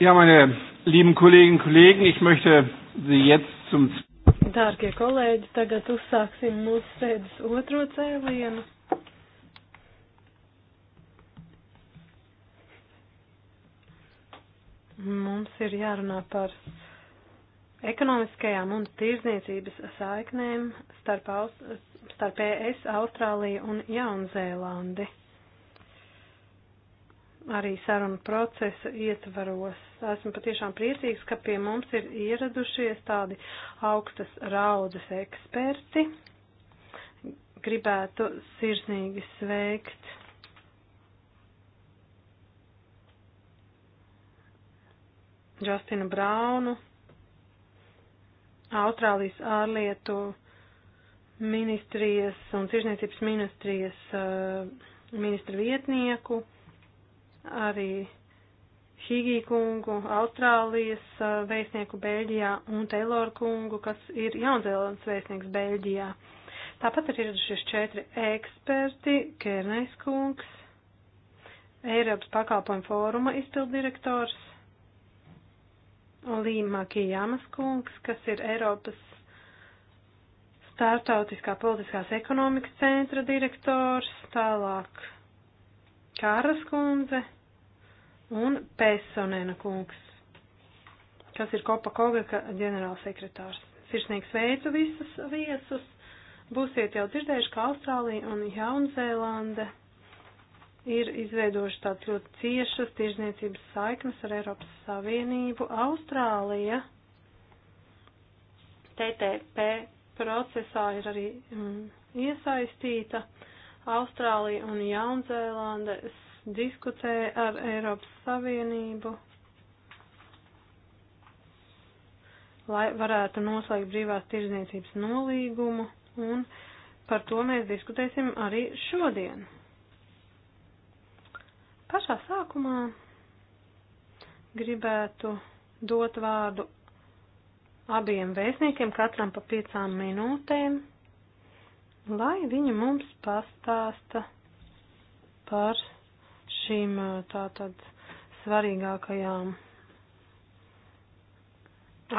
Ja, meine lieben Kolleginnen und Kollegen, ich möchte Sie jetzt zum. Dārgie kolēģi, tagad uzsāksim mūsu sēdes otro cēlienu. Mums ir jārunā par ekonomiskajām un tirzniecības saiknēm starp, Aust starp ES, Austrāliju un Jaunzēlandi. Arī sarunu procesa ietvaros esmu patiešām priecīgs, ka pie mums ir ieradušies tādi augstas raudzes eksperti. Gribētu sirsnīgi sveikt. Justinu Braunu, Austrālijas ārlietu ministrijas un tirzniecības ministrijas uh, ministra vietnieku, arī Higī kungu, Austrālijas uh, vēstnieku Beļģijā un Tayloru kungu, kas ir Jaunzēlandes vēstnieks Beļģijā. Tāpat ir ieradušies četri eksperti, Kērnais kungs, Eiropas pakalpojumu fóruma izpildirektors, Līma Kijāmas kungs, kas ir Eiropas startautiskā politiskās ekonomikas centra direktors, tālāk Kāras kundze, un Pēsonēna kungs, kas ir Kopa Kogaka ģenerālsekretārs. Sirsnīgi sveicu visus viesus. Būsiet jau dzirdējuši, ka Austrālija un Jaunzēlande ir izveidojuši tādas ļoti ciešas tirzniecības saiknes ar Eiropas Savienību. Austrālija TTP procesā ir arī mm, iesaistīta. Austrālija un Jaunzēlande diskutē ar Eiropas Savienību, lai varētu noslēgt brīvās tirzniecības nolīgumu, un par to mēs diskutēsim arī šodien. Pašā sākumā gribētu dot vārdu abiem vēstniekiem, katram pa piecām minūtēm, lai viņi mums pastāsta par šīm tātad svarīgākajām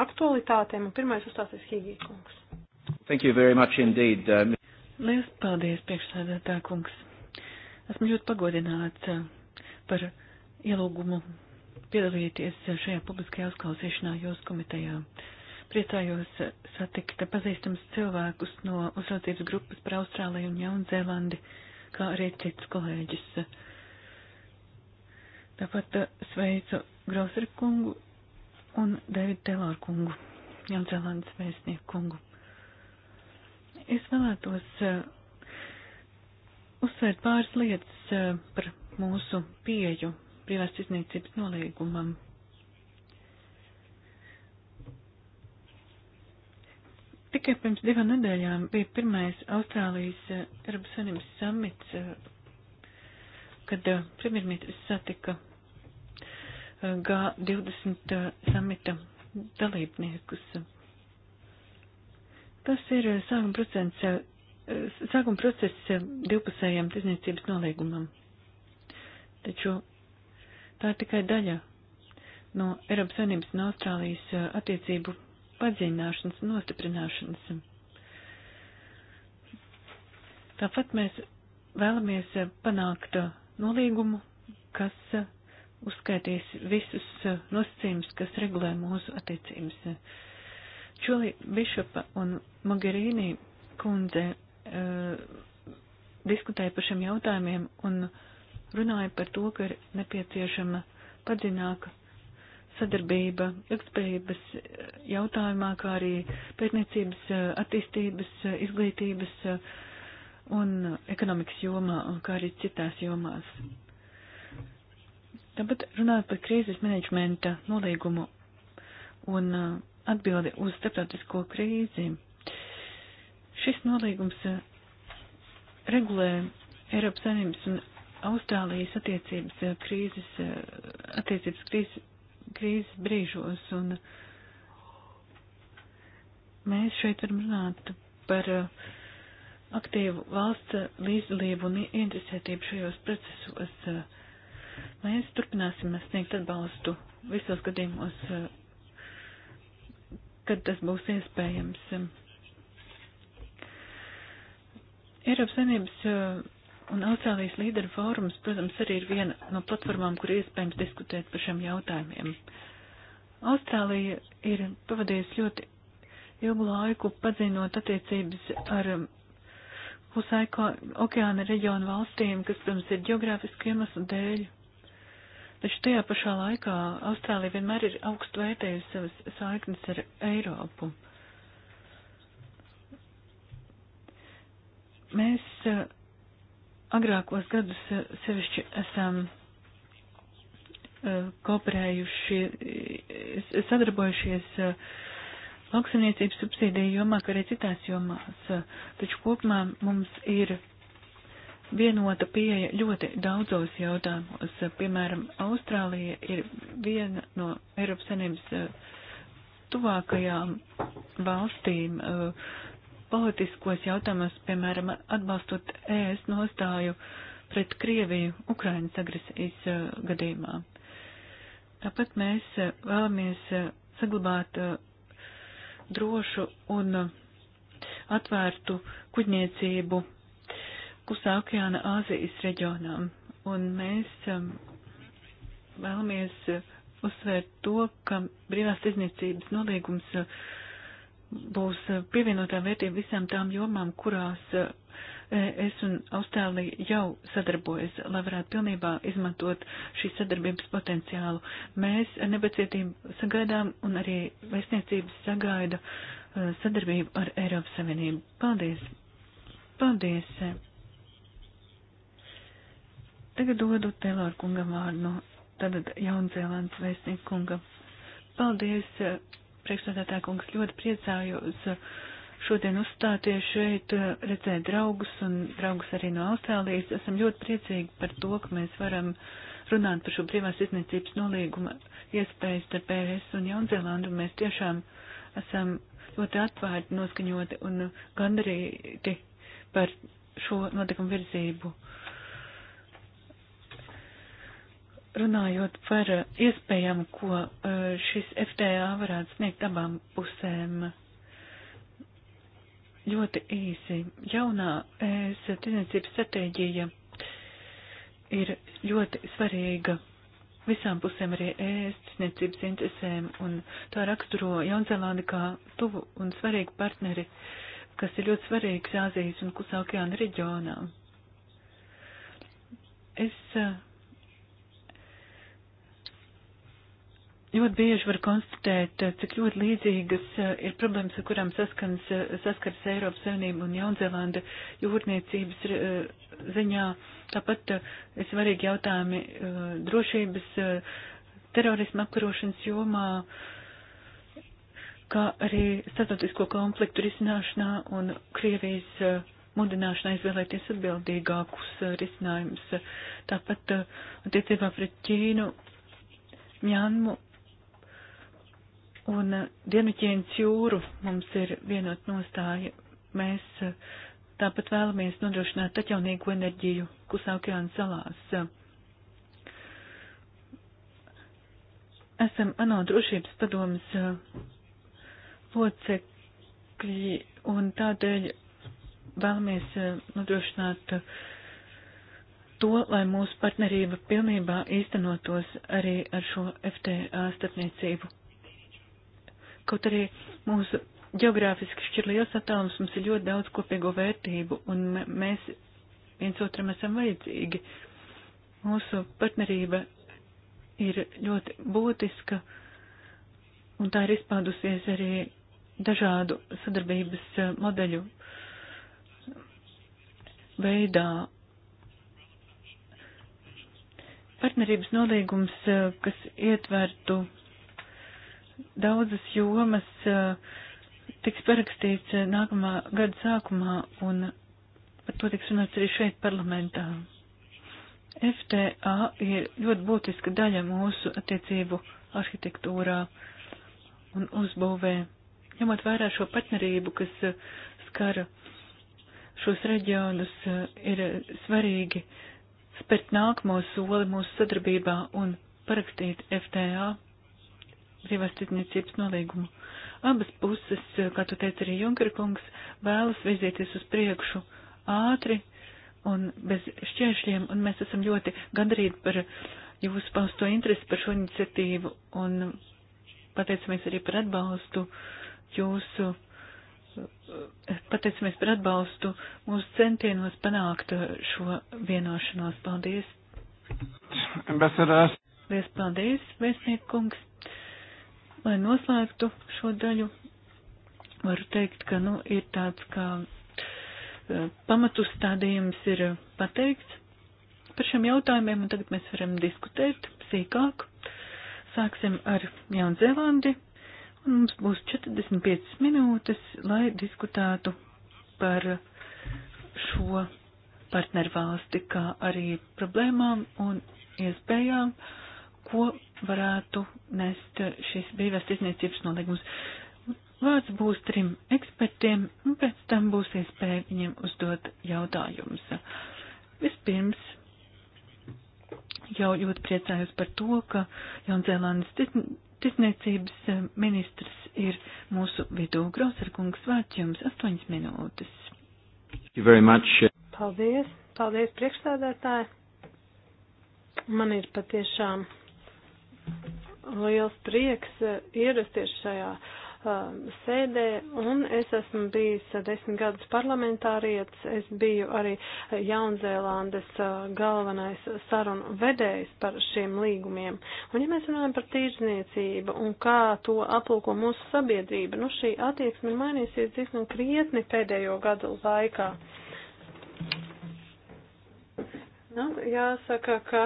aktualitātēm. Un pirmais uzstāsies Higīkungs. Thank you very much indeed. Um... Liels paldies, priekšsēdētā kungs. Esmu ļoti pagodināts par ielūgumu piedalīties šajā publiskajā uzklausīšanā jūsu komitejā. Priecājos satikt pazīstams cilvēkus no uzraudzības grupas par Austrāliju un Jaunzēlandi, kā arī citus kolēģis. Tāpat eh, sveicu Grosri kungu un Davidu Telāru kungu, Jaunzēlandes vēstnieku kungu. Es vēlētos uh, uzsvērt pāris lietas uh, par mūsu pieju privās izniecības nolīgumam. Tikai pirms divām nedēļām bija pirmais Austrālijas uh, Eiropas Savienības samits, uh, kad premjerministrs satika G20 samita dalībniekus. Tas ir sākuma procents, sākuma process divpusējām tirzniecības nolīgumam. Taču tā ir tikai daļa no Eiropas Savienības un Austrālijas attiecību padziļināšanas un nostiprināšanas. Tāpat mēs vēlamies panākt nolīgumu, kas uzskaitījis visus eh, nosacījumus, kas regulē mūsu attiecības. Čoli Bišopa un Mogherīnī kundze uh, diskutēja par šiem jautājumiem un runāja par to, ka ir nepieciešama padzināka sadarbība ilgspējības eh, jautājumā, kā arī pētniecības, attīstības, izglītības un ekonomikas jomā, kā arī citās jomās. Tāpat runāt par krīzes menedžmenta nolīgumu un uh, atbildi uz starptautisko krīzi. Šis nolīgums uh, regulē Eiropas Savienības un Austrālijas attiecības uh, krīzes, attiecības krīzes, krīzes brīžos, un mēs šeit varam runāt par aktīvu valsts līdzdalību un interesētību šajos procesos. Mēs turpināsim sniegt atbalstu visos gadījumos, eh, kad tas būs iespējams. Eiropas Savienības eh, un Austrālijas līderu fórums, protams, arī ir viena no platformām, kur iespējams diskutēt par šiem jautājumiem. Austrālija ir pavadījusi ļoti ilgu laiku padzinot attiecības ar Klusēko eh, okeāna reģionu valstīm, kas, protams, ir geogrāfiski iemeslu dēļ Taču tajā pašā laikā Austrālija vienmēr ir augstu vērtējusi savas saiknes ar Eiropu. Mēs eh, agrākos gadus eh, sevišķi esam eh, kooperējuši, sadarbojušies lauksaimniecības subsīdiju jomā, kā arī citās jomās. Taču kopumā mums ir vienota pieeja ļoti daudzos jautājumos. Piemēram, Austrālija ir viena no Eiropas Savienības eh, tuvākajām valstīm eh, politiskos jautājumos, piemēram, atbalstot ES nostāju pret Krieviju Ukrainas agresijas eh, gadījumā. Tāpat mēs vēlamies saglabāt drošu un atvērtu kuģniecību Klusā okeāna Āzijas reģionām. Un mēs um, vēlamies uh, uzsvērt to, ka brīvās izniecības nolīgums uh, būs uh, pievienotā vērtība visām tām jomām, kurās es un Austrālija jau sadarbojas, lai varētu pilnībā izmantot šīs sadarbības potenciālu. Mēs ar nebacietību sagaidām un arī vēstniecības sagaida sadarbību ar Eiropas Savienību. Paldies! Paldies! Tagad dodu Telor kungam vārdu no tātad Jaunzēlandes vēstnieku kungam. Paldies, priekšstādātā kungs, ļoti priecājos šodien uzstāties šeit, redzēt draugus un draugus arī no Austrālijas. Esam ļoti priecīgi par to, ka mēs varam runāt par šo privās izniecības nolīguma iespējas starp ES un Jaunzēlandu. Mēs tiešām esam ļoti atvērti, noskaņoti un gandarīti par šo notikumu virzību. Uh, runājot par eh, iespējām, ko eh, šis FTA varētu sniegt abām pusēm. Ļoti īsi. Jaunā ES tirdzniecības stratēģija ir ļoti svarīga visām pusēm, arī ES tirdzniecības interesēm, un tā raksturo Jaunzēlandi kā tuvu un svarīgu partneri, kas ir ļoti svarīgs Āzijas un Klusā okeāna reģionā. Es uh, ļoti bieži var konstatēt, cik ļoti līdzīgas eh, ir problēmas, ar kurām saskans, eh, saskars Eiropas Savienība un Jaunzēlanda jūrniecības eh, ziņā. Tāpat ir svarīgi jautājumi drošības, terorisma apkarošanas jomā, kā arī statotisko konfliktu risināšanā un Krievijas mudināšanai izvēlēties atbildīgākus risinājumus. Tāpat attiecībā pret Ķīnu, Mjanmu Un eh, Dienvidķīnas jūru mums ir vienot nostāja. Mēs eh, tāpat vēlamies nodrošināt atjaunīgu enerģiju Klusā okeāna salās. Esam ANO drošības padomas eh, locekļi un tādēļ vēlamies nodrošināt to, lai mūsu partnerība pilnībā īstenotos arī ar šo FTA starpniecību Kaut arī mūsu geogrāfiski šķir liels attālums, mums ir ļoti daudz kopīgo vērtību, un mēs viens otram esam vajadzīgi. Mūsu partnerība ir ļoti būtiska, un tā ir izpaudusies arī dažādu sadarbības eh, modeļu veidā. Partnerības nolīgums, eh, kas ietvertu daudzas jomas eh, tiks parakstīts eh, nākamā gada sākumā, un par to tiks runāts arī šeit parlamentā. FTA ir ļoti būtiska daļa mūsu attiecību arhitektūrā un uzbūvē. Ņemot vērā šo partnerību, kas eh, skara šos reģionus, ir svarīgi spērt nākamo soli mūsu sadarbībā un parakstīt FTA brīvās tirdzniecības nolīgumu. Abas puses, kā tu teici arī Junkerkungs, vēlas virzīties uz priekšu ātri un bez šķēršļiem, un mēs esam ļoti gandarīti par jūsu pausto interesi par šo iniciatīvu un pateicamies arī par atbalstu jūsu, pateicamies par atbalstu mūsu centienos panākt šo vienošanos. Paldies! Ambasadors! Lies paldies, vēstniekungs! Lai noslēgtu šo daļu, varu teikt, ka nu, ir tāds kā e, pamatustādījums ir pateikts par šiem jautājumiem, un tagad mēs varam diskutēt sīkāk. Sāksim ar Jaunzēlandi, un mums būs 45 minūtes, lai diskutētu par šo partnervalsti, kā arī problēmām un iespējām. Uh, ko varētu nest šis brīvās izniecības nolīgums. Vārds būs trim ekspertiem, un pēc tam būs iespēja viņiem uzdot jautājumus. Vispirms jau ļoti priecājos par to, ka Jaunzēlandes tirsniecības eh, ministrs ir mūsu vidū. Grosarkungs, vārds jums astoņas minūtes. Paldies, paldies priekšstādātāji. Man ir patiešām Liels prieks eh, ierasties šajā um, sēdē, un es esmu bijis eh, desmit gadus parlamentārietis. Es biju arī eh, Jaunzēlandes galvenais sarunu vedējs par šiem līgumiem. Un ja mēs runājam par tīrzniecību un kā to aplūko mūsu sabiedrība, nu šī attieksme ir mainīsies diezgan krietni pēdējo gadu laikā. Nu, jāsaka, ka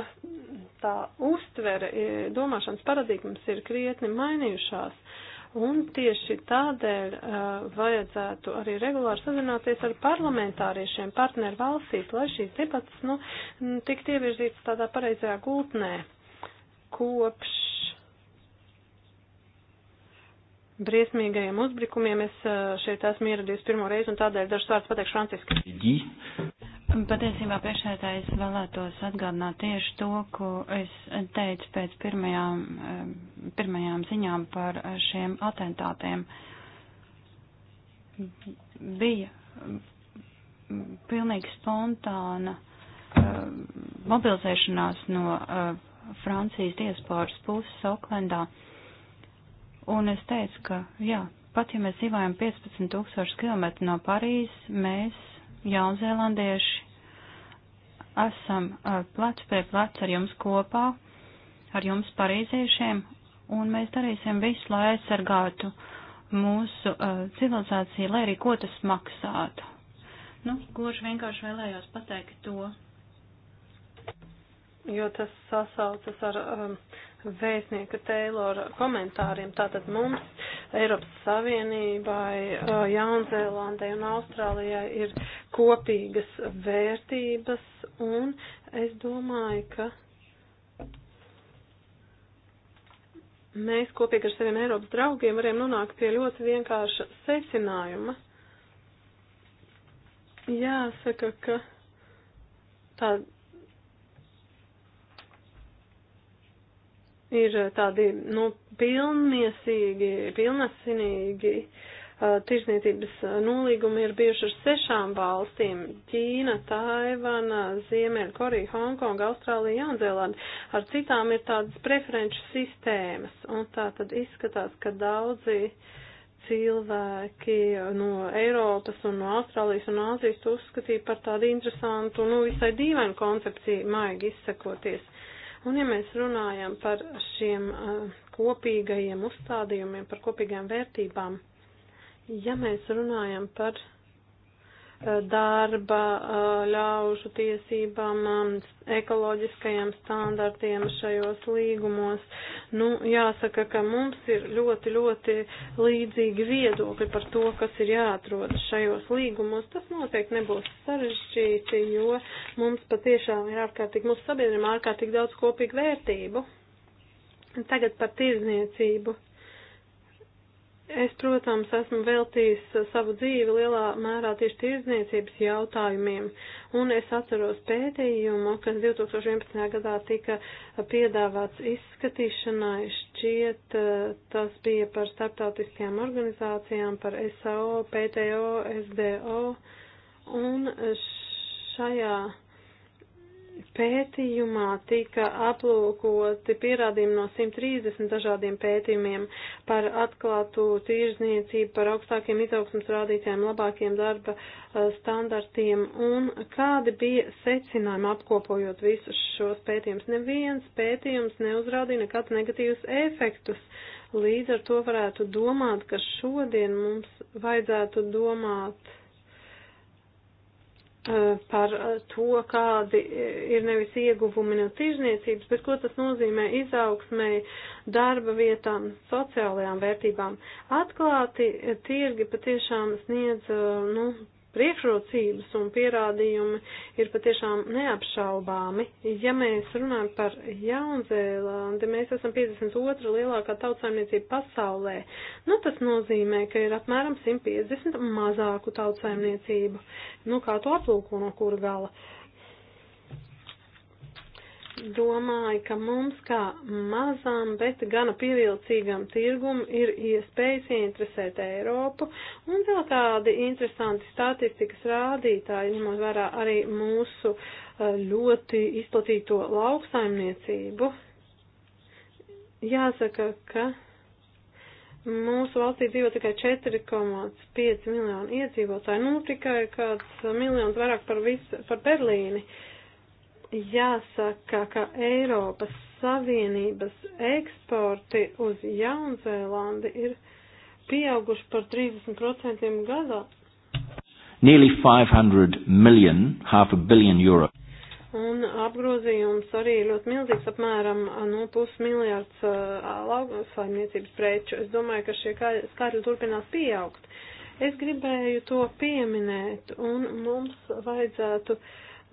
tā uztvere, e, domāšanas paradigmas ir krietni mainījušās. Un tieši tādēļ uh, vajadzētu arī regulāri sazināties ar parlamentāriešiem partneru valstīs, lai šīs debatas nu, tiktu ievirzītas tādā pareizajā gultnē. Kopš briesmīgajiem uzbrukumiem es e, šeit esmu ieradies pirmo reizi un tādēļ dažus vārdus pateikšu franciski. Patiesībā priekšētājs vēlētos atgādināt tieši to, ko es teicu pēc pirmajām, pirmajām ziņām par šiem atentātiem. Bija pilnīgi spontāna mobilizēšanās no Francijas diasporas puses Oklendā. Un es teicu, ka jā, pat ja mēs dzīvojam 15 tūkstošus kilometru no Parīzes, mēs jaunzēlandieši, esam eh, plec pie plec ar jums kopā, ar jums parīziešiem, un mēs darīsim visu, lai aizsargātu mūsu uh, civilizāciju, lai arī ko tas maksātu. Nu, gluži vienkārši vēlējos pateikt to. Jo tas sasaucas ar um, vēstnieka Teilora komentāriem. Tātad mums, Eiropas Savienībai, Jaunzēlandai un Austrālijai ir kopīgas vērtības, un es domāju, ka mēs kopīgi ar saviem Eiropas draugiem varam nonākt pie ļoti vienkārša secinājuma. Jāsaka, ka tāda ir eh, tādi, nu, pilnmiesīgi, pilnasinīgi. Uh, tirzniecības eh, nolīgumi ir bijuši ar sešām valstīm - Ķīna, Taivana, Ziemeļkoreja, Hongkonga, Austrālija, Jaunzēlanda. Ar citām ir tādas preferenču sistēmas, un tā tad izskatās, ka daudzi cilvēki no Eiropas un no Austrālijas un Āzijas uzskatīja par tādu interesantu, nu, visai dīvainu koncepciju, maigi izsakoties. Un ja mēs runājam par šiem uh, kopīgajiem uzstādījumiem, par kopīgajām vērtībām, ja mēs runājam par darba ļaužu tiesībām, ekoloģiskajiem standartiem šajos līgumos. Nu, jāsaka, ka mums ir ļoti, ļoti līdzīgi viedokļi par to, kas ir jāatrod šajos līgumos. Tas noteikti nebūs sarežģīti, jo mums patiešām ir ārkārtīgi, mūsu sabiedrība ārkārtīgi daudz kopīgu vērtību. Tagad par tirzniecību. Es, protams, esmu veltījis savu dzīvi lielā mērā tieši tirdzniecības jautājumiem, un es atceros pētījumu, kas 2011. gadā tika piedāvāts izskatīšanai, šķiet, tas bija par starptautiskajām organizācijām, par SAO, PTO, SDO, un šajā pētījumā tika aplūkoti pierādījumi no 130 dažādiem pētījumiem par atklātu tīrzniecību, par augstākiem izaugsmas rādītājiem, labākiem darba eh, standartiem un kādi bija secinājumi apkopojot visus šos pētījumus. Neviens pētījums neuzrādīja nekādus negatīvus efektus. Līdz ar to varētu domāt, ka šodien mums vajadzētu domāt Eh, par eh, to, kādi eh, ir nevis ieguvumi no tirzniecības, bet ko tas nozīmē izaugsmēji, darba vietām, sociālajām vērtībām. Atklāti tirgi patiešām sniedz nu, priekšrocības un pierādījumi ir patiešām neapšaubāmi. Ja mēs runājam par Jaunzēlandi, mēs esam 52. lielākā tautsājumniecība pasaulē. Nu, tas nozīmē, ka ir apmēram 150 mazāku tautsājumniecību. Nu, kā to aplūko no kura gala? Uh, domāju, ka mums kā mazām, bet gana pievilcīgam tirgum ir iespējas ieinteresēt Eiropu un vēl tādi interesanti statistikas rādītāji, ņemot vērā arī mūsu eh, ļoti izplatīto lauksaimniecību. Jāsaka, ka mūsu valstī dzīvo tikai 4,5 miljonu iedzīvotāju, nu tikai kāds miljons vairāk par, visu, par Berlīni. Uh, jāsaka, ka Eiropas Savienības eksporti uz Jaunzēlandi ir pieauguši par 30% gadā. Nearly 500 million, half a billion euro. Un apgrozījums arī ļoti milzīgs, apmēram no nu, pusmiljārds uh, lauksaimniecības preču. Es domāju, ka šie skaitļi turpinās pieaugt. Es gribēju to pieminēt, un mums vajadzētu uh,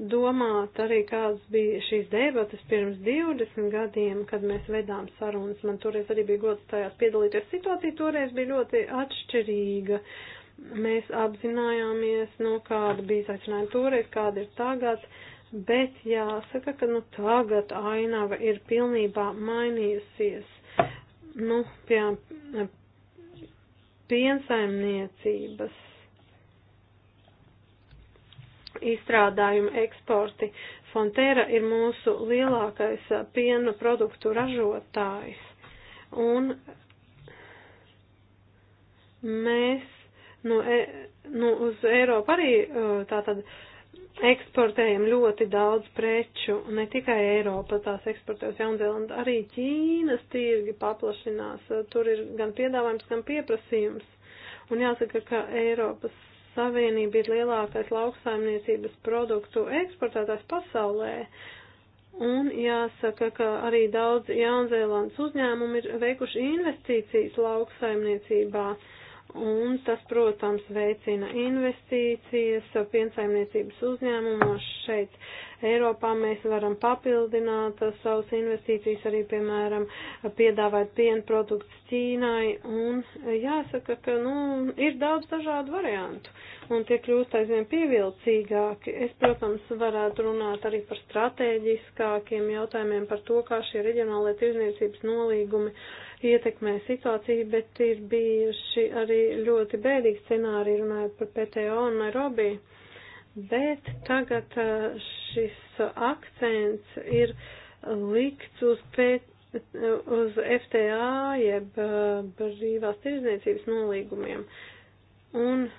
domāt arī, kādas bija šīs debatas pirms 20 gadiem, kad mēs vedām sarunas. Man toreiz arī bija gods tajās piedalīties. Situācija toreiz bija ļoti atšķirīga. Mēs apzinājāmies, nu, kāda bija izaicinājuma toreiz, kāda ir tagad, bet jāsaka, ka, nu, tagad ainava ir pilnībā mainījusies. Nu, piemēram, piensaimniecības izstrādājumu eksporti. Fontēra ir mūsu lielākais piena produktu ražotājs. Un mēs nu, e, nu, uz Eiropu arī uh, tātad eksportējam ļoti daudz preču, ne tikai Eiropa tās eksportē uz Jaunzēlandu, arī Ķīnas tirgi paplašinās, tur ir gan piedāvājums, gan pieprasījums. Un jāsaka, ka Eiropas Savienība ir lielākais lauksaimniecības produktu eksportētājs pasaulē. Un jāsaka, ka arī daudz Jaunzēlandes uzņēmumi ir veikuši investīcijas lauksaimniecībā. Uh, Un tas, protams, veicina investīcijas piensaimniecības uzņēmumos. Šeit Eiropā mēs varam papildināt savus investīcijas, arī, piemēram, piedāvāt pienproduktus Ķīnai. Un jāsaka, ka, nu, ir daudz dažādu variantu. Un tie kļūst aizvien pievilcīgāki. Es, protams, varētu runāt arī par strateģiskākiem jautājumiem, par to, kā šie reģionālajie tirzniecības nolīgumi uh, ietekmē situāciju, bet ir bijuši arī ļoti bēdīgi scenāriji runājot par PTO un Nairobi. Bet tagad uh, šis akcents ir likts uz, pēt, uz FTA jeb uh, brīvās tirdzniecības nolīgumiem. Un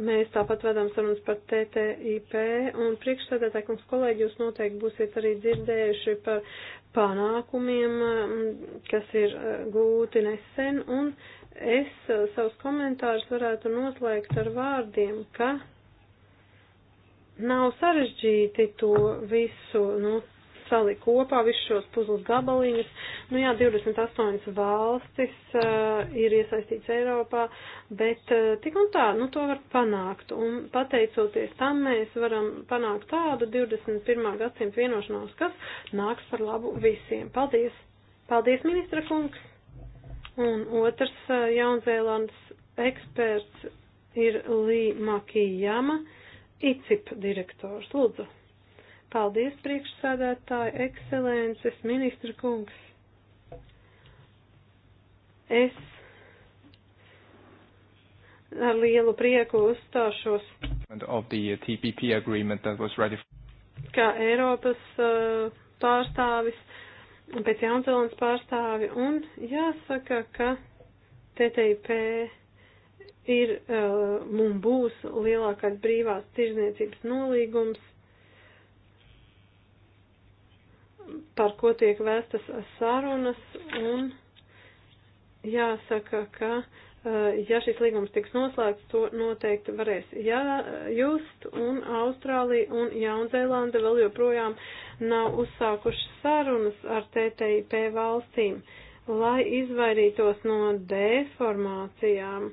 Mēs tāpat vedam sarunas par TTIP, un priekšsēdētāji kungs kolēģi jūs noteikti būsiet arī dzirdējuši par panākumiem, um, kas ir uh, gūti nesen, un es uh, savus komentārus varētu noslēgt ar vārdiem, ka nav sarežģīti to visu, nu, salikt kopā visus šos puzles gabaliņus. Nu jā, 28 valstis uh, ir iesaistīts Eiropā, bet uh, tik un tā, nu to var panākt. Un pateicoties tam, mēs varam panākt tādu 21. gadsimtu vienošanos, kas nāks par labu visiem. Paldies! Paldies, ministra kungs! Un otrs uh, Jaunzēlandes eksperts ir Lī Makijama, ICIP direktors. Lūdzu! Paldies, priekšsādātāji, ekscelences, ministra kungs. Es ar lielu prieku uzstāšos. Uh, kā Eiropas uh, pārstāvis, pēc Jaunzēlandes pārstāvi, un jāsaka, ka TTIP ir uh, un būs lielākais brīvās tirzniecības nolīgums par ko tiek vēstas sarunas, un jāsaka, ka, eh, ja šis līgums tiks noslēgts, to noteikti varēs jājust, un Austrālija un Jaunzēlanda vēl joprojām nav uzsākuši sarunas ar TTIP valstīm, lai izvairītos no deformācijām.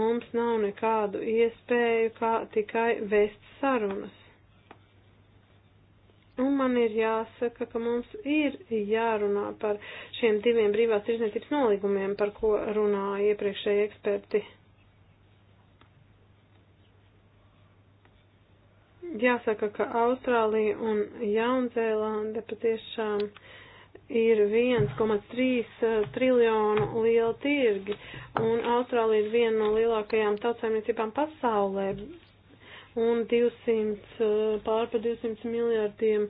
Mums nav nekādu iespēju kā tikai vēst sarunas. Un man ir jāsaka, ka mums ir jārunā par šiem diviem brīvās tirzniecības nolīgumiem, par ko runāja iepriekšēji eksperti. Jāsaka, ka Austrālija un Jaunzēlanda patiešām ir 1,3 eh, triljonu liela tirgi, un Austrālija ir viena no lielākajām tautsēmniecībām pasaulē, un 200, eh, pārpa 200 miljārdiem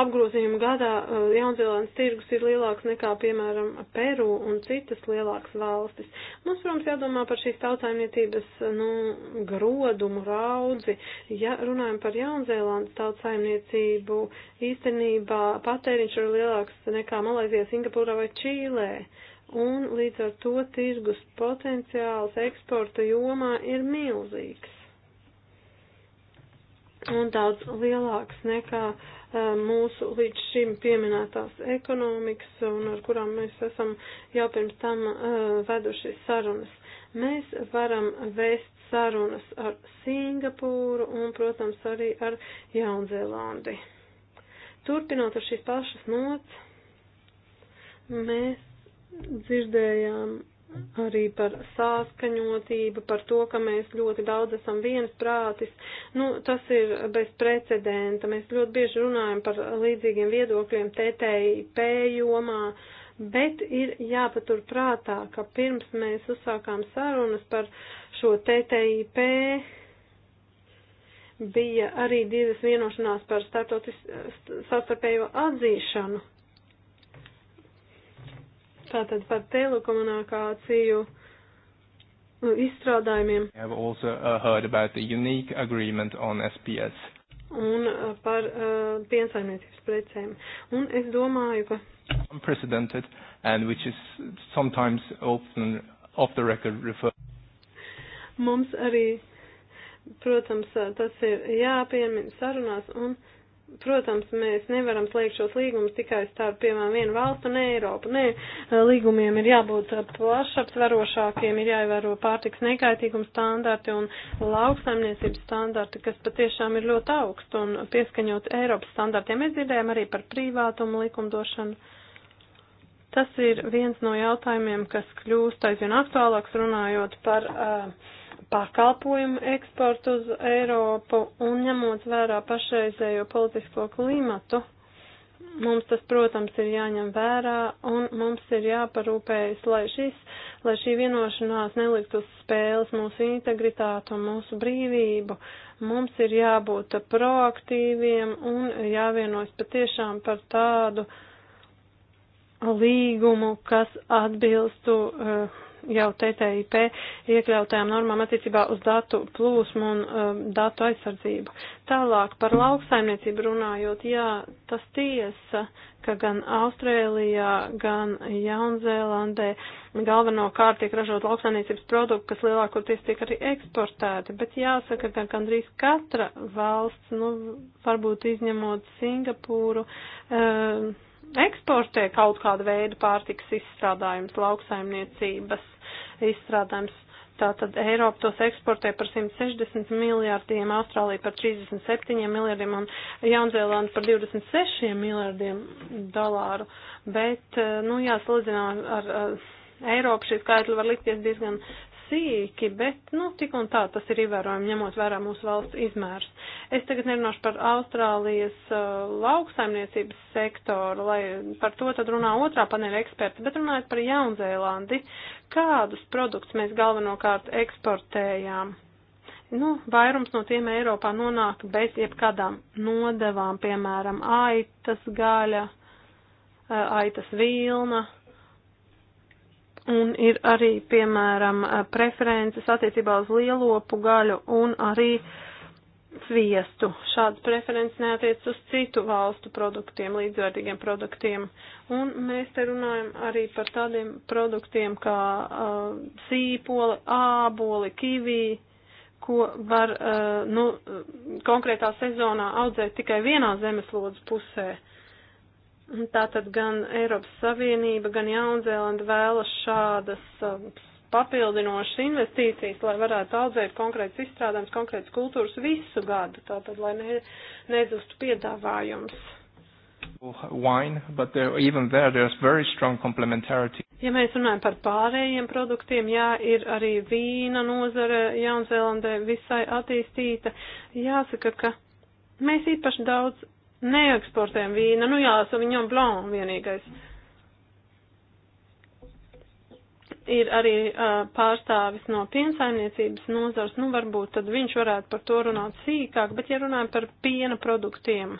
apgrozījumu gadā eh, Jaunzēlandes tirgus ir lielāks nekā, piemēram, Peru un citas lielākas valstis. Mums, protams, jādomā par šīs tautsājumniecības, eh, nu, grodumu, raudzi. Ja runājam par Jaunzēlandes tautsājumniecību, īstenībā patēriņš ir lielāks nekā Malaizijā, Singapūrā vai Čīlē. Uh, un līdz ar to tirgus potenciāls eksporta jomā ir milzīgs un daudz lielāks nekā eh, mūsu līdz šim pieminētās ekonomikas un ar kurām mēs esam jau pirms tam eh, veduši sarunas. Mēs varam vēst sarunas ar Singapūru un, protams, arī ar Jaunzēlandi. Turpinot ar šīs pašas nots, mēs Dzirdējām arī par sāskaņotību, par to, ka mēs ļoti daudz esam viens prātis. Nu, tas ir bez precedenta. Mēs ļoti bieži runājam par līdzīgiem viedokļiem TTIP jomā, bet ir jāpatur prātā, ka pirms mēs uzsākām sarunas par šo TTIP bija arī divas vienošanās par starptautisko savstarpējo atzīšanu Tātad par telekomunikāciju nu, izstrādājumiem. Also, uh, un uh, par uh, piensaimniecības precēm. Un es domāju, ka. Unprecedented and which is sometimes often off the record referred. Mums arī, protams, uh, tas ir jāpiemin sarunās un. Uh, protams, mēs nevaram slēgt šos līgumus tikai starp, piemēram, vienu valstu un Eiropu. Nē, e, līgumiem ir jābūt e, plašaptverošākiem, ir jāievēro pārtiks nekaitīguma standarti un lauksaimniecības standarti, kas patiešām ir ļoti augsti un pieskaņot Eiropas standartiem. Mēs dzirdējām arī par privātumu likumdošanu. Tas ir viens no jautājumiem, kas kļūst aizvien aktuālāks runājot par uh, pakalpojumu eksportu uz Eiropu un ņemot vērā pašreizējo politisko klimatu, mums tas, protams, ir jāņem vērā un mums ir jāparūpējas, lai, šis, lai šī vienošanās nelikt uz spēles mūsu integritātu un mūsu brīvību. Mums ir jābūt proaktīviem un jāvienojas patiešām par tādu līgumu, kas atbilstu uh, jau TTIP iekļautajām normām attiecībā uz datu plūsmu un um, datu aizsardzību. Tālāk par lauksaimniecību runājot, jā, tas tiesa, ka gan Austrālijā, gan Jaunzēlandē galvenokārt tiek ražot lauksaimniecības produktu, kas lielākoties tiek arī eksportēti, bet jāsaka, ka gandrīz katra valsts, nu, varbūt izņemot Singapūru, um, eksportē kaut kādu veidu pārtikas izstrādājums, lauksaimniecības izstrādājums. Tātad Eiropa tos eksportē par 160 miljārdiem, Austrālija par 37 miljārdiem un Jaunzēlanda par 26 miljārdiem dolāru. Bet, eh, nu, jāsalīdzinām ar, ar Eiropu šie skaitļi var likties diezgan sīki, bet, nu, tik un tā tas ir ievērojami ņemot vērā mūsu valsts izmērs. Es tagad nerunāšu par Austrālijas uh, lauksaimniecības sektoru, lai par to tad runā otrā paneļa eksperta, bet runājot par Jaunzēlandi, kādus produktus mēs galvenokārt eksportējām? Nu, vairums no tiem Eiropā nonāk bez jebkādām nodevām, piemēram, aitas gaļa, uh, aitas vilna Un ir arī, piemēram, preferences attiecībā uz lielopu gaļu un arī sviestu. Šādas preferences neatiec uz citu valstu produktiem, līdzvērtīgiem produktiem. Un mēs te runājam arī par tādiem produktiem kā uh, sīpoli, āboli, kivī, ko var uh, nu, konkrētā sezonā audzēt tikai vienā zemeslodes pusē. Uh, Tātad gan Eiropas Savienība, gan Jaunzēlanda vēlas šādas um, papildinošas investīcijas, lai varētu audzēt konkrēts izstrādājums, konkrēts kultūras visu gadu, tātad, lai ne, nezustu piedāvājums. Wine, but there, even there there's very strong complementarity. Ja mēs runājam par pārējiem produktiem, jā, ir arī vīna nozare Jaunzēlandē visai attīstīta. Jāsaka, ka mēs īpaši daudz neeksportējam vīnu, nu jā, Sauvignon Blanc vienīgais. Ir arī uh, pārstāvis no piensaimniecības nozars, nu varbūt tad viņš varētu par to runāt sīkāk, bet ja runājam par piena produktiem,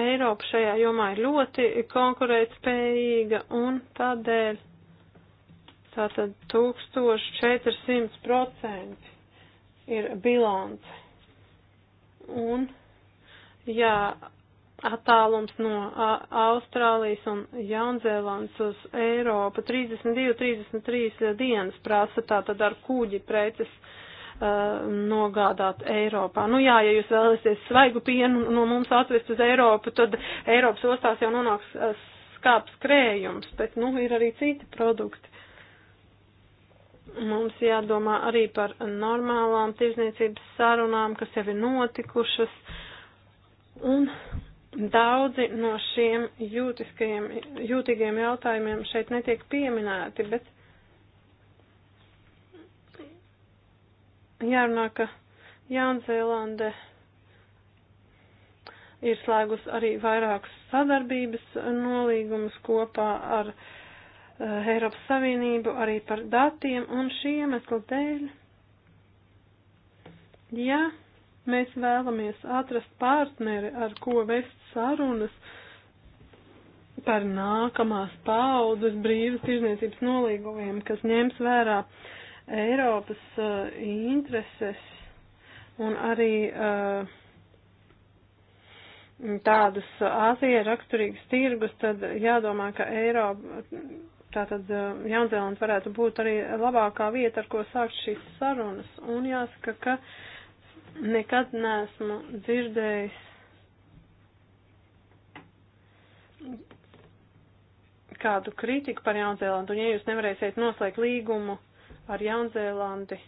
Eiropa šajā jomā ir ļoti konkurētspējīga un tādēļ tātad 1400% ir bilants Un, jā, attālums no Austrālijas un Jaunzēlandes uz Eiropu 32-33 dienas prasa tātad ar kūģi preces nogādāt Eiropā. Nu jā, ja jūs vēlaties svaigu pienu no mums atvest uz Eiropu, tad Eiropas ostās jau nonāks skāps krējums, bet nu ir arī citi produkti. Mums jādomā arī par normālām tirzniecības sarunām, kas jau ir notikušas. Un daudzi no šiem jūtīgiem jautājumiem šeit netiek pieminēti, bet jārunā, ka Jaunzēlande ir slēgus arī vairākus sadarbības nolīgumus kopā ar uh, Eh, Eiropas Savienību arī par datiem un šī iemesla dēļ. Ja mēs vēlamies atrast partneri, ar ko vest sarunas par nākamās paudzes brīvas tirzniecības nolīgumiem, kas ņems vērā Eiropas uh, intereses un arī uh, eh, tādas Āzijai raksturīgas tirgus, tad jādomā, ka Eiropa Tātad eh, Jaunzēland varētu būt arī labākā vieta, ar ko sākt šīs sarunas. Un jāsaka, ka nekad neesmu dzirdējis, kādu kritiku par Jaunzēlandu. Un ja jūs nevarēsiet noslēgt līgumu ar Jaunzēlandi,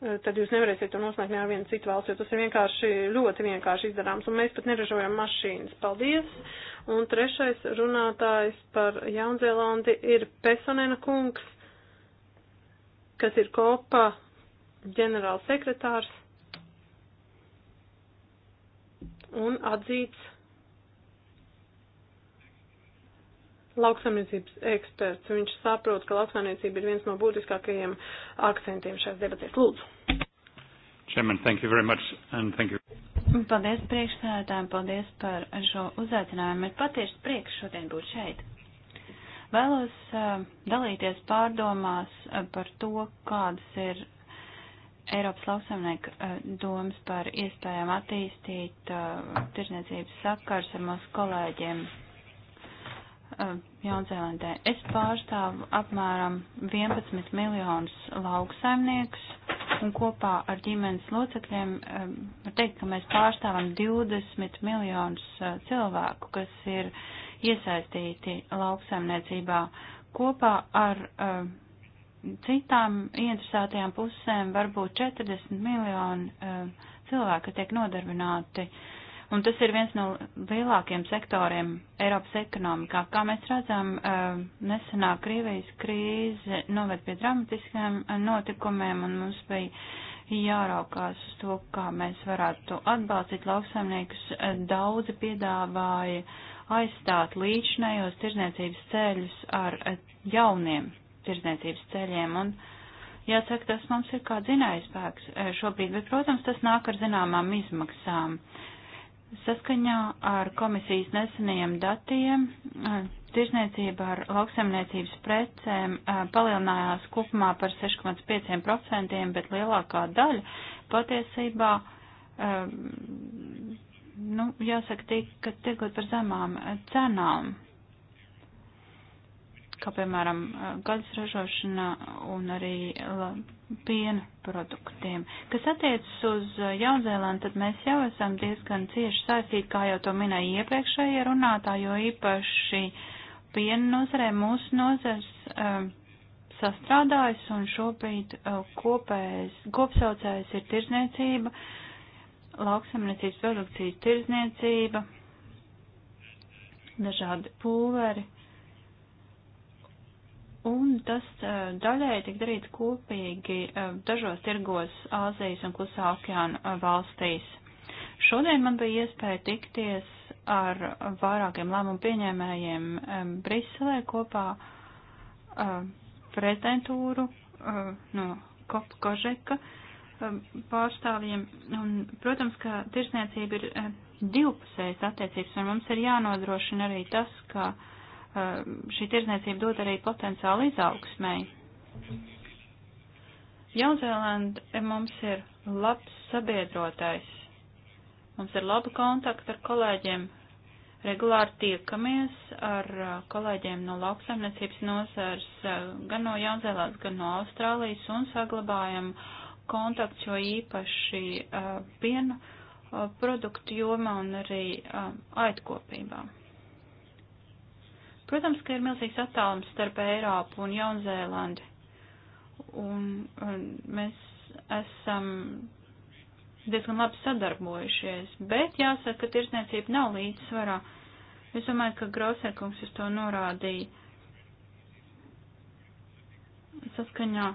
eh, tad jūs nevarēsiet to noslēgt ne ar vienu citu valsts, jo tas ir vienkārši ļoti vienkārši izdarāms, un mēs pat neražojam mašīnas. Paldies! Un trešais runātājs par Jaunzēlandi ir Pesonena kungs, kas ir kopā ģenerāls sekretārs un atzīts lauksaimniecības eksperts. Viņš saprot, ka lauksaimniecība ir viens no būtiskākajiem akcentiem šajās debatēs. Lūdzu. Chairman, thank you very much and thank you. Paldies priekšsēdētājiem, paldies par šo uzaicinājumu. Ir patiešs prieks šodien būt šeit. Vēlos uh, dalīties pārdomās eh, par to, kādas ir Eiropas lauksaimnieka uh, domas par iespējām attīstīt uh, tirzniecības sakars ar mūsu kolēģiem Jaunzēlandē. Es pārstāvu apmēram 11 miljonus lauksaimniekus un kopā ar ģimenes locekļiem var teikt, ka mēs pārstāvam 20 miljonus e, cilvēku, kas ir iesaistīti lauksaimniecībā. Kopā ar e, citām interesētajām pusēm varbūt 40 miljoni e, cilvēku tiek nodarbināti uh, Un tas ir viens no lielākiem sektoriem Eiropas ekonomikā. Kā mēs redzam, eh, nesenā Krievijas krīze noved pie dramatiskiem eh, notikumiem, un mums bija jāraukās uz to, kā mēs varētu atbalstīt lauksaimniekus. Eh, daudzi piedāvāja aizstāt līdšanējos tirzniecības ceļus ar jauniem tirzniecības ceļiem. Un, jāsaka, tas mums ir kā dzinējspēks šobrīd, bet, protams, tas nāk ar zināmām izmaksām. Uh, Saskaņā ar komisijas nesenajiem datiem eh, tirsniecība ar lauksaimniecības precēm eh, palielinājās kopumā par 6,5%, bet lielākā daļa patiesībā, eh, nu, jāsaka, tika tirgot par zemām cenām, kā piemēram gaļas ražošana un arī piena produktiem. Kas attiecas uz eh, Jaunzēlandu, tad mēs jau esam diezgan cieši saistīti, kā jau to minēja iepriekšējie runātāji, jo īpaši piena nozarē mūsu nozars um, sastrādājas un šobrīd uh, kopējs, kopsaucējs ir tirzniecība, lauksamniecības produkcijas tirzniecība, dažādi pulveri Un tas eh, daļai tik darīts kopīgi eh, dažos tirgos Āzijas un Klusā okeāna eh, valstīs. Šodien man bija iespēja tikties ar vairākiem lēmumu pieņēmējiem Briselē kopā prezidentūru no Kopa Kožeka pārstāvjiem. Un, protams, ka tirsniecība ir divpusējas attiecības, un mums ir jānodrošina arī tas, ka uh, Ehm, šī tirzniecība dod arī potenciālu izaugsmēji. Jaunzēlanda eh, mums ir labs sabiedrotais. Mums ir laba kontakta ar kolēģiem. Regulāri tiekamies ar eh, kolēģiem no lauksaimniecības nozars, eh, gan no Jaunzēlāns, gan no Austrālijas un saglabājam kontakts, jo īpaši piena uh, produktu jomā un arī uh, aitkopībām. Protams, ka ir milzīgs attālums starp Eiropu un Jaunzēlandi. Un, un mēs esam diezgan labi sadarbojušies, bet jāsaka, ka tirsniecība nav līdzsvarā. Es domāju, ka Grosēkungs uz to norādīja saskaņā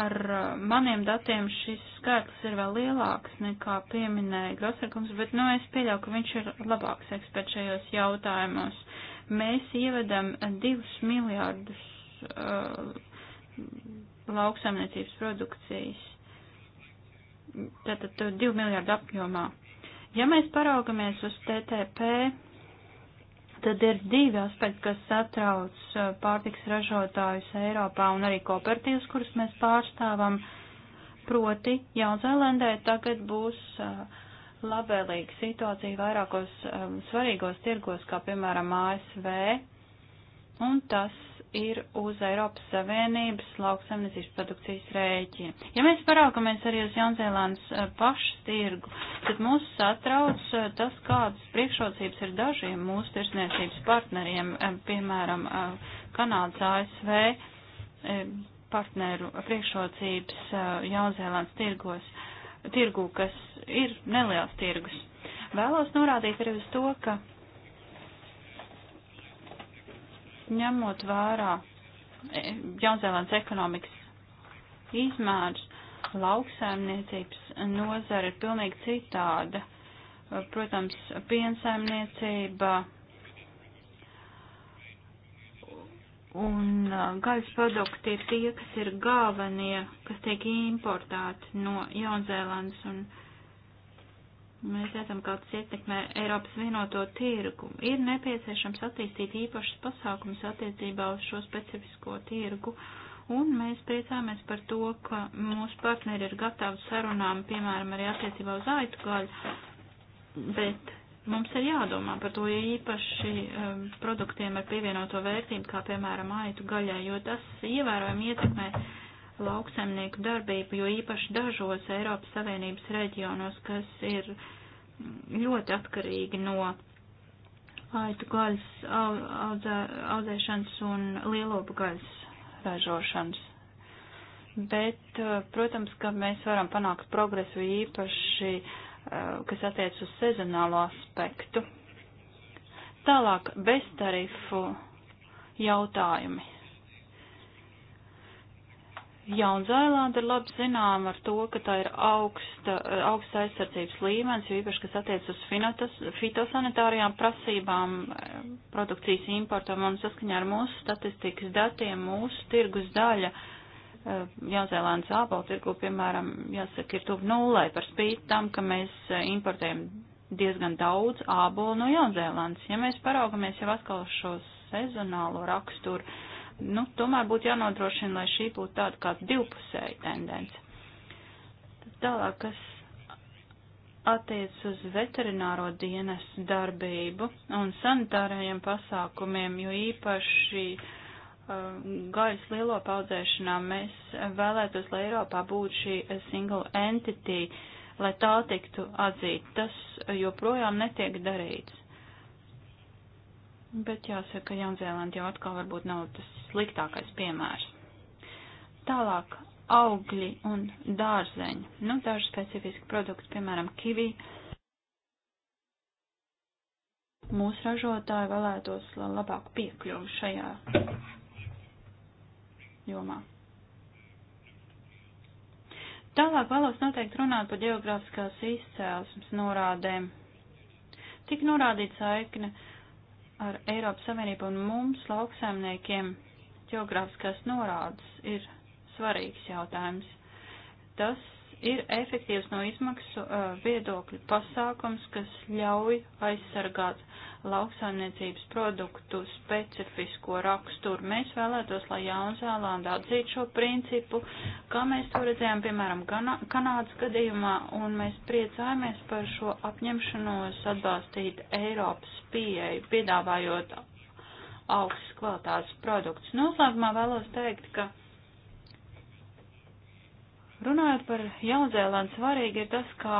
ar uh, maniem datiem šis skaitlis ir vēl lielāks nekā pieminēja Grosarkums, bet, nu, es pieļauju, ka viņš ir labāks eksperts šajos jautājumos. Mēs ievedam divus miljārdus uh, lauksaimniecības produkcijas, tātad divu miljārdu apjomā. Ja mēs paraugamies uz TTP, tad ir divi aspekti, kas satrauc uh, pārtiks ražotājus Eiropā un arī kooperatīvas, kurus mēs pārstāvam. Proti, Jaunzēlendē tagad būs uh, labvēlīga situācija vairākos um, svarīgos tirgos, kā piemēram ASV, un tas ir uz Eiropas Savienības lauksaimniecības produkcijas rēķina. Ja mēs paraugamies arī uz Jaunzēlandes uh, pašas tirgu, tad mūs satrauc uh, tas, kādas priekšrocības ir dažiem mūsu tirsniecības partneriem, uh, piemēram, uh, Kanādas ASV uh, um, partneru priekšrocības uh, Jaunzēlandes tirgos. Uh, tirgu, kas ir neliels tirgus. Vēlos norādīt arī uz to, ka ņemot vērā e, Jaunzēlandes ekonomikas izmērus, lauksaimniecības nozara ir pilnīgi citāda. Protams, piensaimniecība, Un uh, gaļas produkti ir tie, kas ir galvenie, kas tiek importēti no Jaunzēlandes, un mēs redzam, kā tas ietekmē Eiropas vienoto tirgu. Ir nepieciešams attīstīt īpašas pasākumus attiecībā uz šo specifisko tirgu, un mēs priecāmies par to, ka mūsu partneri ir gatavi sarunām, piemēram, arī attiecībā uz aitu gaļu, bet Mums ir jādomā par to, ja īpaši um, produktiem ar pievienoto vērtību, kā piemēram aitu gaļai, jo tas ievērojami ietekmē lauksaimnieku darbību, jo īpaši dažos Eiropas Savienības reģionos, kas ir mm, ļoti atkarīgi no aitu gaļas audzē, audzēšanas un lielopu gaļas ražošanas. Bet, uh, protams, ka mēs varam panākt progresu īpaši Eh, kas attiec uz sezonālo aspektu. Tālāk beztarifu jautājumi. Jaunzēlanda ir labi zinām ar to, ka tā ir augsta, eh, augsta aizsardzības līmenis, jo īpaši, kas attiec uz finotas, fitosanitārijām prasībām, eh, produkcijas importam un saskaņā ar mūsu statistikas datiem, mūsu tirgus daļa uh, Eh, Jaunzēlandes ābolu tirgu, piemēram, jāsaka, ir tuvu nulē par spīti tam, ka mēs eh, importējam diezgan daudz ābolu no Jaunzēlandes. Ja mēs paraugamies jau atkal šo sezonālo raksturu, nu, tomēr būtu jānodrošina, lai šī būtu tāda kā divpusēja tendence. Tad tālāk, kas attiec uz veterināro dienestu darbību un sanitārajiem pasākumiem, jo īpaši uh, Um, gaļas lielo paudzēšanā mēs vēlētos, lai Eiropā būtu šī single entity, lai tā tiktu atzīta. Tas joprojām netiek darīts. Bet jāsaka, ka Jaunzēlanda jau atkal varbūt nav tas sliktākais piemērs. Tālāk augļi un dārzeņi. Nu, daži specifiski produkti, piemēram, kivi. Mūsu ražotāji vēlētos labāku piekļuvu šajā jomā. Tālāk vēlos noteikti runāt par geogrāfiskās izcēlesmes norādēm. Tik norādīta saikne ar Eiropas Savienību un mums, lauksaimniekiem, geogrāfiskās norādes ir svarīgs jautājums. Tas ir efektīvs no izmaksu uh, viedokļu pasākums, kas ļauj aizsargāt lauksaimniecības produktu specifisko raksturu. Mēs vēlētos, lai Jaunzēlanda atzīt šo principu, kā mēs to redzējām, piemēram, Kanādas gadījumā, un mēs priecājamies par šo apņemšanos atbalstīt Eiropas pieeju, piedāvājot augstas kvalitātes produktus. Noslēgumā vēlos teikt, ka Runājot par Jaunzēlandu, svarīgi ir tas, kā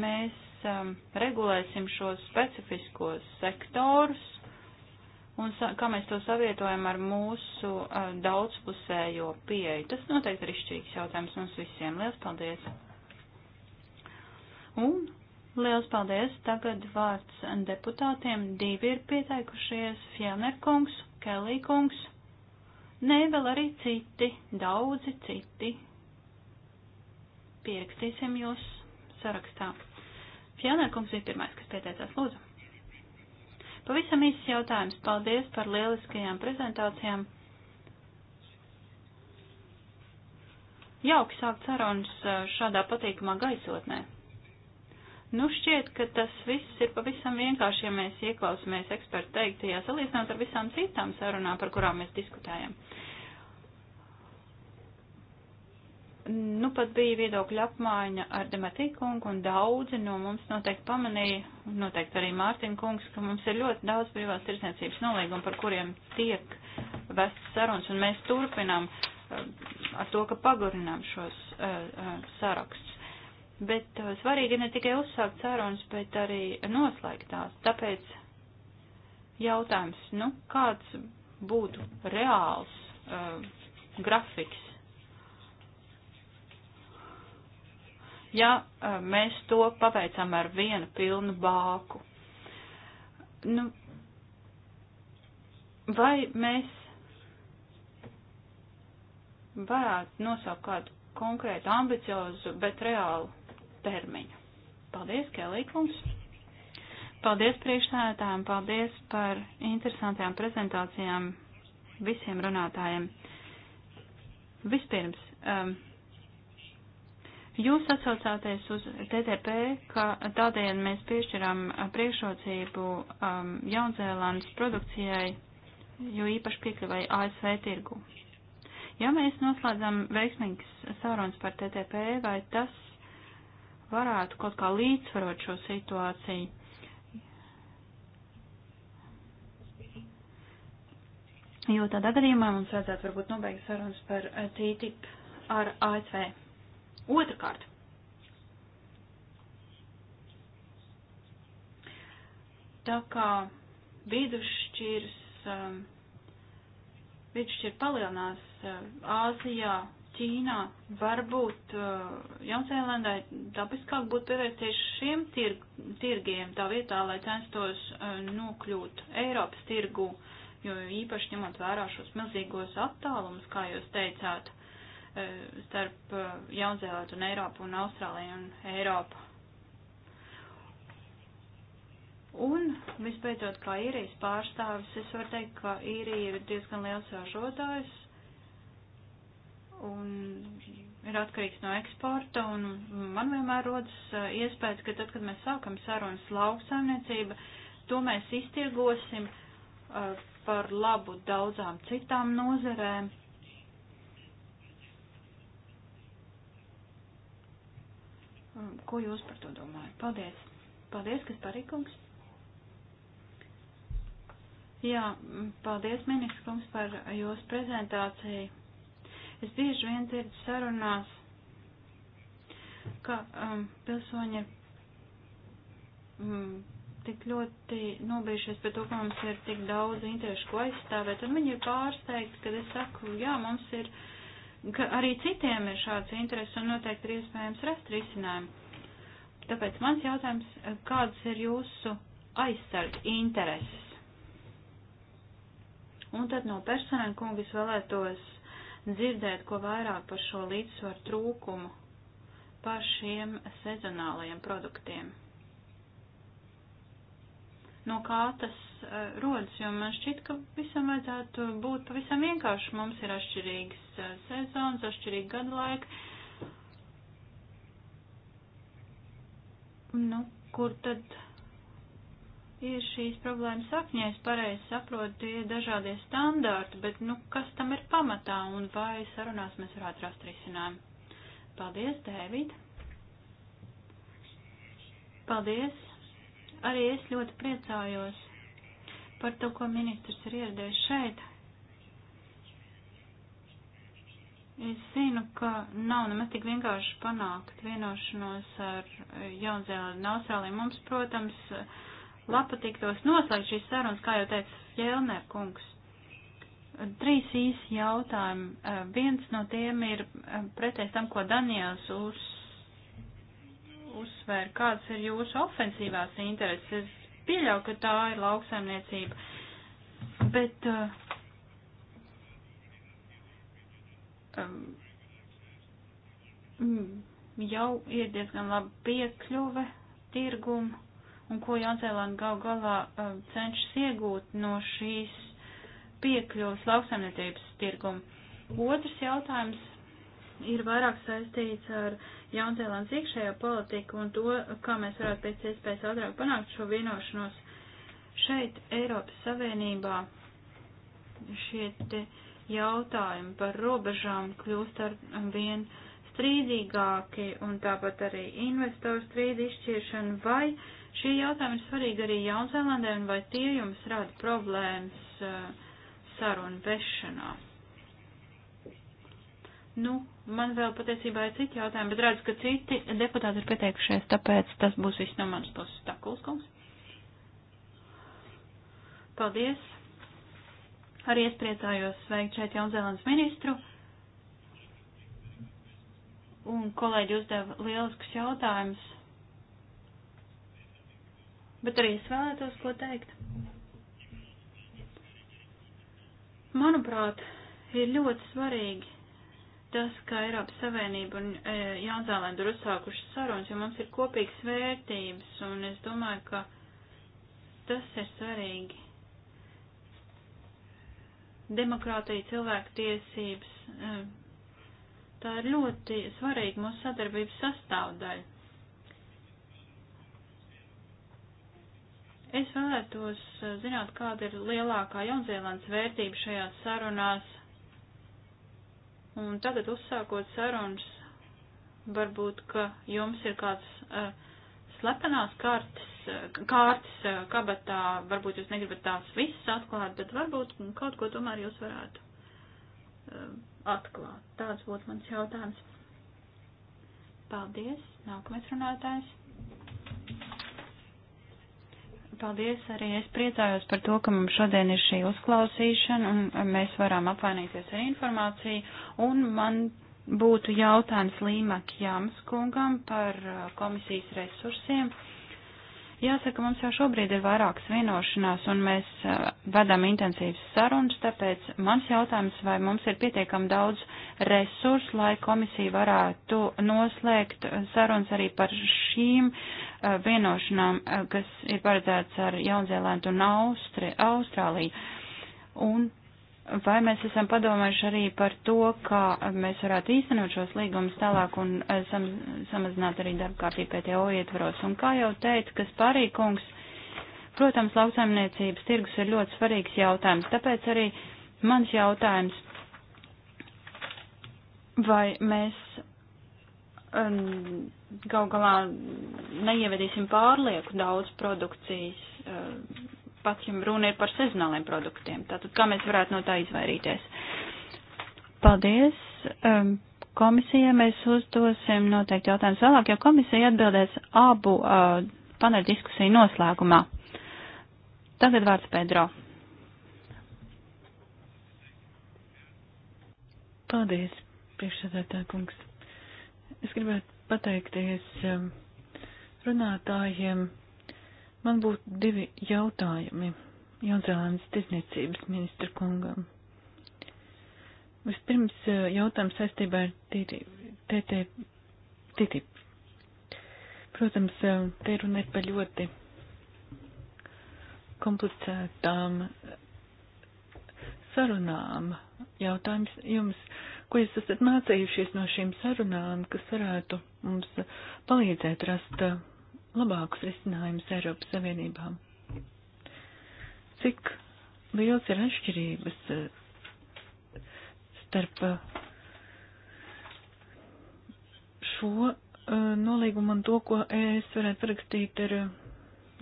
mēs um, regulēsim šos specifiskos sektorus un sa kā mēs to savietojam ar mūsu uh, daudzpusējo pieeju. Tas noteikti ir izšķirīgs jautājums mums visiem. Lielas paldies! Un liels paldies! Tagad vārds deputātiem. Divi ir pieteikušies - Fjellner kungs, Kelly kungs. Nē, vēl arī citi, daudzi citi. Pierakstīsim jūs sarakstā. Fjānērkungs bija pirmais, kas pieteicās lūdzu. Pavisam īsts jautājums. Paldies par lieliskajām prezentācijām. Jauki sākt sarunas eh, šādā patīkamā gaisotnē. Nu šķiet, ka tas viss ir pavisam vienkārši, ja mēs ieklausāmies ekspertu teiktajā, salīdzinot ar visām citām sarunām, par kurām mēs diskutējam. Nu, pat bija viedokļa apmaiņa ar Demetī kungu, un daudzi no mums noteikti pamanīja, noteikti arī Mārtiņa kungs, ka mums ir ļoti daudz privās tirsniecības nolīgumu, par kuriem tiek vests sarunas, un mēs turpinām eh, ar to, ka pagarinām šos uh, uh, sarakstus. Bet uh, svarīgi ne tikai uzsākt sarunas, bet arī noslēgt tās. Tāpēc jautājums, nu, kāds būtu reāls uh, grafiks? Ja uh, mēs to paveicam ar vienu pilnu bāku, nu, vai mēs varētu nosaukt kādu konkrētu ambiciozu, bet reālu termiņu. Paldies, Kelīkums! Paldies priekšstādātājiem, paldies par interesantajām prezentācijām visiem runātājiem. Vispirms, um, jūs atsaucāties uz TTP, ka tādēļ mēs piešķiram priekšrocību um, Jaunzēlandes produkcijai, jo īpaši piekļuvai ASV tirgu. Ja mēs noslēdzam veiksmīgas sarunas par TTP, vai tas varētu kaut kā līdzsvarot šo situāciju. Jo tādā gadījumā mums vajadzētu varbūt nobeigt sarunas par eh, TTIP ar ASV. Otrakārt. Tā kā vidusšķirs, um, eh, vidusšķir palielinās eh, Āzijā Ķīnā. Varbūt uh, Jaunzēlandai dabiskāk būtu pievērsties šiem tirg, tirgiem tā vietā, lai censtos uh, nokļūt Eiropas tirgu, jo īpaši ņemot vērā šos milzīgos attālumus, kā jūs teicāt, uh, starp uh, Jaunzēlandu un Eiropu un Austrāliju un Eiropu. Un, vispēcot, kā īrijas pārstāvis, es varu teikt, ka īrija ir diezgan liels ražotājs, un ir atkarīgs no eksporta, un man vienmēr rodas uh, iespējas, ka tad, kad mēs sākam sarunas lauksaimniecība, to mēs iztiegosim uh, par labu daudzām citām nozerēm. Ko jūs par to domājat? Paldies! Paldies, kas parīkums! Jā, paldies, ministrs kungs, par jūsu prezentāciju. Es bieži vien dzirdu sarunās, ka um, pilsoņi ir mm, tik ļoti nobijušies par to, ka mums ir tik daudz interešu, ko aizstāvēt, un viņi ir pārsteigti, kad es saku, jā, mums ir, ka arī citiem ir šāds interesi un noteikti ir iespējams rast risinājumu. Tāpēc mans jautājums, kādas ir jūsu aizsardz intereses? Un tad no personēm kungas vēlētos dzirdēt ko vairāk par šo līdzsvaru trūkumu, par šiem sezonālajiem produktiem. No kā tas uh, rodas, jo man šķiet, ka visam vajadzētu būt pavisam vienkārši. Mums ir atšķirīgas uh, sezonas, atšķirīgi gadu laika. Nu, kur tad ir šīs problēmas sakņē, es pareizi saprotu, tie dažādie standārti, bet nu, kas tam ir pamatā un vai sarunās mēs varētu rast risinājumu? Paldies, Dēvid! Paldies! Arī es ļoti priecājos par to, ko ministrs ir ieradies šeit. Es zinu, ka nav nemaz tik vienkārši panākt vienošanos ar Jaunzēlēnu un Austrāliju. Mums, protams, uh, labpatiktos noslēgt šīs sarunas, kā jau teica Jēlner kungs. Trīs īsi jautājumi. Eh, viens no tiem ir eh, pretēji tam, ko Daniels uz, uzsver, kādas ir jūsu ofensīvās intereses. Es pieļauju, ka tā ir lauksaimniecība, bet uh, um, jau ir diezgan laba piekļuve tirgumu un ko Jaunzēlanda gal galā um, cenšas iegūt no šīs piekļuvas lauksaimniecības tirgumu. Otrs jautājums ir vairāk saistīts ar Jaunzēlandes iekšējo politiku un to, kā mēs varētu pēc iespējas ātrāk panākt šo vienošanos šeit Eiropas Savienībā. Šie jautājumi par robežām kļūst ar vien strīdīgāki un tāpat arī investoru strīdi izšķiešana vai uh, Šie jautājumi ir svarīgi arī Jaunzēlandē, un vai tie jums rada problēmas uh, sarunu vešanā? Nu, man vēl patiesībā ir citi jautājumi, bet redzu, ka citi deputāti ir pieteikušies, tāpēc tas būs viss no manas puses. Tā, Kulskungs. Paldies! Arī es priecājos sveikt šeit Jaunzēlandes ministru. Un kolēģi uzdeva lieliskus jautājumus bet arī es vēlētos ko teikt. Manuprāt, ir ļoti svarīgi tas, ka Eiropas Savienība un e, Jaunzēlēnda ir uzsākušas sarunas, jo mums ir kopīgas vērtības, un es domāju, ka tas ir svarīgi. Demokrātija, cilvēku tiesības, e, tā ir ļoti svarīga mūsu sadarbības sastāvdaļa. Es vēlētos eh, zināt, kāda ir lielākā Jaunzēlandes vērtība šajās sarunās. Un tagad uzsākot sarunas, varbūt, ka jums ir kāds uh, slepenās kartes, eh, kārtas uh, kabatā, varbūt jūs negribat tās visas atklāt, bet varbūt kaut ko tomēr jūs varētu uh, atklāt. Tāds būtu mans jautājums. Paldies. Nākamais runātājs. Paldies arī. Es priecājos par to, ka mums šodien ir šī uzklausīšana un e, mēs varam apvainīties ar informāciju. Un man būtu jautājums Līmak Jāms kungam par e, komisijas resursiem. Uh, Jāsaka, mums jau šobrīd ir vairākas vienošanās, un mēs vedam intensīvas sarunas, tāpēc mans jautājums, vai mums ir pietiekami daudz resursu, lai komisija varētu noslēgt sarunas arī par šīm vienošanām, kas ir paredzētas ar Jaunzēlēntu un Austri, Austrāliju. Un Vai mēs esam padomājuši arī par to, kā mēs varētu īstenot šos līgumus tālāk un eh, sam, samazināt arī darba kārtību PTO ietvaros? Un kā jau teica, kas pārīkums, protams, lauksaimniecības tirgus ir ļoti svarīgs jautājums, tāpēc arī mans jautājums, vai mēs um, gal galā neievedīsim pārlieku daudz produkcijas um, pat ja runa ir par sezonāliem produktiem. Tātad, kā mēs varētu no tā izvairīties? Paldies. Um, komisijai mēs uzdosim noteikti jautājumus vēlāk, jo komisija atbildēs abu uh, paneļu diskusiju noslēgumā. Tagad vārds Pedro. Paldies, priekšsēdētā kungs. Es gribētu pateikties um, runātājiem Man būtu divi jautājumi Jaunzēlandes tirsniecības ministra kungam. Vispirms eh, jautājums saistībā ar TTIP. Protams, eh, te runa ir par ļoti komplicētām eh, sarunām. Jautājums jums, ko jūs esat mācījušies no šīm sarunām, kas varētu mums palīdzēt rast labākus risinājumus Eiropas Savienībām. Cik liels ir atšķirības eh, starp eh, šo eh, nolīgumu un to, ko es varētu parakstīt ar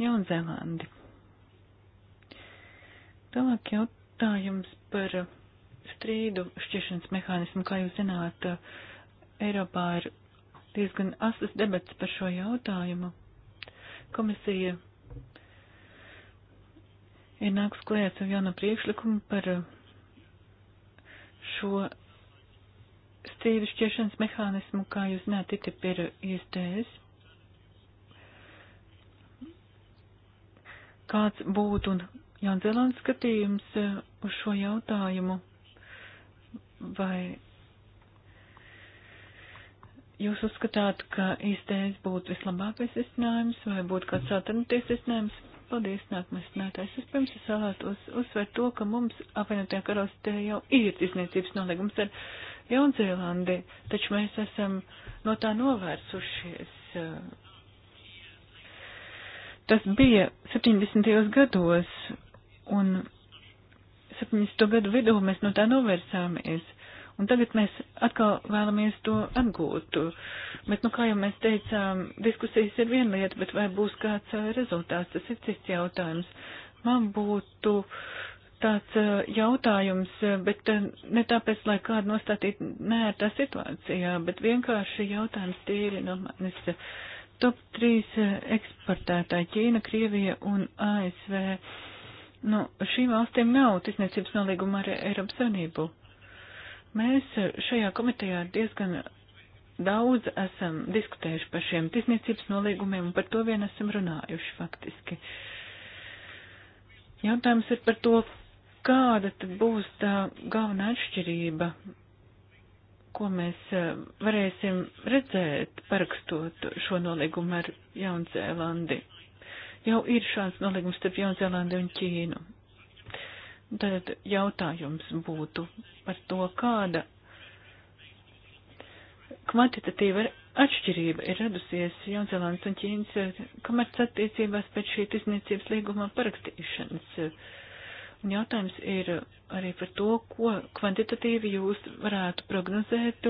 Jaunzēlandi. Tālāk jautājums par strīdu šķiršanas mehānismu, kā jūs zināt, Eiropā ir diezgan asas debats par šo jautājumu. Komisija ir nāks klējā ar jaunu priekšlikumu par uh, šo strīdu šķiršanas mehānismu, kā jūs zināt, TTIP ir ISTS. Kāds būtu un Jaunzēlandes skatījums uh, uz šo jautājumu? Vai Jūs uzskatāt, ka īstais būtu vislabākais izcinājums vai būtu kāds alternatīvs izcinājums? Paldies, nākamais runātājs. Vispirms es vēlētos uzsvērt to, ka mums apvienotajā karalistē jau ir izniecības nolīgums ar Jaunzēlandi, taču mēs esam no tā novērsušies. Tas bija 70. gados, un 70. gadu vidū mēs no tā novērsāmies. Un tagad mēs atkal vēlamies to atgūt. Bet, nu, kā jau mēs teicām, diskusijas ir viena lieta, bet vai būs kāds rezultāts, tas ir cits jautājums. Man būtu tāds jautājums, bet ne tāpēc, lai kādu nostātītu nērtā situācijā, bet vienkārši jautājums tīri no manis. Top 3 eksportētāji Ķīna, Krievija un ASV. Nu, šīm valstīm nav ticniecības nolīguma ar Eiropas Savienību. Mēs šajā komitejā diezgan daudz esam diskutējuši par šiem tisniecības nolīgumiem un par to vien esam runājuši faktiski. Jautājums ir par to, kāda tad būs tā galvenā atšķirība, ko mēs eh, varēsim redzēt parakstot šo nolīgumu ar Jaunzēlandi. Jau ir šāds nolīgums starp Jaunzēlandi un Ķīnu. Tad jautājums būtu, par to, kāda kvantitatīva atšķirība ir radusies Jaunzēlandes un Ķīnas komerc attiecībās pēc šī tirzniecības līguma parakstīšanas. Un jautājums ir arī par to, ko kvantitatīvi jūs varētu prognozēt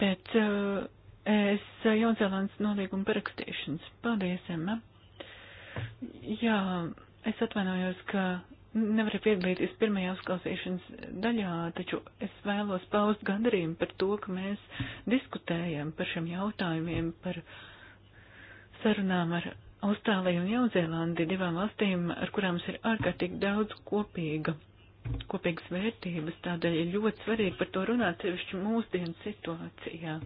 pēc eh, ES Jaunzēlandes nolīguma parakstīšanas. Paldies, Emma! Jā, es atvainojos, ka nevaru piedalīties pirmajā uzklausīšanas daļā, taču es vēlos paust gandarījumu par to, ka mēs diskutējam par šiem jautājumiem, par sarunām ar Austrāliju un Jauzēlandi, divām valstīm, ar kurām mums ir ārkārtīgi daudz kopīga, kopīgas vērtības, tādēļ ir ļoti svarīgi par to runāt, sevišķi mūsdienu situācijā.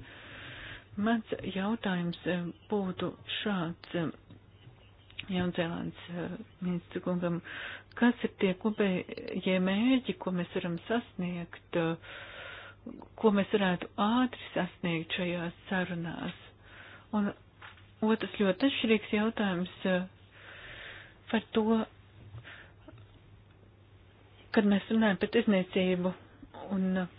Mans jautājums eh, būtu šāds. Jaunzēlandes eh, ministru kungam, kas ir tie kopējie mērķi, ko mēs varam sasniegt, eh, ko mēs varētu ātri sasniegt šajās sarunās. Un otrs ļoti atšķirīgs jautājums eh, par to, kad mēs runājam par izniecību un uh,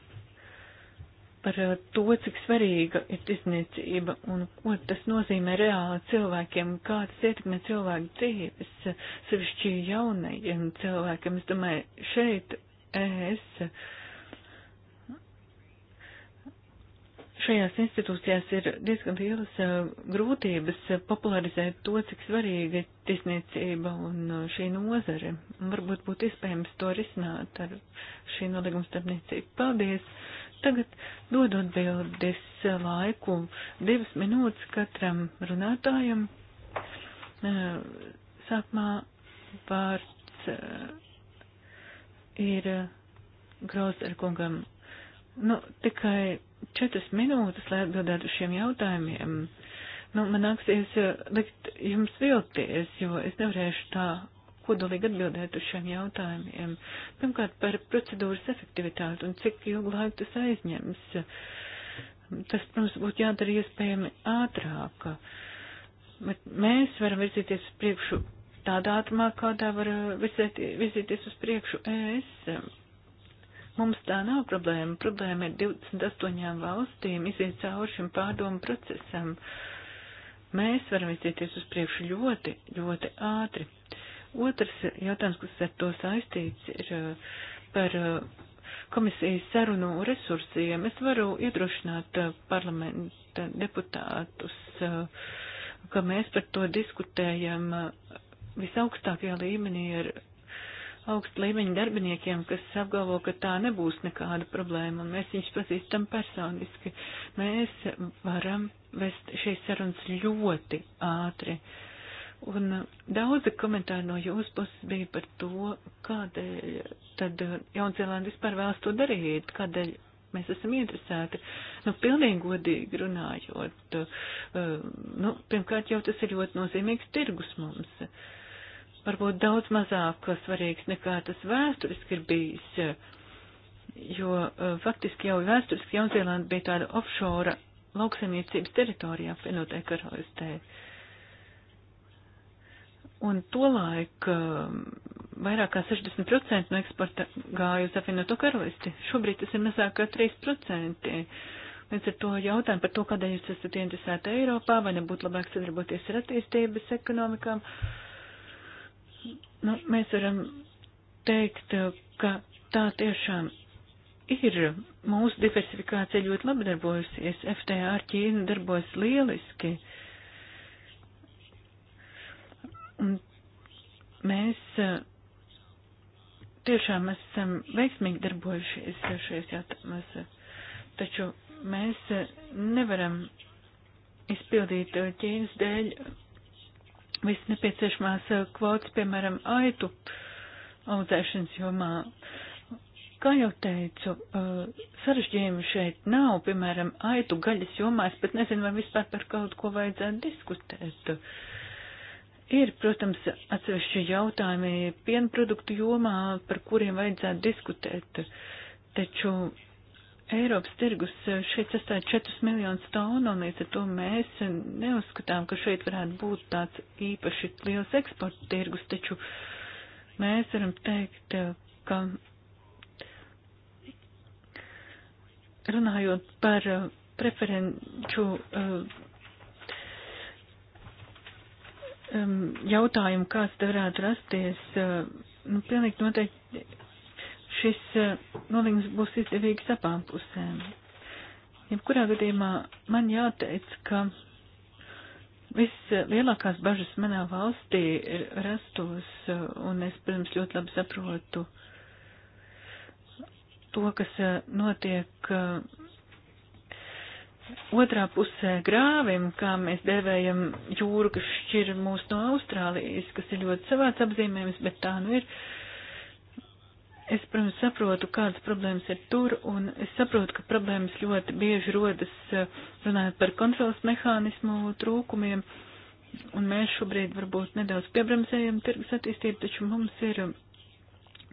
par eh, to, cik svarīga ir tirzniecība un ko tas nozīmē reāli cilvēkiem, kā tas ietekmē cilvēku dzīves, eh, sevišķi jaunajiem cilvēkiem. Es domāju, šeit es šajās institūcijās ir diezgan lielas eh, grūtības popularizēt to, cik svarīga ir tirzniecība un šī nozare. Varbūt būtu iespējams to risināt ar šī nodeguma starpniecību. Paldies! Tagad dodu atbildes laiku divas minūtes katram runātājam. Sākumā vārds ir Grausarkungam. Nu, tikai četras minūtes, lai atbildētu šiem jautājumiem. Nu, man nāksies likt jums vilties, jo es nevarēšu tā kodolīgi atbildēt uz šiem jautājumiem. Pirmkārt, par procedūras efektivitāti un cik ilgu laiku tas aizņems. Tas, protams, būtu jādara iespējami ātrāk. Bet mēs varam virzīties uz priekšu tādā ātrumā, kādā var virzēt, virzīties uz priekšu ES. Mums tā nav problēma. Problēma ir 28 valstīm iziet cauri šim pārdomu procesam. Mēs varam izieties uz priekšu ļoti, ļoti ātri. Otrs jautājums, kas ar to saistīts, ir eh, par eh, komisijas sarunu resursiem. Es varu iedrošināt eh, parlamenta deputātus, ka mēs par to diskutējam visaugstākajā līmenī ar augstu līmeņu darbiniekiem, kas apgalvo, ka tā nebūs nekāda problēma, un mēs viņus pazīstam personiski. Mēs varam vest šīs sarunas ļoti ātri. Uh, Un daudzi komentāri no jūsu puses bija par to, kādēļ tad Jaunzēlēna vispār vēlas to darīt, kādēļ mēs esam interesēti. Nu, pilnīgi godīgi runājot, uh, nu, pirmkārt jau tas ir ļoti nozīmīgs tirgus mums. Varbūt daudz mazāk svarīgs nekā tas vēsturiski ir bijis, jo uh, faktiski jau vēsturiski Jaunzēlēna bija tāda offshore lauksaimniecības teritorijā, apvienotai karalistē. Uh, Un tolaik um, vairāk kā 60% no eksporta gāja uz apvienoto karalisti. Šobrīd tas ir mazāk kā 3%. Līdz ar to jautājumu par to, kādēļ jūs esat interesēti Eiropā, vai nebūtu labāk sadarboties ar attīstības ekonomikām. Nu, mēs varam teikt, ka tā tiešām ir. Mūsu diversifikācija ļoti labi darbojusies. FTA ar Ķīnu darbojas lieliski. Uh, Un mēs e, tiešām esam veiksmīgi darbojušies šajos jautājumos, e, taču mēs e, nevaram izpildīt Ķīnas dēļ viss nepieciešamās kvotas, piemēram, aitu audzēšanas jomā. Kā jau teicu, sarežģījumi šeit nav, piemēram, aitu gaļas jomā, es pat nezinu, vai vispār par kaut ko vajadzētu diskutēt. Uh, Ir, protams, atsevišķi jautājumi pienproduktu jomā, par kuriem vajadzētu diskutēt, taču Eiropas tirgus šeit sastāv 4 miljonus tonu, un līdz ar to mēs neuzskatām, ka šeit varētu būt tāds īpaši liels eksporta tirgus, taču mēs varam teikt, ka runājot par preferenču uh, um, jautājumu, kāds te varētu rasties, uh, nu, pilnīgi noteikti šis uh, nolīgums būs izdevīgs abām pusēm. Jebkurā gadījumā man jāteic, ka vislielākās bažas manā valstī rastos, uh, un es, protams, ļoti labi saprotu to, kas uh, notiek. Uh, otrā pusē grāvim, kā mēs devējam jūru, kas šķir mūs no Austrālijas, kas ir ļoti savāds apzīmējums, bet tā nu ir. Es, protams, saprotu, kādas problēmas ir tur, un es saprotu, ka problēmas ļoti bieži rodas runājot par kontrolas mehānismu trūkumiem, un mēs šobrīd varbūt nedaudz piebremzējam tirgus attīstību, taču mums ir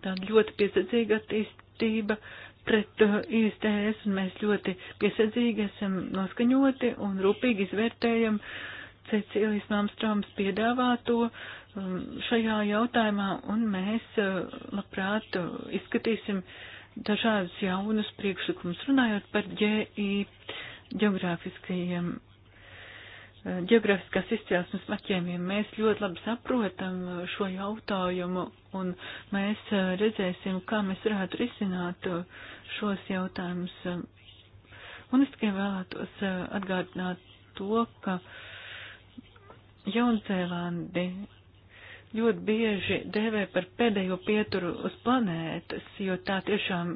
tāda ļoti piesardzīga attīstība pret uh, ISTS, un mēs ļoti piesardzīgi esam noskaņoti un rūpīgi izvērtējam Cecīlijas Malmstroms piedāvāto um, šajā jautājumā, un mēs uh, labprāt uh, izskatīsim dažādus jaunus priekšlikumus, runājot par GI geogrāfiskajiem ģeogrāfiskās izcelsmes maķēmiem. Mēs ļoti labi saprotam uh, šo jautājumu un mēs uh, redzēsim, kā mēs varētu risināt uh, šos jautājumus. Un es tikai vēlētos atgādināt to, ka Jaunzēlandi ļoti bieži dēvē par pēdējo pieturu uz planētas, jo tā tiešām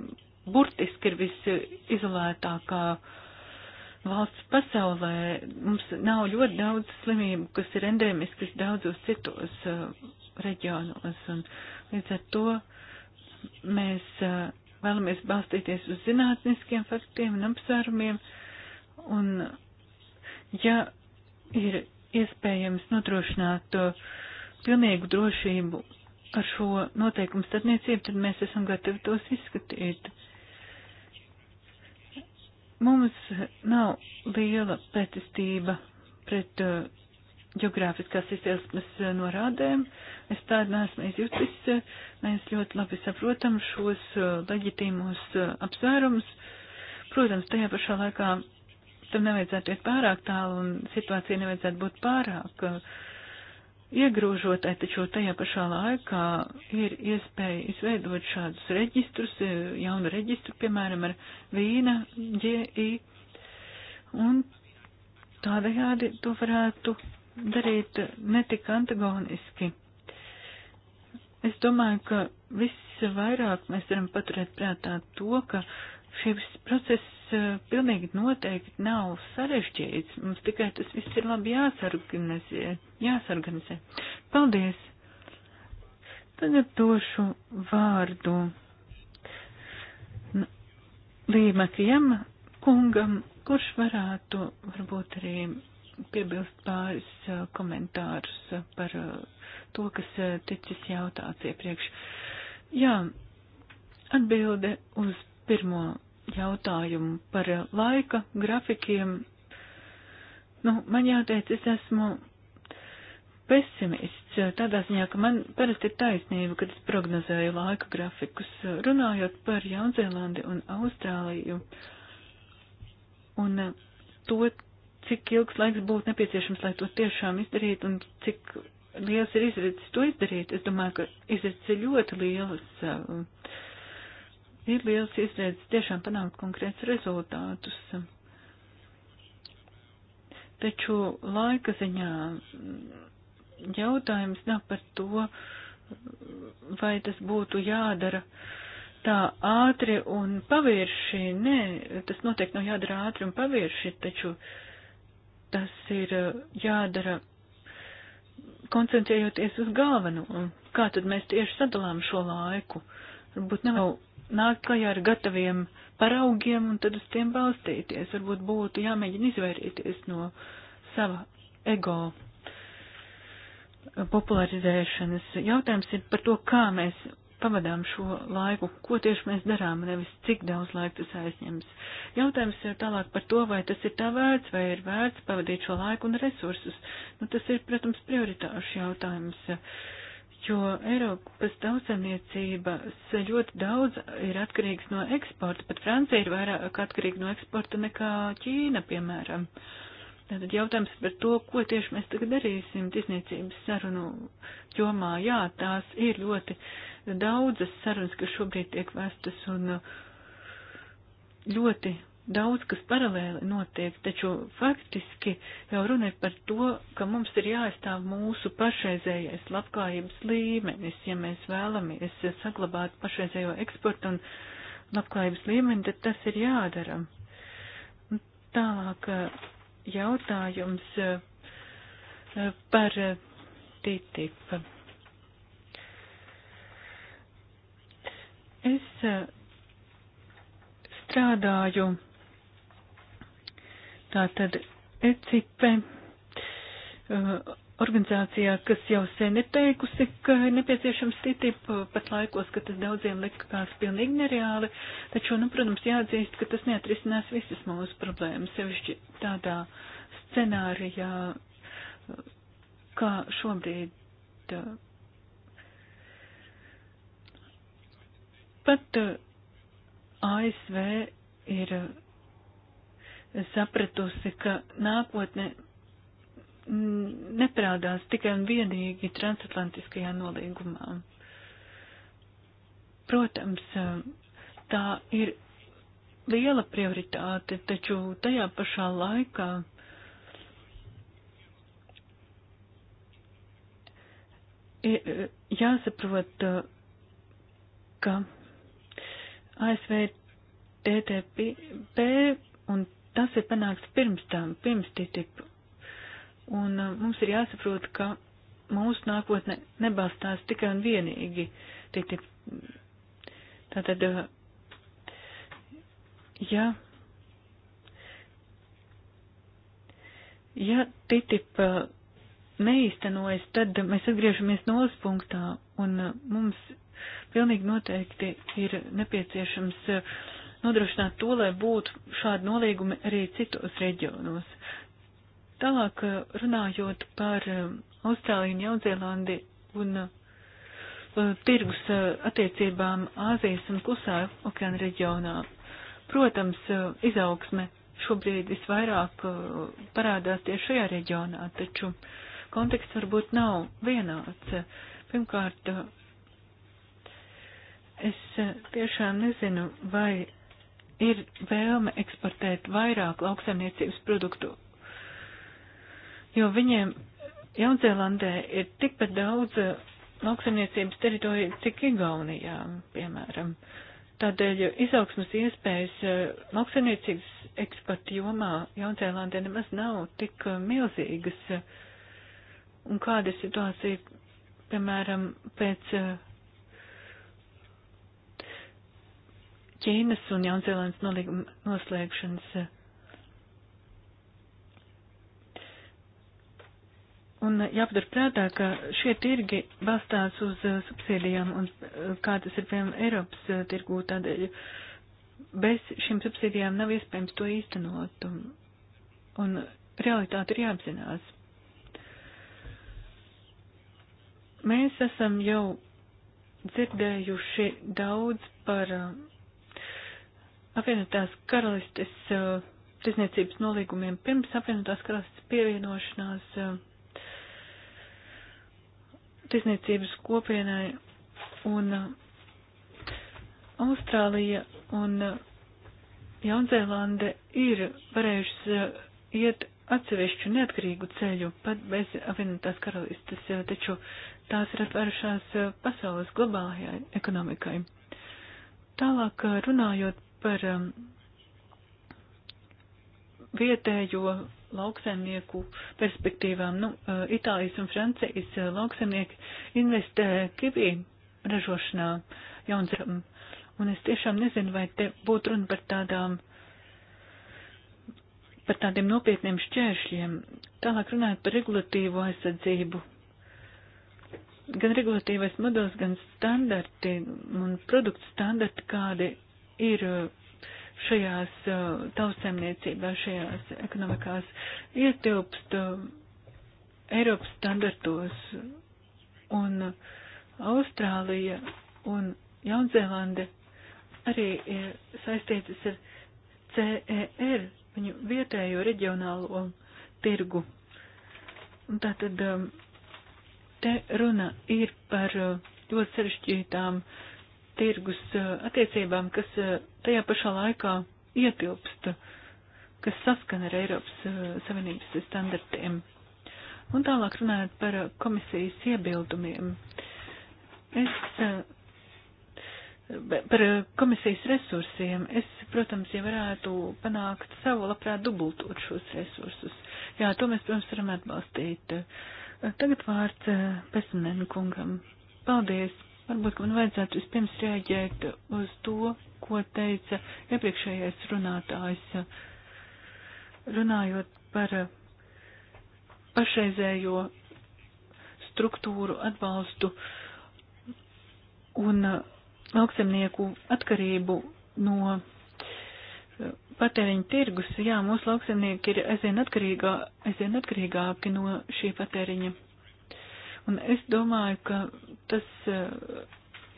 burtiski ir visizolētākā uh, valsts pasaulē. Mums nav ļoti daudz slimību, kas ir endēmiskas daudzos citos uh, reģionos, un līdz ar to mēs uh, vēlamies balstīties uz zinātniskiem faktiem un apsvērumiem, un ja ir iespējams nodrošināt uh, pilnīgu drošību ar šo noteikumu starpniecību, tad mēs esam gatavi tos izskatīt. Uh, Mums nav liela pretestība pret uh, geogrāfiskās izcelsmes uh, norādēm. Es tādu neesmu izjutis. Mēs ļoti labi saprotam šos uh, leģitīmos uh, apsvērumus. Protams, tajā pašā laikā tam nevajadzētu iet pārāk tālu un situācija nevajadzētu būt pārāk iegrūžot, taču tajā pašā laikā ir iespēja izveidot šādus reģistrus, e, jaunu reģistru, piemēram, ar vīna GI, un tādējādi to varētu darīt netik antagoniski. Es domāju, ka viss vairāk mēs varam paturēt prātā to, ka uh, Šis process eh, pilnīgi noteikti nav sarežģīts, mums tikai tas viss ir labi jāsorganizē. jāsorganizē. Paldies! Tagad došu vārdu Līmakijam kungam, kurš varētu varbūt arī piebilst pāris eh, komentārus eh, par to, kas ticis jautāts iepriekš. Jā, atbilde uz pirmo jautājumu par laika grafikiem. Nu, man jāteic, es esmu pesimists tādā ziņā, ka man parasti ir taisnība, kad es prognozēju laika grafikus, runājot par Jaunzēlandi un Austrāliju un to, cik ilgs laiks būtu nepieciešams, lai to tiešām izdarītu un cik liels ir izredzes to izdarīt. Es domāju, ka izredzes ir ļoti lielas. Uh, ir liels izredzes tiešām panākt konkrēts rezultātus. Taču laika ziņā jautājums nav par to, vai tas būtu jādara tā ātri un pavirši. Nē, tas noteikti nav jādara ātri un pavirši, taču tas ir jādara koncentrējoties uz galveno. Kā tad mēs tieši sadalām šo laiku? Varbūt nav nākt klajā ar gataviem paraugiem un tad uz tiem balstīties. Varbūt būtu jāmēģina izvairīties no sava ego popularizēšanas. Jautājums ir par to, kā mēs pavadām šo laiku, ko tieši mēs darām, nevis cik daudz laika tas aizņems. Jautājums ir tālāk par to, vai tas ir tā vērts, vai ir vērts pavadīt šo laiku un resursus. Nu, tas ir, protams, prioritāšu jautājums. Uh, jo Eiropas tautsaniecības ļoti daudz ir atkarīgs no eksporta, pat Francija ir vairāk atkarīga no eksporta nekā Ķīna, piemēram. Tātad jautājums par to, ko tieši mēs tagad darīsim tisniecības sarunu jomā. Jā, tās ir ļoti daudzas sarunas, kas šobrīd tiek vestas un ļoti daudz kas paralēli notiek, taču faktiski jau runa ir par to, ka mums ir jāaizstāv mūsu pašreizējais labklājības līmenis. Ja mēs vēlamies saglabāt pašreizējo eksportu un labklājības līmeni, tad tas ir jādara. Tālāk eh, jautājums eh, par eh, TTIP. Es strādāju Tātad ECIPE uh, organizācijā, kas jau sen ir teikusi, ka ir nepieciešams TTIP uh, pat laikos, kad tas daudziem likās pilnīgi nereāli, taču, nu, protams, jāatzīst, ka tas neatrisinās visas mūsu problēmas, sevišķi tādā scenārijā, uh, kā šobrīd. Pat ASV ir sapratusi, ka nākotne neprādās tikai un vienīgi transatlantiskajā nolīgumā. Protams, tā ir liela prioritāte, taču tajā pašā laikā ir jāsaprot, ka ASV TTP un tas ir panākts pirms tam, pirms TTIP. Un uh, mums ir jāsaprot, ka mūsu nākotne nebalstās tikai un vienīgi TTIP. Tātad, uh, ja, ja TTIP uh, neīstenojas, tad mēs atgriežamies nulles punktā un mums pilnīgi noteikti ir nepieciešams uh, nodrošināt to, lai būtu šādi nolīgumi arī citos reģionos. Tālāk eh, runājot par eh, Austrāliju un Jaunzēlandi un eh, tirgus attiecībām Āzijas un Klusā okeāna reģionā. Protams, izaugsme šobrīd visvairāk parādās tieši šajā reģionā, taču konteksts varbūt nav vienāds. Pirmkārt, es tiešām nezinu, vai ir vēlme eksportēt vairāk lauksaimniecības produktu, jo viņiem Jaunzēlandē ir tikpat daudz eh, lauksaimniecības teritoriju, cik Igaunijā, piemēram. Tādēļ izaugsmas iespējas eh, lauksaimniecības eksporta jomā Jaunzēlandē nemaz nav tik eh, milzīgas. Un kāda ir situācija, piemēram, pēc Ķīnas un Jaunzēlandes nolīguma noslēgšanas. Un jāpadara prātā, ka šie tirgi balstās uz uh, subsīdijām un uh, kā tas ir, piemēram, Eiropas uh, tirgū, tādēļ bez šīm subsīdijām nav iespējams to īstenot. Un, un realitāte ir jāapzinās. Mēs esam jau dzirdējuši daudz par uh, apvienotās karalistes uh, tirzniecības nolīgumiem pirms apvienotās karalistes pievienošanās uh, tirzniecības kopienai un uh, Austrālija un Jaunzēlande ir varējušas iet atsevišķu neatkarīgu ceļu, pat bez apvienotās karalistes, taču tās ir atvērušās pasaules globālajai ekonomikai. Tālāk runājot par um, vietējo lauksaimnieku perspektīvām. Nu, uh, Itālijas un Francijas uh, lauksaimnieki investē kivī ražošanā jaundzēm. Un es tiešām nezinu, vai te būtu runa par tādām, par tādiem nopietniem šķēršļiem. Tālāk runājot par regulatīvo aizsardzību. Gan regulatīvais modelis, gan standarti un produktu standarti, kādi ir eh, šajās eh, tautsēmniecībās, šajās ekonomikās ietilpst eh, Eiropas standartos un Austrālija un Jaunzēlande arī ir saistītas ar CER, viņu vietējo reģionālo tirgu. Un tātad te runa ir par ļoti sarežģītām uh, tirgus eh, attiecībām, kas eh, tajā pašā laikā ietilpst, kas saskan ar Eiropas eh, Savienības standartiem. Un tālāk runājot par komisijas iebildumiem. Es par komisijas resursiem. Es, protams, ja varētu panākt savu, labprāt dubultot šos resursus. Jā, to mēs, protams, varam atbalstīt. Tagad vārds Pesunēnu kungam. Paldies! Varbūt man vajadzētu vispirms reaģēt uz to, ko teica iepriekšējais runātājs, runājot par pašreizējo struktūru atbalstu un lauksemnieku atkarību no patēriņa tirgus. Jā, mūsu lauksemnieki ir aizvien atkarīgā, aizvien atkarīgāki no šī patēriņa Un es domāju, ka tas eh,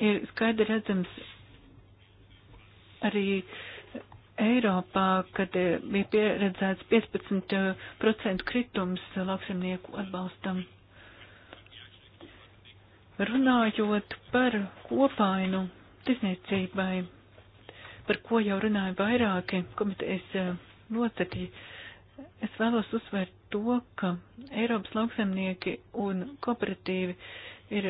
ir skaidri redzams arī Eiropā, kad eh, bija pieredzēts 15% eh, kritums lauksimnieku atbalstam. Runājot par kopainu tirsniecībai, par ko jau runāja vairāki komitejas locekļi, es vēlos uzsvērt to, ka Eiropas lauksemnieki un kooperatīvi ir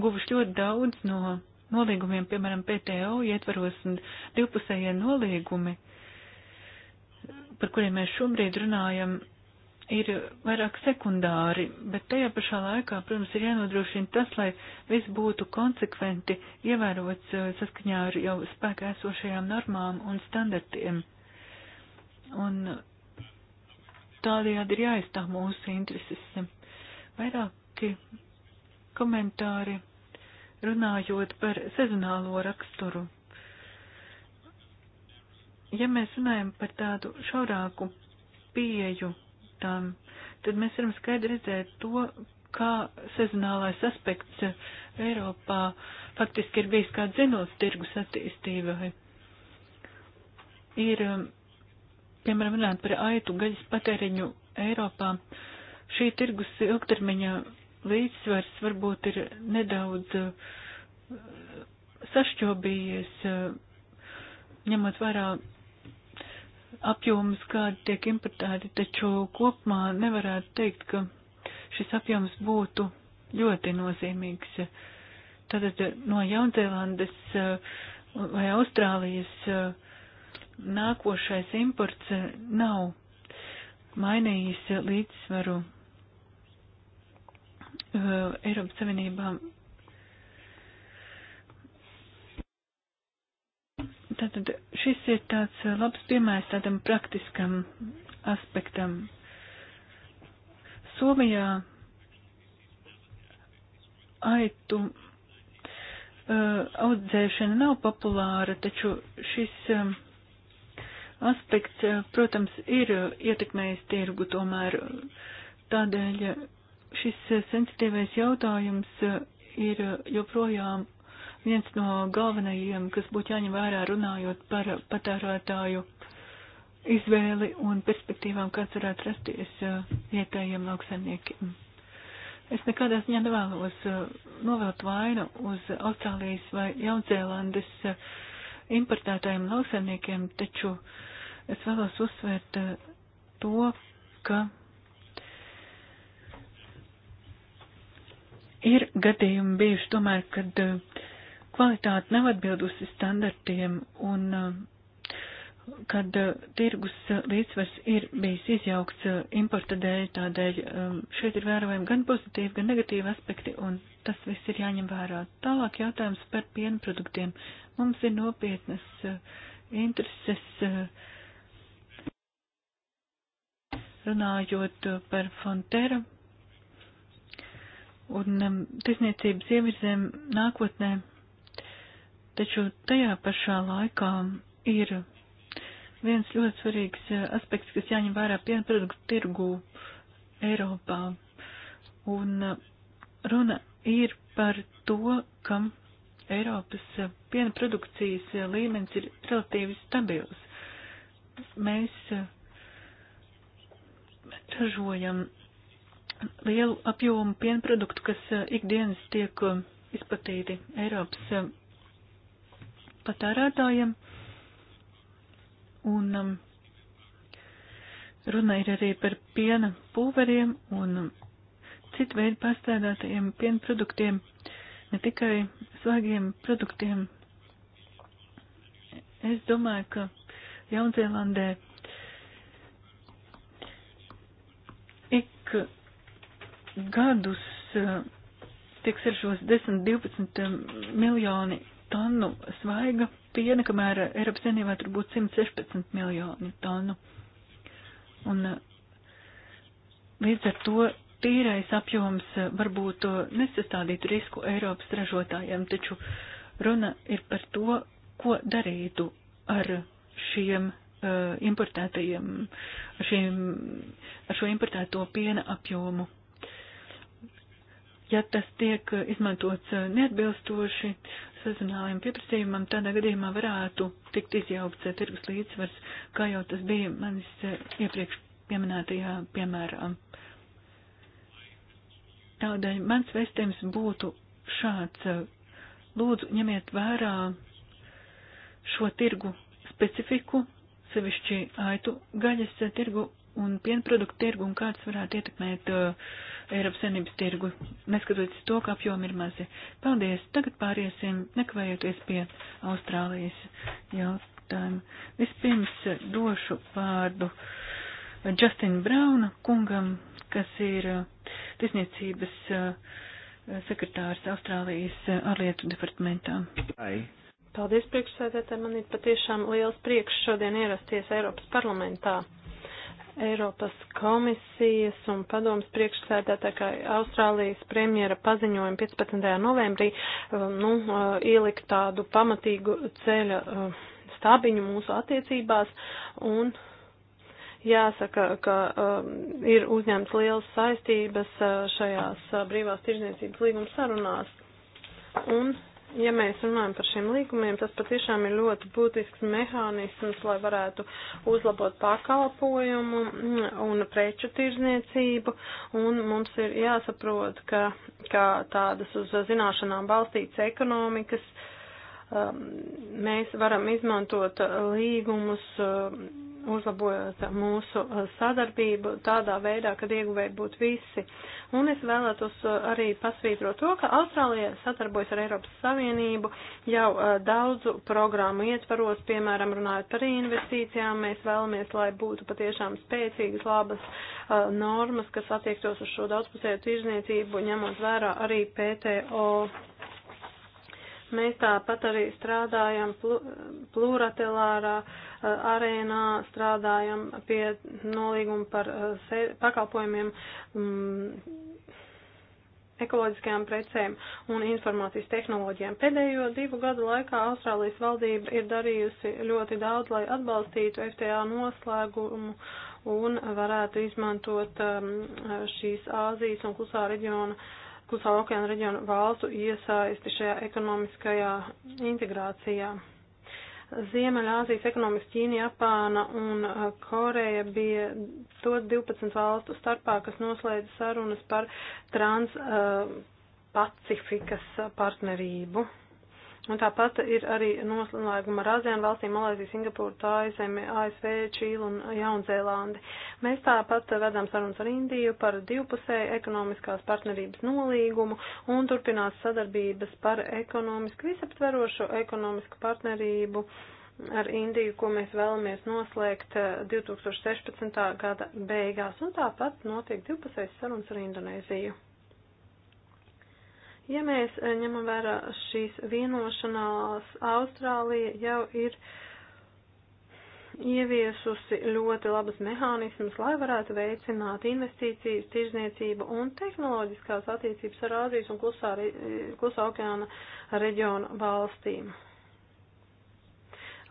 guvuši ļoti daudz no nolīgumiem, piemēram, PTO ietvaros un divpusējie nolīgumi, par kuriem mēs šobrīd runājam, ir vairāk sekundāri, bet tajā pašā laikā, protams, ir jānodrošina tas, lai viss būtu konsekventi ievērots uh, saskaņā ar jau spēkā esošajām normām un standartiem. Un Tādējādi ir jāizstāv mūsu intereses. Vairāki komentāri runājot par sezonālo raksturu. Ja mēs runājam par tādu šaurāku pieju tam, tad mēs varam skaidri redzēt to, kā sezonālais aspekts Eiropā faktiski ir bijis kā dzinos tirgus attīstībai. Ir um, piemēram, runāt par aitu gaļas patēriņu Eiropā, šī tirgus ilgtermiņā līdzsvars varbūt ir nedaudz uh, sašķobījies, uh, ņemot vērā apjomus, kādi tiek importēti, taču kopumā nevarētu teikt, ka šis apjoms būtu ļoti nozīmīgs. Tātad no Jaunzēlandes uh, vai Austrālijas uh, nākošais imports nav mainījis līdzsvaru uh, Eiropas Savienībā. Tātad šis ir tāds labs piemērs tādam praktiskam aspektam. Somijā aitu uh, audzēšana nav populāra, taču šis um, uh, aspekts, eh, protams, ir eh, ietekmējis tirgu, tomēr eh, tādēļ šis sensitīvais jautājums ir joprojām viens no galvenajiem, kas būtu jāņem vērā runājot par patērētāju izvēli un perspektīvām, kāds varētu rasties vietējiem lauksaimniekiem. Es nekādā ziņā nevēlos novelt vainu uz Austrālijas vai Jaunzēlandes importētājiem lauksaimniekiem, taču uh, Es vēlos uzsvērt eh, to, ka ir gadījumi bijuši tomēr, kad eh, kvalitāte nav atbildusi standartiem un eh, kad tirgus līdzsvars ir bijis izjaukts importa dēļ, tādēļ šeit ir vērojami gan pozitīvi, gan negatīvi aspekti, un tas viss ir jāņem vērā. Tālāk jautājums par piena produktiem. Mums ir nopietnas intereses uh, runājot par Fontera un um, tirsniecības ievirzēm nākotnē, taču tajā pašā laikā ir viens ļoti svarīgs uh, aspekts, kas jāņem vērā pienproduktu tirgu Eiropā. Un uh, runa ir par to, ka Eiropas uh, piena produkcijas līmenis ir relatīvi stabils. Mēs ražojam lielu apjomu pienproduktu, kas eh, ikdienas tiek eh, izplatīti Eiropas eh, patērētājiem. Un um, runa ir arī par piena pulveriem un um, citu veidu pārstrādātajiem pienproduktiem, ne tikai svagiem produktiem. Es domāju, ka Jaunzēlandē cik gadus eh, tiek siršos 10-12 eh, miljoni tonu svaiga piena, kamēr eh, Eiropas Savienībā tur būtu 116 miljoni tonu. Un līdz ar to tīrais apjoms varbūt nesastādītu risku Eiropas ražotājiem, taču runa ir par to, ko darītu ar šiem Eh, importētajiem, ar, šiem, ar šo importēto piena apjomu. Ja tas tiek izmantots neatbilstoši sazinājumu pieprasījumam, tādā gadījumā varētu tikt izjaukts tirgus līdzsvars, kā jau tas bija manis iepriekš pieminētajā piemērā. Tādēļ mans vēstījums būtu šāds. Lūdzu, ņemiet vērā šo tirgu specifiku sevišķi aitu gaļas tirgu un pienproduktu tirgu un kāds varētu ietekmēt uh, Eiropas Savienības tirgu, neskatoties to, ka apjomi ir mazi. Paldies! Tagad pāriesim, nekavējoties pie Austrālijas jautājuma. Vispirms došu vārdu Justin Brauna kungam, kas ir uh, tiesniecības uh, sekretārs Austrālijas uh, ārlietu departamentā. Hi. Paldies, priekšsēdētāji. Man ir patiešām liels prieks šodien ierasties Eiropas parlamentā. Eiropas komisijas un padomas priekšsēdētāja, kā Austrālijas premjera paziņojuma 15. novembrī, um, nu, uh, ielikt tādu pamatīgu ceļa um, stabiņu mūsu attiecībās un jāsaka, ka uh, ir uzņemts liels saistības uh, šajās uh, brīvās tirdzniecības līguma sarunās. Un ja mēs runājam par šiem līgumiem, tas patiešām ir ļoti būtisks mehānisms, lai varētu uzlabot pakalpojumu un preču tirzniecību, un mums ir jāsaprot, ka kā tādas uz zināšanām balstītas ekonomikas um, mēs varam izmantot uh, līgumus uh, uzlabojot mūsu uh, sadarbību tādā veidā, kad ieguvēji būtu visi. Un es vēlētos uh, arī pasvītrot to, ka Austrālija sadarbojas ar Eiropas Savienību jau uh, daudzu programmu ietvaros, piemēram, runājot par investīcijām, mēs vēlamies, lai būtu patiešām spēcīgas, labas normas, kas attiektos uz šo daudzpusēju tirzniecību, ņemot vērā arī PTO Mēs tāpat arī strādājam pluratelārā uh, arēnā, strādājam pie nolīguma par uh, pakalpojumiem mm, ekoloģiskajām precēm un informācijas tehnoloģijām. Pēdējo divu gadu laikā Austrālijas valdība ir darījusi ļoti daudz, lai atbalstītu FTA noslēgumu un varētu izmantot um, šīs Āzijas un klusā reģiona uh, klusā okeāna reģionu valstu iesaisti šajā ekonomiskajā integrācijā. Ziemeļāzijas ekonomikas Ķīna, Japāna un uh, Koreja bija to 12 valstu starpā, kas noslēdza sarunas par transpacifikas uh, partnerību. Un tāpat ir arī noslēguma ar ASEAN valstīm, Malaisija, Singapūra, Tāizemi, ASV, Čīla un Jaunzēlandi. Mēs tāpat vedām sarunas ar Indiju par divpusēju ekonomiskās partnerības nolīgumu un turpinās sadarbības par ekonomisku visaptverošo ekonomisku partnerību ar Indiju, ko mēs vēlamies noslēgt 2016. Eh, gada beigās. Un tāpat notiek divpusējas sarunas ar Indonēziju. Ja mēs eh, ņemam vērā šīs vienošanās, Austrālija jau ir ieviesusi ļoti labas mehānismas, lai varētu veicināt investīcijas, tirzniecību un tehnoloģiskās attiecības ar Āzijas un klusā, klusā okeāna reģiona valstīm.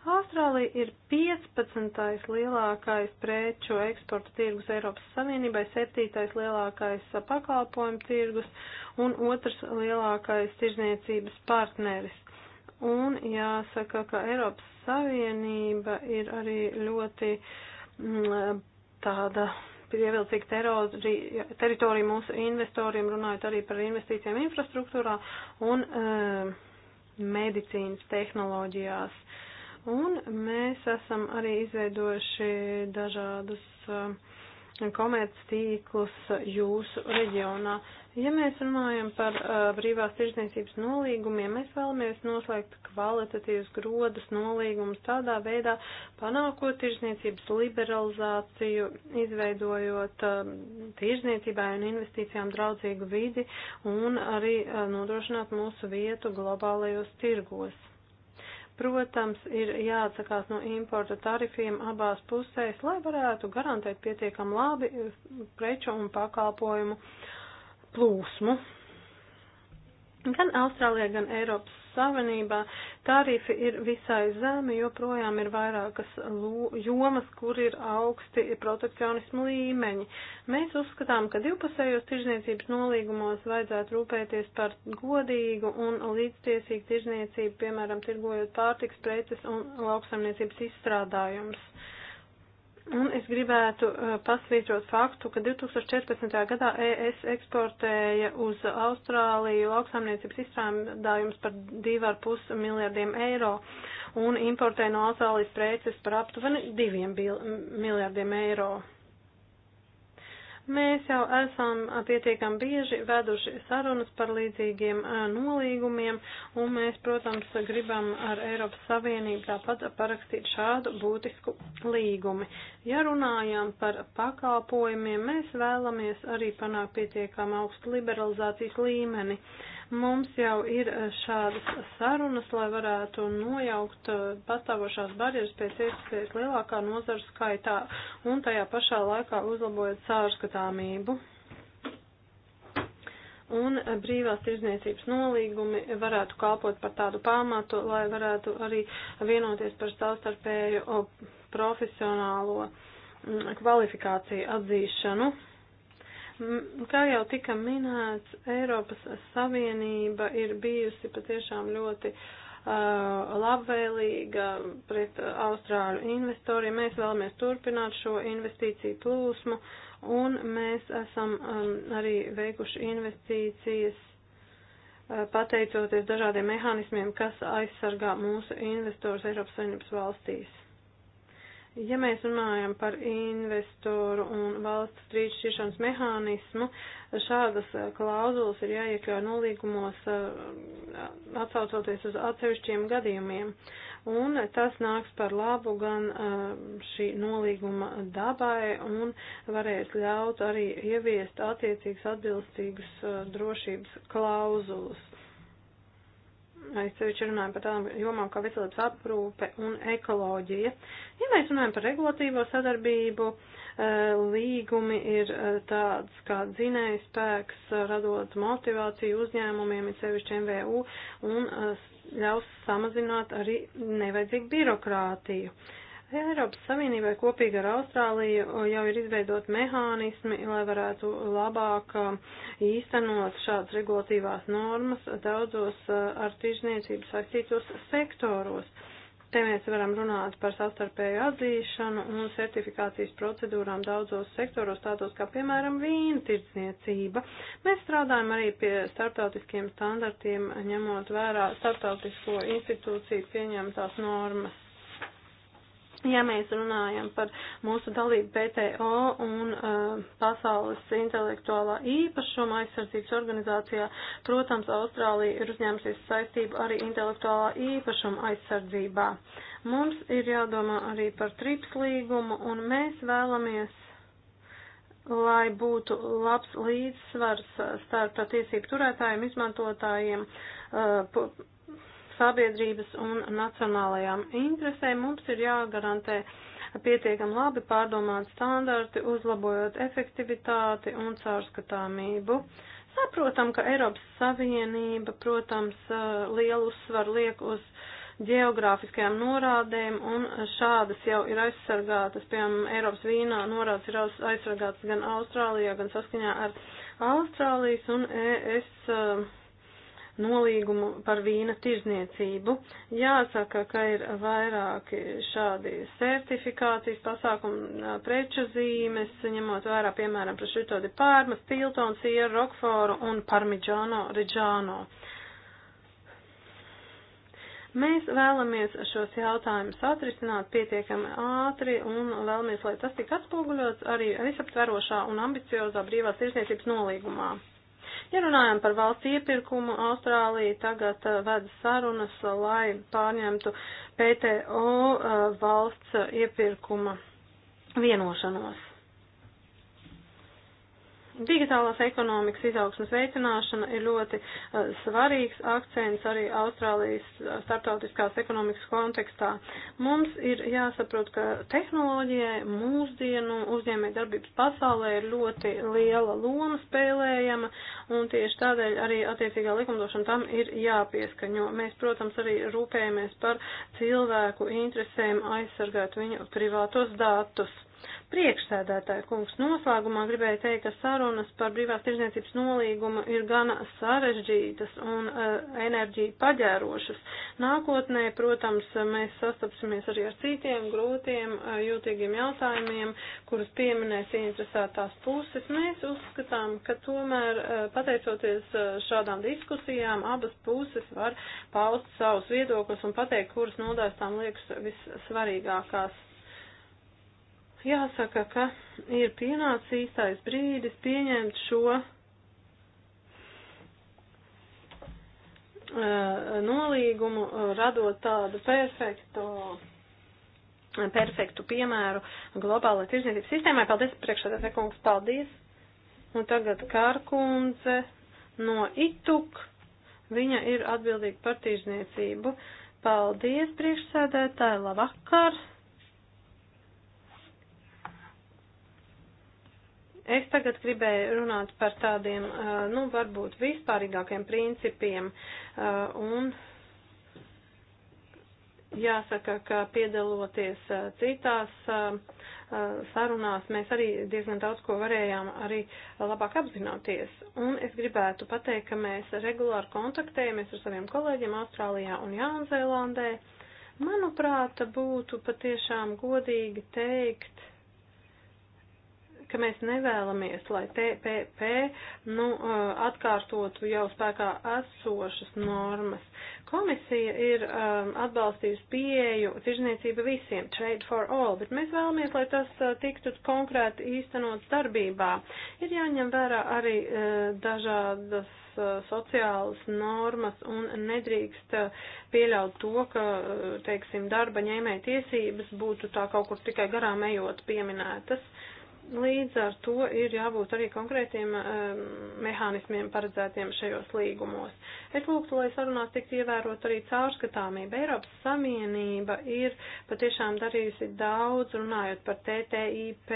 Austrālija ir 15. lielākais preču eksporta tirgus Eiropas Savienībai, 7. lielākais pakalpojumu tirgus un otrs lielākais tirzniecības partneris. Un jāsaka, ka Eiropas Savienība ir arī ļoti m, mm, tāda pievilcīga terori, teritorija mūsu investoriem, runājot arī par investīcijām infrastruktūrā un m, eh, medicīnas tehnoloģijās. Uh, Un mēs esam arī izveidojuši dažādus um, komerctīklus jūsu reģionā. Ja mēs runājam par uh, brīvās tirdzniecības nolīgumiem, mēs vēlamies noslēgt kvalitatīvus grodus nolīgumus tādā veidā, panākot tirdzniecības liberalizāciju, izveidojot um, tirdzniecībai un investīcijām draudzīgu vidi un arī uh, nodrošināt mūsu vietu globālajos tirgos. Protams, ir jāatsakās no importa tarifiem abās pusēs, lai varētu garantēt pietiekam labi eh, preču un pakalpojumu plūsmu. Gan Austrālijā, gan Eiropas Savienībā tarifi ir visai zemi, joprojām ir vairākas jomas, kur ir augsti protekcionismu līmeņi. Mēs uzskatām, ka divpusējos tirzniecības nolīgumos vajadzētu rūpēties par godīgu un līdztiesīgu tirzniecību, piemēram, tirgojot pārtiks, preces un lauksaimniecības izstrādājumus. Un es gribētu uh, pasvītrot faktu, ka 2014. gadā ES eksportēja uz Austrāliju lauksaimniecības izstrādājums par 2,5 miljardiem eiro un importēja no Austrālijas preces par aptuveni 2 miljardiem eiro. Mēs jau esam pietiekami bieži veduši sarunas par līdzīgiem nolīgumiem, un mēs, protams, gribam ar Eiropas Savienību tāpat parakstīt šādu būtisku līgumi. Ja runājam par pakalpojumiem, mēs vēlamies arī panākt pietiekami augstu liberalizācijas līmeni. Uh, Mums jau ir e, šādas sarunas, lai varētu nojaukt e, pastāvošās barjeras pēc iespējas lielākā nozaru skaitā un tajā pašā laikā uzlabojot sārskatāmību. Un e, brīvās tirzniecības nolīgumi varētu kalpot par tādu pamatu, lai varētu arī vienoties par savstarpēju profesionālo kvalifikāciju atzīšanu. Kā jau tika minēts, Eiropas Savienība ir bijusi patiešām ļoti uh, labvēlīga pret austrāļu investoriem. Mēs vēlamies turpināt šo investīciju plūsmu un mēs esam um, arī veikuši investīcijas uh, pateicoties dažādiem mehānismiem, kas aizsargā mūsu investors Eiropas Savienības valstīs. Ja mēs runājam par investoru un valsts strīdus šķiršanas mehānismu, šādas eh, klauzulas ir jāiekļauj nolīgumos eh, atsaucoties uz atsevišķiem gadījumiem. Un tas nāks par labu gan eh, šī nolīguma dabai un varēs ļaut arī ieviest attiecīgas atbilstīgas drošības klauzulas. Es sevišķi runāju par tādām jomām kā veselības aprūpe un ekoloģija. Ja mēs runājam par regulatīvo sadarbību, eh, līgumi ir eh, tāds kā dzinējs spēks, radot motivāciju uzņēmumiem, ir sevišķi MVU, un eh, ļaus samazināt arī nevajadzīgu birokrātiju. Uh, Eiropas Savienībai kopīgi ar Austrāliju jau ir izveidot mehānismi, lai varētu labāk īstenot šādas regulatīvās normas daudzos ar tirzniecību saistītos sektoros. Te mēs varam runāt par sastarpēju atzīšanu un certifikācijas procedūrām daudzos sektoros, tādos kā, piemēram, vīna tirdzniecība. Mēs strādājam arī pie starptautiskiem standartiem, ņemot vērā starptautisko institūciju pieņemtās normas. Ja mēs runājam par mūsu dalību PTO un uh, Pasaules intelektuālā īpašuma aizsardzības organizācijā, protams, Austrālija ir uzņēmusies saistību arī intelektuālā īpašuma aizsardzībā. Mums ir jādomā arī par trips līgumu un mēs vēlamies, lai būtu labs līdzsvars eh, starp tiesību turētājiem, izmantotājiem. Uh, sabiedrības un nacionālajām interesēm, mums ir jāgarantē pietiekam labi pārdomāt standarti, uzlabojot efektivitāti un caurskatāmību. Saprotam, ka Eiropas Savienība, protams, eh, lielu uzsvaru liek uz geogrāfiskajām norādēm, un šādas jau ir aizsargātas, piemēram, Eiropas vīnā norādes ir aizsargātas gan Austrālijā, gan saskaņā ar Austrālijas un ES eh, nolīgumu par vīna tirzniecību. Jāsaka, ka ir vairāki šādi certifikācijas pasākumi, preču zīmes, ņemot vērā, piemēram, par šito de pārmas, Tiltons, Sierra, Rokforu un Parmigiano Reģāno. Mēs vēlamies šos jautājumus atrisināt pietiekami ātri un vēlamies, lai tas tik atspoguļots arī visaptverošā un ambiciozā brīvās tirsniecības nolīgumā. Ja runājam par valsts iepirkumu, Austrālija tagad uh, ved sarunas, uh, lai pārņemtu PTO uh, valsts iepirkuma vienošanos. Digitālās ekonomikas izaugsmas veicināšana ir ļoti uh, svarīgs akcents arī Austrālijas eh, startautiskās ekonomikas kontekstā. Mums ir jāsaprot, ka tehnoloģijai mūsdienu uzņēmē darbības pasaulē ir ļoti liela loma spēlējama, un tieši tādēļ arī attiecīgā likumdošana tam ir jāpieskaņo. Mēs, protams, arī rūpējamies par cilvēku interesēm aizsargāt viņu privātos datus Priekšsēdētāja kungs noslēgumā gribēja teikt, ka sarunas par brīvās tirzniecības nolīgumu ir gana sarežģītas un uh, eh, enerģija paģērošas. Nākotnē, protams, mēs sastapsimies arī ar citiem grūtiem, uh, jūtīgiem jautājumiem, kurus pieminēs interesētās puses. Mēs uzskatām, ka tomēr, uh, pateicoties uh, šādām diskusijām, abas puses var paust savus viedokļus un pateikt, kuras nodaļas tām liekas vissvarīgākās Jāsaka, ka ir pienācis īstais brīdis pieņemt šo nolīgumu, radot tādu perfektu, perfektu piemēru globālai tirzniecības sistēmai. Paldies, priekšsēdētāj kungs, paldies. Un tagad Kārkundze no ITUK, viņa ir atbildīga par tirzniecību. Paldies, priekšsēdētāji, labvakar! Es tagad gribēju runāt par tādiem, nu, varbūt vispārīgākiem principiem un jāsaka, ka piedaloties citās sarunās, mēs arī diezgan daudz ko varējām arī labāk apzināties. Un es gribētu pateikt, ka mēs regulāri kontaktējamies ar saviem kolēģiem Austrālijā un Jaunzēlandē. Manuprāt, būtu patiešām godīgi teikt, ka mēs nevēlamies, lai TPP nu, atkārtotu jau spēkā esošas normas. Komisija ir um, atbalstījusi pieeju tirzniecība visiem, trade for all, bet mēs vēlamies, lai tas uh, tiktu konkrēti īstenots darbībā. Ir jāņem vērā arī uh, dažādas uh, sociālas normas un nedrīkst uh, pieļaut to, ka, uh, teiksim, darba ņēmē tiesības būtu tā kaut kur tikai garām ejot pieminētas. Uh, Līdz ar to ir jābūt arī konkrētiem um, mehānismiem paredzētiem šajos līgumos. Es lūgtu, lai sarunās tiktu ievērot arī caurskatāmība. Eiropas Savienība ir patiešām darījusi daudz runājot par TTIP,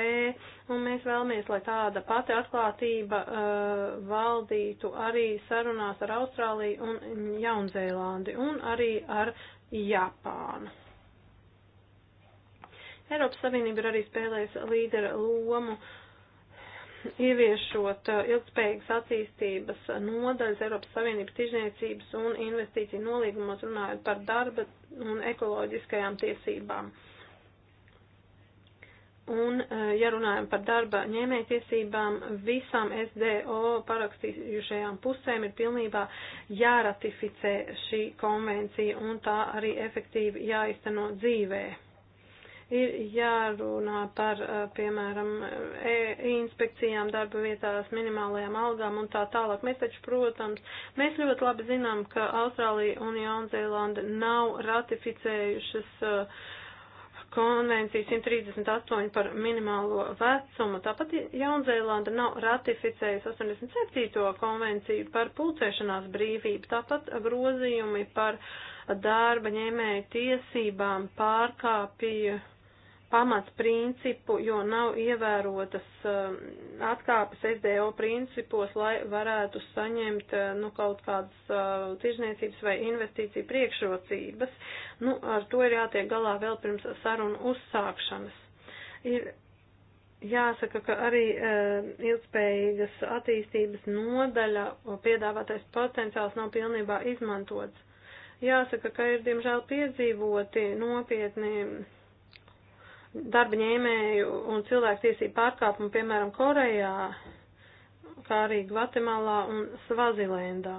un mēs vēlamies, lai tāda pati atklātība uh, valdītu arī sarunās ar Austrāliju un Jaunzēlandi un arī ar Japānu. Eiropas Savienība ir arī spēlējusi līdera lomu ieviešot uh, ilgspējīgas attīstības nodaļas Eiropas Savienības tirzniecības un investīciju nolīgumos runājot par darba un ekoloģiskajām tiesībām. Un, uh, ja runājam par darba ņēmējtiesībām, visām SDO parakstījušajām pusēm ir pilnībā jāratificē šī konvencija un tā arī efektīvi jāizteno dzīvē ir jārunā par, eh, piemēram, e inspekcijām darba vietās, minimālajām algām un tā tālāk. Mēs taču, protams, mēs ļoti labi zinām, ka Austrālija un Jaunzēlanda nav ratificējušas eh, konvenciju 138 par minimālo vecumu. Tāpat Jaunzēlanda nav ratificējusi 87. konvenciju par pulcēšanās brīvību, tāpat grozījumi par darba ņēmēju tiesībām pārkāpīja pamatprincipu, jo nav ievērotas um, atkāpes SDO principos, lai varētu saņemt uh, nu, kaut kādas uh, tirzniecības vai investīciju priekšrocības. Nu, ar to ir jātiek galā vēl pirms sarunu uzsākšanas. Ir jāsaka, ka arī um, ilgspējīgas attīstības nodaļa piedāvātais potenciāls nav pilnībā izmantots. Jāsaka, ka ir diemžēl piedzīvoti nopietni darba ņēmēju un cilvēktiesību pārkāpumu, piemēram, Korejā, kā arī Gvatemalā un Svazilendā.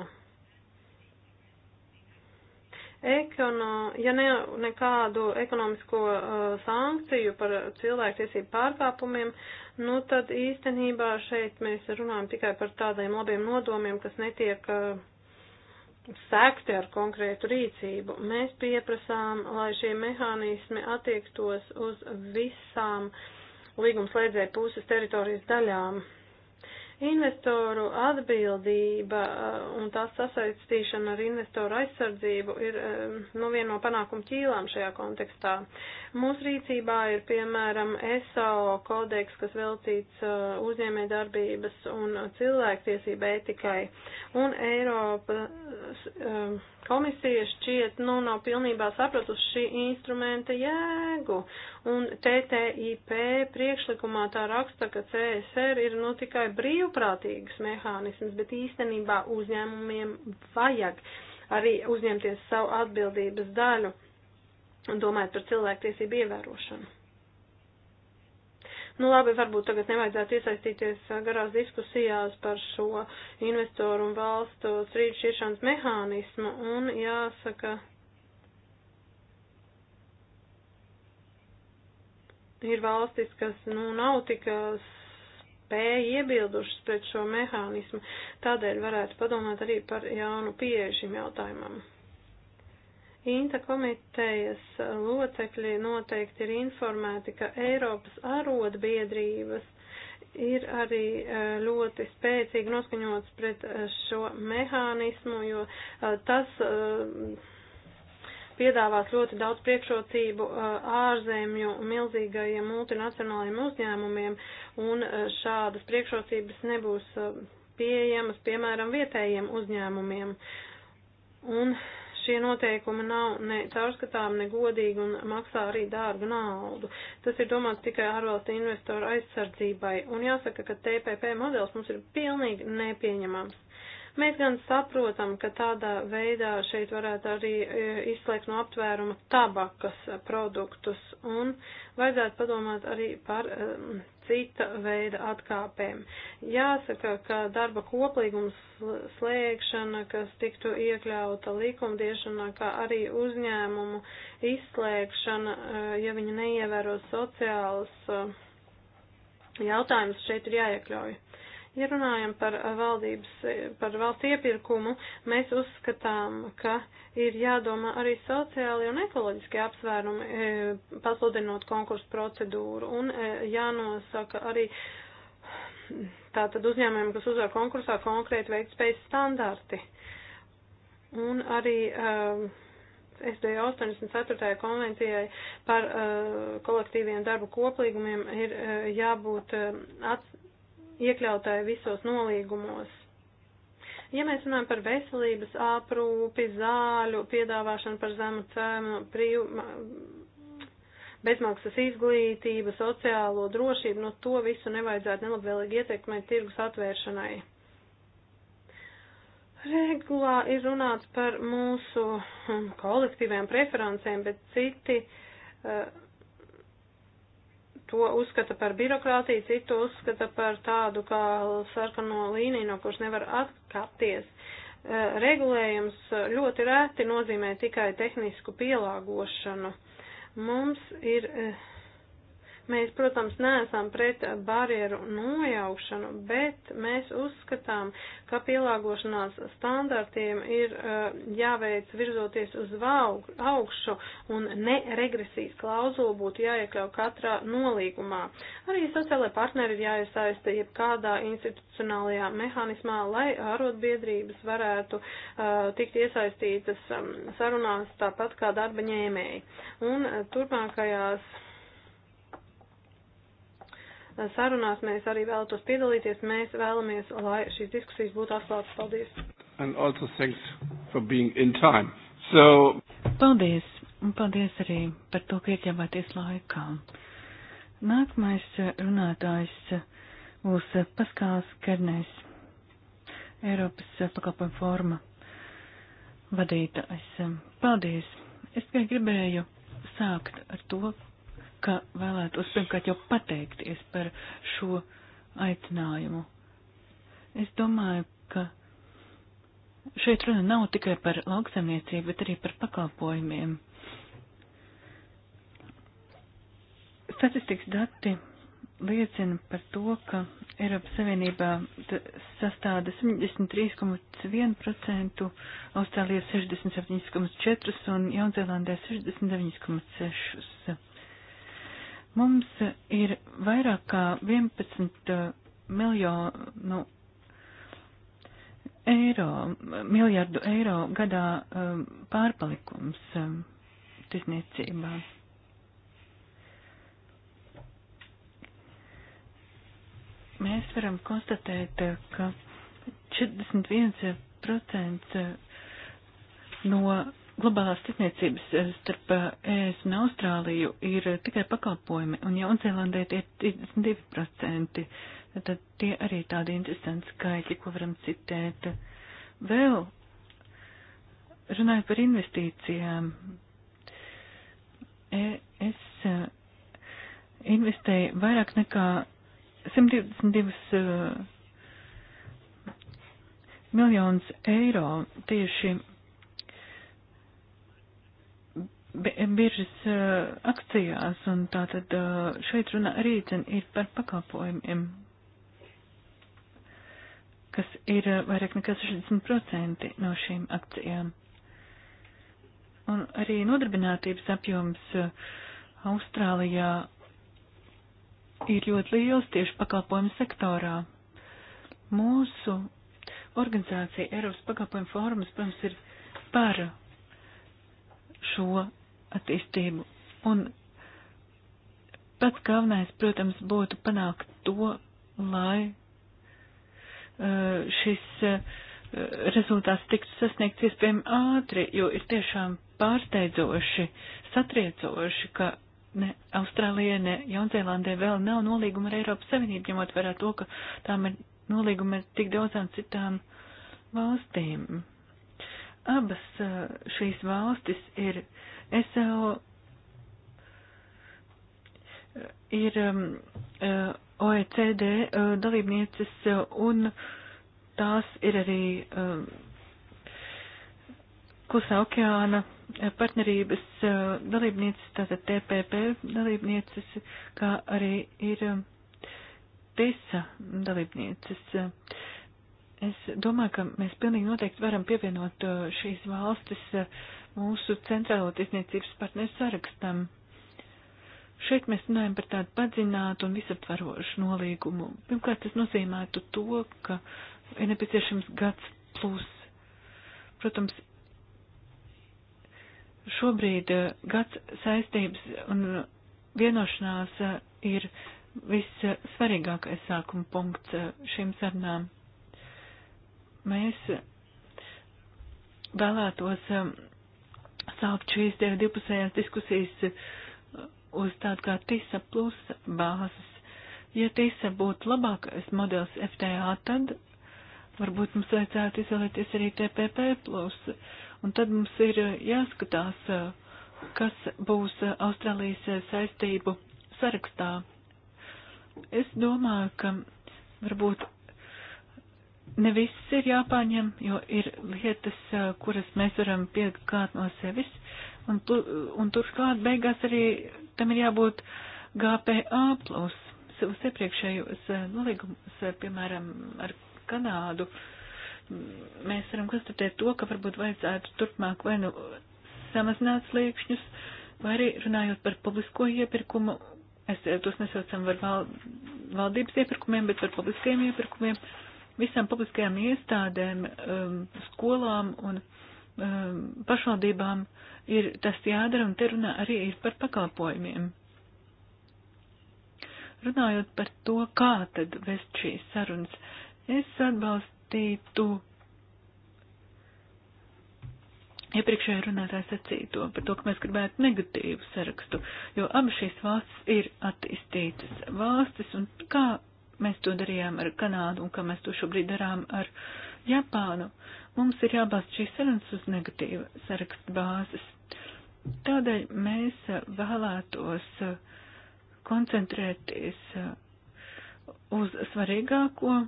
Ekono, ja ne, nekādu ekonomisko uh, sankciju par cilvēktiesību pārkāpumiem, nu tad īstenībā šeit mēs runājam tikai par tādiem labiem nodomiem, kas netiek uh, sekti ar konkrētu rīcību. Mēs pieprasām, lai šie mehānismi attiektos uz visām līgumslēdzēju puses teritorijas daļām. Investoru atbildība eh, un tās sasaistīšana ar investoru aizsardzību ir eh, nu, viena no panākuma ķīlām šajā kontekstā. Mūsu rīcībā ir piemēram SAO kodeks, kas veltīts eh, uzņēmē darbības un cilvēktiesība ētikai, un Eiropas Komisija šķiet, nu, nav pilnībā sapratusi šī instrumenta jēgu, un TTIP priekšlikumā tā raksta, ka CSR ir, nu, tikai brīvprātīgs mehānisms, bet īstenībā uzņēmumiem vajag arī uzņemties savu atbildības daļu un domājot par cilvēktiesību ievērošanu. Nu labi, varbūt tagad nevajadzētu iesaistīties garās diskusijās par šo investoru un valstu strīdu šķiršanas mehānismu un jāsaka, ir valstis, kas nu, nav tik spēja iebildušas pret šo mehānismu, tādēļ varētu padomāt arī par jaunu pieeju šim jautājumam. Inta komitejas locekļi noteikti ir informēti, ka Eiropas arotbiedrības ir arī e, ļoti spēcīgi noskaņots pret e, šo mehānismu, jo e, tas piedāvās ļoti daudz priekšrocību ārzemju milzīgajiem multinacionālajiem uzņēmumiem, un šādas priekšrocības nebūs pieejamas, piemēram, vietējiem uzņēmumiem. Un Šie noteikumi nav ne caurskatām, ne godīgi un maksā arī dārgu naudu. Tas ir domāts tikai ārvalstu investoru aizsardzībai. Un jāsaka, ka TPP modelis mums ir pilnīgi nepieņemams. Mēs gan saprotam, ka tādā veidā šeit varētu arī e, izslēgt no aptvēruma tabakas produktus un vajadzētu padomāt arī par e, cita veida atkāpēm. Jāsaka, ka darba koplīgums slēgšana, kas tiktu iekļauta likumdiešanā, kā arī uzņēmumu izslēgšana, eh, ja viņi neievēro sociālas eh, jautājumus, šeit ir jāiekļauj. Ja runājam par, eh, valdības, eh, par valsts iepirkumu, mēs uzskatām, ka ir jādomā arī sociāli un ekoloģiski apsvērumi, eh, pasludinot konkursu procedūru un jānosaka arī tātad uzņēmējiem, kas uzvar konkursā, konkrēti veiktspējas standarti. Un arī uh, SB 84. konvencijai par uh, kolektīviem darbu koplīgumiem ir uh, jābūt uh, at, iekļautāji visos nolīgumos. Ja mēs runājam par veselības aprūpi, zāļu piedāvāšanu par zemu cēmu, brīv, bezmaksas izglītību, sociālo drošību, no nu, to visu nevajadzētu nelabvēlīgi ietekmēt tirgus atvēršanai. Regulā ir runāts par mūsu kolektīviem preferencēm, bet citi uh, to uzskata par birokrātiju, citu to uzskata par tādu kā sarkano līniju, no kuras nevar atkāpties. E, regulējums ļoti rēti nozīmē tikai tehnisku pielāgošanu. Mums ir. Uh, Mēs, protams, neesam pret barjeru nojaukšanu, bet mēs uzskatām, ka pielāgošanās standartiem ir uh, jāveic virzoties uz vaug, augšu un ne regresijas klauzulu būtu jāiekļau katrā nolīgumā. Arī sociālai partneri ir jāiesaista jebkādā institucionālajā mehānismā, lai arotbiedrības varētu uh, tikt iesaistītas um, sarunās tāpat kā darba ņēmēji. Un uh, turpmākajās sarunās mēs arī vēlētos piedalīties. Mēs vēlamies, lai šīs diskusijas būtu atklātas. Paldies! And also thanks for being in time. So... Paldies! Un paldies arī par to, ka iekļāvāties laikā. Nākamais runātājs būs Paskāls Kernēs, Eiropas pakalpojumu forma vadītājs. Paldies! Es tikai gribēju sākt ar to, ka vēlētos pirmkārt jau pateikties par šo aicinājumu. Es domāju, ka šeit runa nav tikai par lauksaimniecību, bet arī par pakalpojumiem. Statistikas dati liecina par to, ka Eiropas Savienībā sastāda 73,1%, Austrālijā 67,4% un Jaunzēlandē 69,6%. Mums ir vairāk kā 11 eh, miljonu eiro, miljardu eiro gadā eh, pārpalikums eh, tirzniecībā. Mēs varam konstatēt, ka 41% no globālās tirdzniecības eh, starp eh, ES un Austrāliju ir eh, tikai pakalpojumi, un Jaunzēlandē tie ir 32%. Tad tie arī tādi interesanti skaitļi, ko varam citēt. Vēl runājot par investīcijām, e, ES investēja vairāk nekā 122 miljonus eiro tieši biržas uh, akcijās, un tātad uh, šeit runa arī ir par pakalpojumiem, kas ir uh, vairāk nekā 60% no šīm akcijām. Un arī nodarbinātības apjoms Austrālijā ir ļoti liels tieši pakalpojumu sektorā. Mūsu organizācija Eiropas pakalpojumu fórums, protams, ir par šo attīstību. Un pats galvenais, protams, būtu panākt to, lai uh, šis uh, rezultāts tiktu sasniegts iespējami ātri, jo ir tiešām pārsteidzoši, satriecoši, ka ne Austrālija, ne Jaunzēlandē vēl nav nolīguma ar Eiropas Savienību, ņemot vērā to, ka tām ir nolīguma ar tik daudzām citām valstīm. Abas šīs valstis ir SAO, ir OECD dalībnieces un tās ir arī Klusā okeāna partnerības dalībnieces, tātad TPP dalībnieces, kā arī ir TISA dalībnieces. Es domāju, ka mēs pilnīgi noteikti varam pievienot uh, šīs valstis uh, mūsu centrālo tiesniecības partneru sarakstam. Šeit mēs runājam par tādu padzinātu un visaptvarošu nolīgumu. Pirmkārt, tas nozīmētu to, ka ir nepieciešams gads plus. Protams, šobrīd uh, gads saistības un vienošanās ir vissvarīgākais sākuma punkts šīm sarunām mēs vēlētos um, sākt šīs divpusējās diskusijas uh, uz tādu kā TISA plus bāzes. Ja TISA būtu labākais modelis FTA, tad varbūt mums vajadzētu izvēlēties arī TPP plus. Un tad mums ir uh, jāskatās, uh, kas būs Austrālijas saistību sarakstā. Es domāju, ka varbūt Ne viss ir jāpārņem, jo ir lietas, kuras mēs varam piekārt no sevis, un, tu, un turklāt beigās arī tam ir jābūt GPA plus savus iepriekšējos nolīgumus, piemēram, ar Kanādu. Mēs varam konstatēt to, ka varbūt vajadzētu turpmāk vai nu samazināt sliekšņus, vai arī runājot par publisko iepirkumu, mēs tos nesaucam par valdības iepirkumiem, bet par publiskajiem iepirkumiem. Uh, visām publiskajām iestādēm, um, skolām un um, pašvaldībām ir tas jādara, un te runā arī ir par pakalpojumiem. Runājot par to, kā tad vest šīs sarunas, es atbalstītu iepriekšējā runātāja sacīto par to, ka mēs gribētu negatīvu sarakstu, jo abas šīs valstis ir attīstītas valstis, un kā mēs to darījām ar Kanādu un kā mēs to šobrīd darām ar Japānu, mums ir jābāst šīs sarunas uz negatīva saraksta bāzes. Tādēļ mēs vēlētos koncentrēties uz svarīgāko,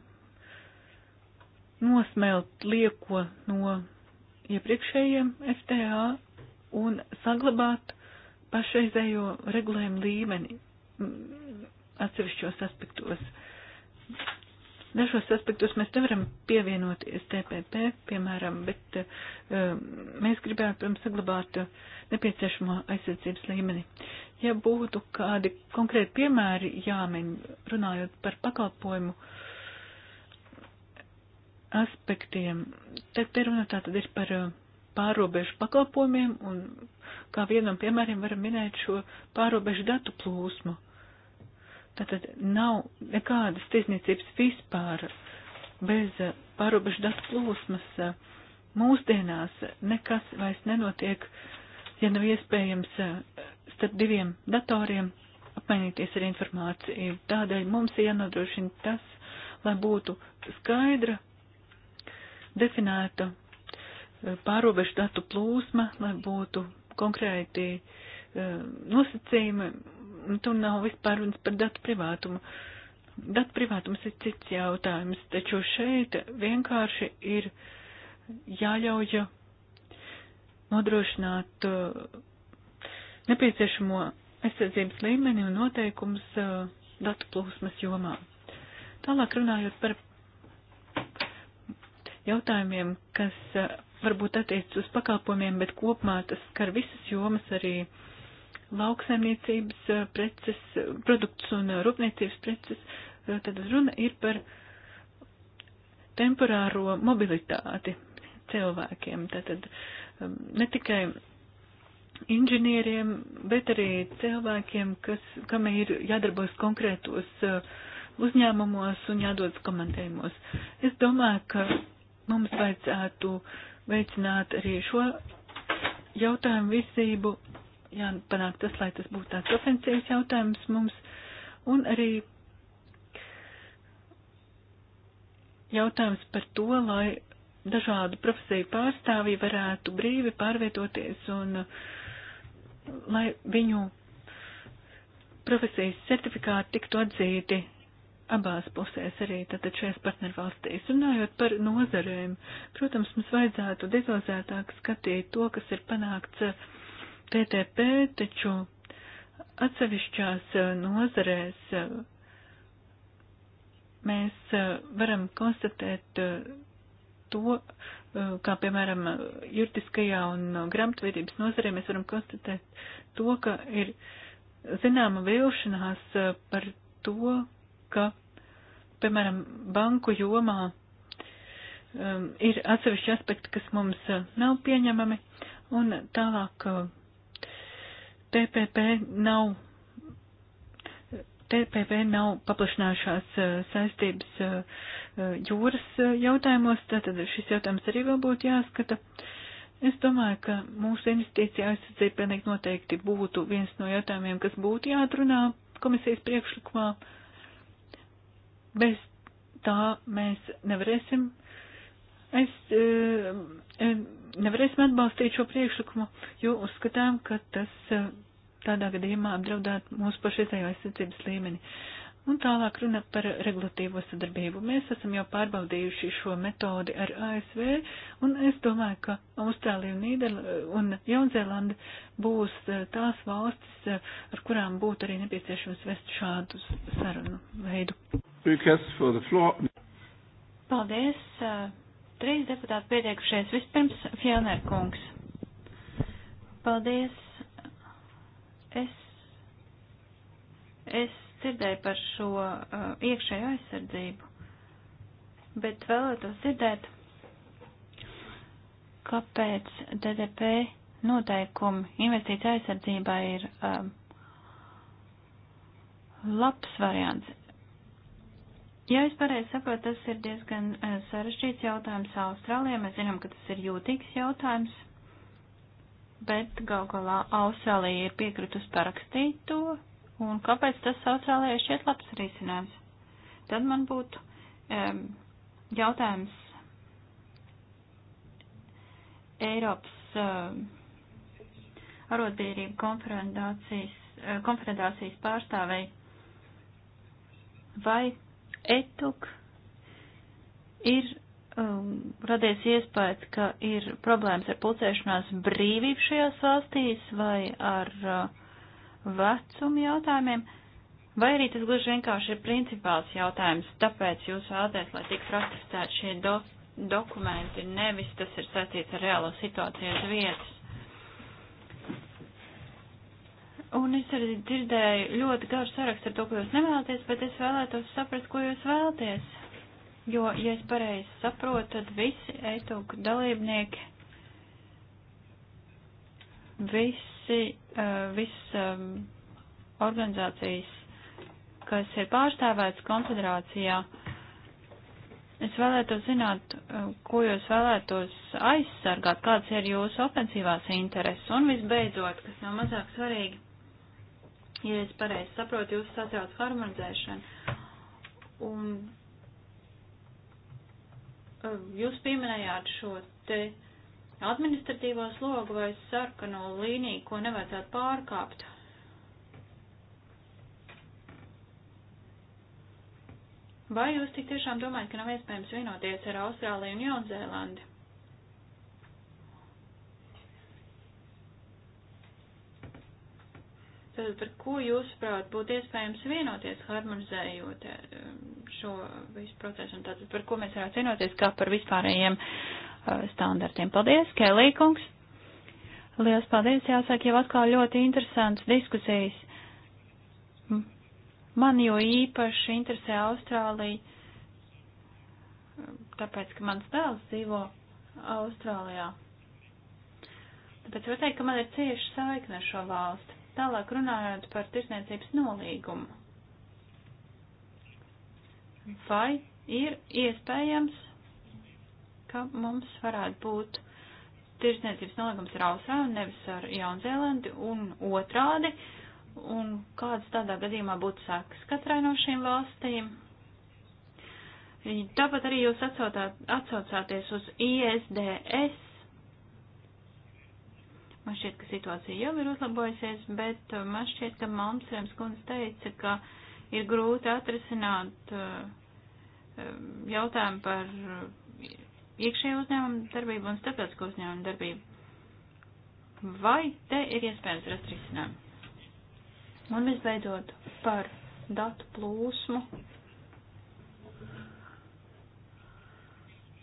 nosmelt lieko no iepriekšējiem FTA un saglabāt pašreizējo regulējumu līmeni mm, atsevišķos aspektos. Dažos aspektos mēs nevaram pievienoties TPP, piemēram, bet um, mēs gribētu, protams, saglabāt nepieciešamo aizsardzības līmeni. Ja būtu kādi konkrēti piemēri jāmin, runājot par pakalpojumu aspektiem, tad te runa tā tad ir par eh, pārobežu pakalpojumiem, un kā vienam piemēram varam minēt šo pārobežu datu plūsmu Tātad nav nekādas tiesniecības vispār bez eh, pārobežu datu plūsmas. Eh, mūsdienās nekas vairs nenotiek, ja nav iespējams eh, starp diviem datoriem apmainīties ar informāciju. Tādēļ mums ir jānodrošina tas, lai būtu skaidra, definēta pārobežu datu plūsma, lai būtu konkrēti nosacījumi tur nav vispār runas par datu privātumu. Datu privātums ir cits jautājums, taču šeit vienkārši ir jāļauj nodrošināt uh, nepieciešamo aizsardzības līmeni un noteikums uh, datu plūsmas jomā. Tālāk runājot par jautājumiem, kas uh, varbūt attiec uz pakalpojumiem, bet kopumā tas skar visas jomas arī lauksaimniecības eh, preces, eh, produktus un eh, rūpniecības preces, tad runa ir par temporāro mobilitāti cilvēkiem. Tātad ne tikai inženieriem, bet arī cilvēkiem, kas, kam ir jādarbojas konkrētos uzņēmumos un jādodas komandējumos. Es domāju, ka mums vajadzētu veicināt arī šo jautājumu visību jāpanāk tas, lai tas būtu tāds ofensīvs jautājums mums, un arī jautājums par to, lai dažādu profesiju pārstāvji varētu brīvi pārvietoties un lai viņu profesijas certifikāti tiktu atzīti abās pusēs arī tātad šajās partnervalstīs. Runājot par nozarēm, protams, mums vajadzētu detalizētāk skatīt to, kas ir panākts TTP, taču atsevišķās eh, nozarēs eh, mēs eh, varam konstatēt to, kā piemēram juridiskajā un grāmatvedības nozarē mēs varam konstatēt to, ka ir zināma vilšanās par to, ka, piemēram, banku jomā um, ir atsevišķi aspekti, kas mums nav pieņemami, un tālāk TPP nav. TPP nav paplašinājušās eh, saistības eh, eh, jūras jautājumos, tātad šis jautājums arī vēl būtu jāskata. Es domāju, ka mūsu investīcija aizsardzība pilnīgi noteikti būtu viens no jautājumiem, kas būtu jāatrunā komisijas priekšlikumā. Bez tā mēs nevarēsim uh, Es eh, eh, nevarēsim atbalstīt šo priekšlikumu, jo uzskatām, ka tas eh, tādā gadījumā apdraudētu mūsu pašreizējo aizsardzības līmeni. Un tālāk runa par regulatīvo sadarbību. Mēs esam jau pārbaudījuši šo metodi ar ASV, un es domāju, ka Austrālija un, Nīderla un Jaunzēlanda būs tās valstis, ar kurām būtu arī nepieciešams vest šādu sarunu veidu. Paldies! Trīs deputāti pieteikušies. Vispirms Fjellner kungs. Paldies. Es, es dzirdēju par šo uh, iekšējo aizsardzību, bet vēlētos dzirdēt, kāpēc DDP noteikumi investīcija aizsardzībā ir um, labs variants. Ja es pareizi saprotu, tas ir diezgan eh, sarežģīts jautājums Austrālijai. Mēs zinām, ka tas ir jūtīgs jautājums, bet gal galā Austrālija ir piekritus parakstīt to, un kāpēc tas Austrālijai šķiet labs risinājums? Tad man būtu um, jautājums Eiropas um, arotbiedrību konfrontācijas, eh, konfrontācijas pārstāvei. Vai ETUK ir um, radies iespējas, ka ir problēmas ar pulcēšanās brīvību šajās valstīs vai ar uh, vecumu jautājumiem, vai arī tas gluži vienkārši ir principāls jautājums, tāpēc jūs vēlaties, lai tik ratificēti šie do dokumenti, nevis tas ir saistīts ar reālo situāciju uz vietas. Un es arī dzirdēju ļoti garu sarakstu ar to, ko jūs nevēlaties, bet es vēlētos saprast, ko jūs vēlaties. Jo, ja es pareizi saprotu, tad visi eituku dalībnieki, visi, uh, visas um, organizācijas, kas ir pārstāvētas konfederācijā, es vēlētos zināt, uh, ko jūs vēlētos aizsargāt, kāds ir jūsu ofensīvās intereses. Un visbeidzot, kas nav mazāk svarīgi Ja es pareizi saprotu, jūs sasauc harmonizēšanu. Un e, jūs pieminējāt šo te administratīvo slogu vai sarkano līniju, ko nevajadzētu pārkāpt. Vai jūs tik tiešām domājat, ka nav iespējams vienoties ar Austrāliju un Jaunzēlandi? Tad par ko jūsuprāt būtu iespējams vienoties, harmonizējot um, šo visu procesu, un tātad par ko mēs varētu vienoties, kā par vispārējiem uh, standartiem. Paldies, Kelī kungs! Lielas paldies, jāsaka, jau atkal ļoti interesants diskusijas. Man jo īpaši interesē Austrālija, um, tāpēc, ka mans dēls dzīvo Austrālijā. Tāpēc var teikt, ka man ir cieši saikne ar šo valsti. Tālāk runājot par tirsniecības nolīgumu. Vai ir iespējams, ka mums varētu būt tirsniecības nolīgums ar Austrāliju, nevis ar Jaunzēlandi, un otrādi, un kāds tādā gadījumā būtu sākas katrai no šīm valstīm? Tāpat arī jūs atsaucāties uz ISDS Man šķiet, ka situācija jau ir uzlabojusies, bet uh, man šķiet, ka Malmstrēms kundze teica, ka ir grūti atrisināt uh, um, jautājumu par uh, iekšējo uzņēmumu darbību un starptautisko uzņēmumu darbību. Vai te ir iespējams rast risinājumu? Un visbeidzot par datu plūsmu,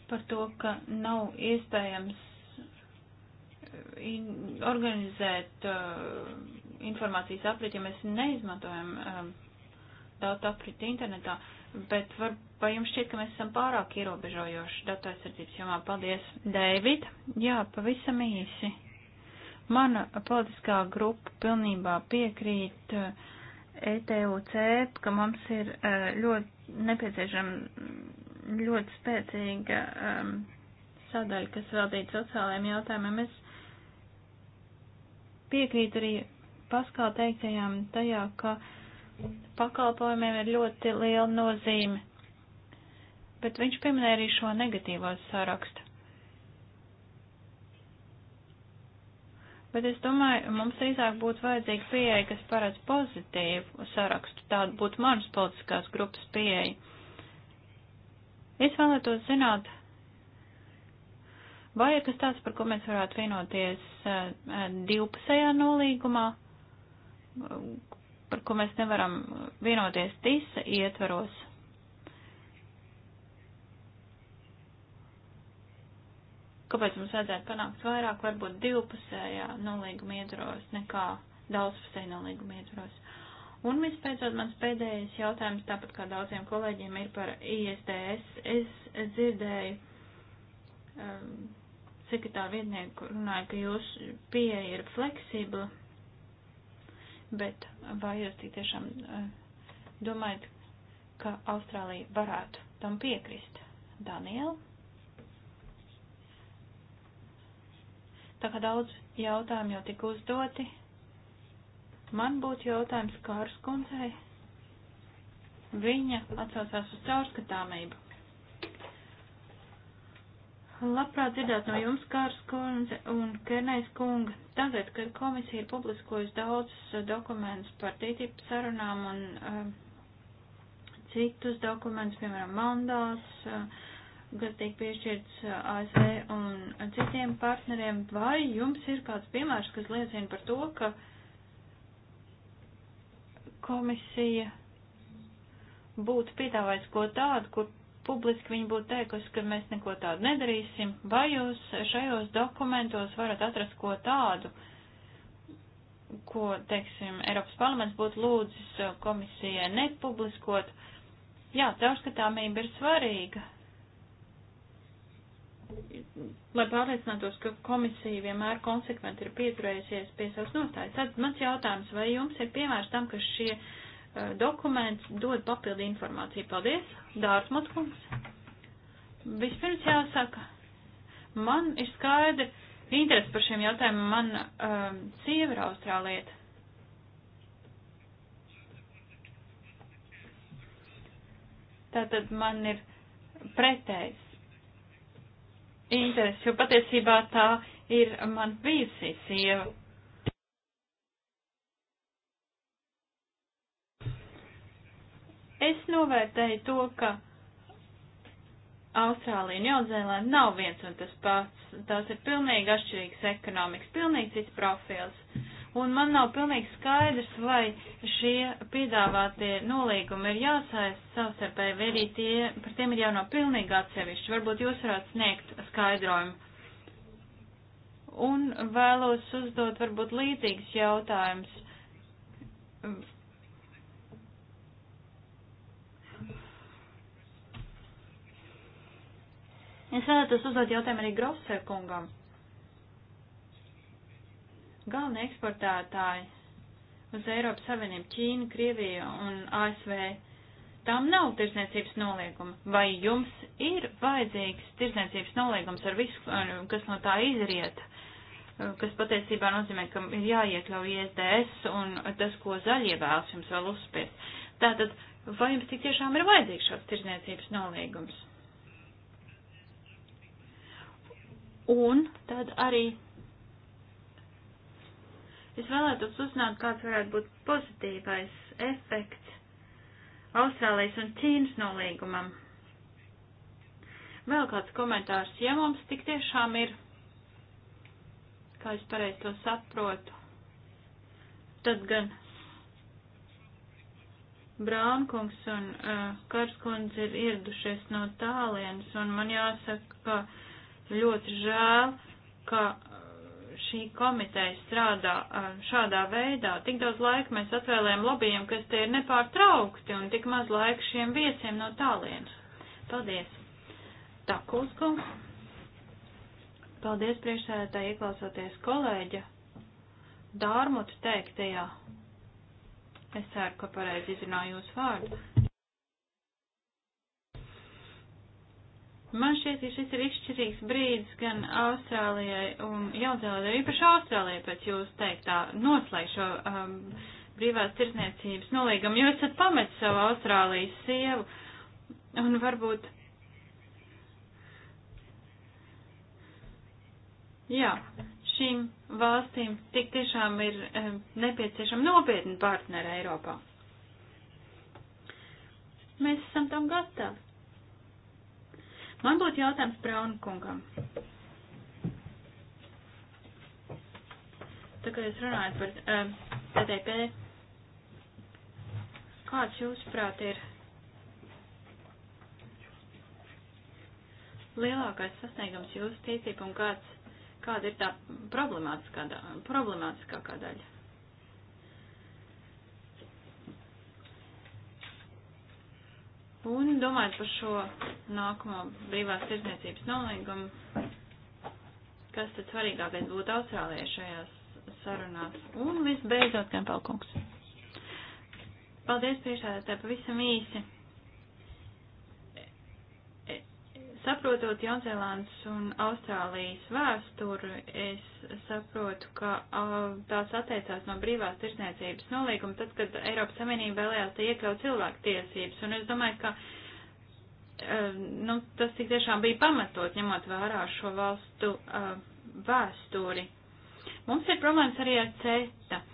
par to, ka nav iespējams in, organizēt uh, informācijas apriti, ja mēs neizmantojam um, datu apriti internetā, bet var, vai jums šķiet, ka mēs esam pārāk ierobežojoši datu aizsardzības jomā? Paldies, Dēvid. Jā, pavisam īsi. Mana politiskā grupa pilnībā piekrīt uh, ETUC, ka mums ir uh, ļoti nepieciešama ļoti spēcīga um, sadaļa, kas veltīta sociālajiem jautājumiem. Es piekrītu arī Paskāla teiktajām tajā, ka pakalpojumiem ir ļoti liela nozīme, bet viņš pieminēja arī šo negatīvo sarakstu. Bet es domāju, mums drīzāk būtu vajadzīga pieeja, kas paredz pozitīvu sarakstu. Tāda būtu manas politiskās grupas pieeja. Es vēlētos zināt, Vai ir kas tāds, par ko mēs varētu vienoties eh, eh, divpusējā nolīgumā, par ko mēs nevaram vienoties tisa ietvaros? Kāpēc mums vajadzētu panākt vairāk, varbūt divpusējā nolīguma ietvaros nekā daudzpusēja nolīguma ietvaros? Un vispēcot mans pēdējais jautājums, tāpat kā daudziem kolēģiem, ir par ISDS. Es dzirdēju um, sekretāra vietnieku runāja, ka jūsu pieeja ir fleksibla, bet vai jūs tik tiešām eh, domājat, ka Austrālija varētu tam piekrist? Daniela? Tā kā daudz jautājumu jau tika uzdoti, man būtu jautājums Kārs kundzei. Viņa atsaucās uz caurskatāmību. Labprāt dzirdēt no jums, Kārs kundze un Kernais kunga, tagad, kad komisija ir publiskojusi daudzus eh, dokumentus par TTIP sarunām un um, citus dokumentus, piemēram, mandāts, uh, eh, kas tiek piešķirts ASV un citiem partneriem, vai jums ir kāds piemērs, kas liecina par to, ka komisija būtu piedāvājusi ko tādu, kur publiski viņa būtu teikusi, ka mēs neko tādu nedarīsim, vai jūs šajos dokumentos varat atrast ko tādu, ko, teiksim, Eiropas parlaments būtu lūdzis komisijai nepubliskot. Jā, caurskatāmība ir svarīga, lai pārliecinātos, ka komisija vienmēr konsekventi ir pieturējusies pie savas nostājas. Tad mans jautājums, vai jums ir piemērs tam, ka šie Eh, dokuments dod papildu informāciju. Paldies, Dārtsmats kungs. Vispirms jāsaka, man ir skaidri interesi par šiem jautājumiem. Man um, sieva ir austrālieta. Tātad man ir pretējs interesi, jo patiesībā tā ir man bijusī sieva. Es novērtēju to, ka Austrālija un Jaunzēlēna nav viens un tas pats. Tās ir pilnīgi atšķirīgas ekonomikas, pilnīgi cits profils. Un man nav pilnīgi skaidrs, vai šie piedāvātie nolīgumi ir jāsaist savstarpēji, vai arī tie, par tiem ir jāno pilnīgi atsevišķi. Varbūt jūs varētu sniegt skaidrojumu. Un vēlos uzdot varbūt līdzīgs jautājums Es vēlētos uzdot jautājumu arī Grosser kungam. Galvenie eksportētāji uz Eiropas Savienību - Ķīna, Krievija un ASV. Tām nav tirsniecības nolieguma. Vai jums ir vajadzīgs tirsniecības noliegums ar visu, kas no tā izriet? kas patiesībā nozīmē, ka ir jāiekļauj ISDS un tas, ko zaļie vēlas jums vēl uzspiest. Tātad, vai jums tik tiešām ir vajadzīgs šāds tirzniecības nolīgums? Un tad arī es vēlētos uzzināt, kāds varētu būt pozitīvais efekts Austrālijas un Ķīnas nolīgumam. Vēl kāds komentārs, ja mums tik tiešām ir, kā es pareizi to saprotu, tad gan Braunkungs un uh, Karskundze ir ieradušies no tālienes, un man jāsaka, ka Ļoti žēl, ka uh, šī komiteja strādā uh, šādā veidā. Tik daudz laika mēs atvēlējam lobbyiem, kas te ir nepārtraukti, un tik maz laika šiem viesiem no tālienes. Paldies! Tā, Kulsku! Paldies priekšsēdētāji, ieklausoties kolēģa Dārmutu teiktajā. Es ceru, ka pareizi izrunāju jūsu vārdu. Man šķiet, ka šis ir izšķirīgs brīdis gan Austrālijai un Jaunzēlandai, īpaši Austrālijai pēc jūs teiktā noslēgšo um, brīvās tirdzniecības nolīgumu, jo esat pametis savu Austrālijas sievu un varbūt. Jā, šīm valstīm tik tiešām ir um, nepieciešama nopietna partnera Eiropā. Mēs esam tam gatavi. Man būtu jautājums Brauna kungam. Tā kā jūs runājat par um, eh, TTP, kāds jūsuprāt ir lielākais sasniegums jūsu tīcību un kāds, kāda ir tā problemātiskā, problemātiskākā daļa? Un domājot par šo nākamo brīvās tirdzniecības nolīgumu, kas tad svarīgākais būtu Austrālijai šajās sarunās? Un visbeidzot, Kempelkungs. Paldies priekšsēdētāji pavisam īsi. Saprotot Jaunzēlandes un Austrālijas vēsturi, es saprotu, ka tās atteicās no brīvās tirsniecības nolīguma tad, kad Eiropas Savienība vēlējās te iekļaut cilvēku tiesības. Un es domāju, ka nu, tas tik tiešām bija pamatot, ņemot vērā šo valstu vēsturi. Mums ir problēmas arī ar CETA.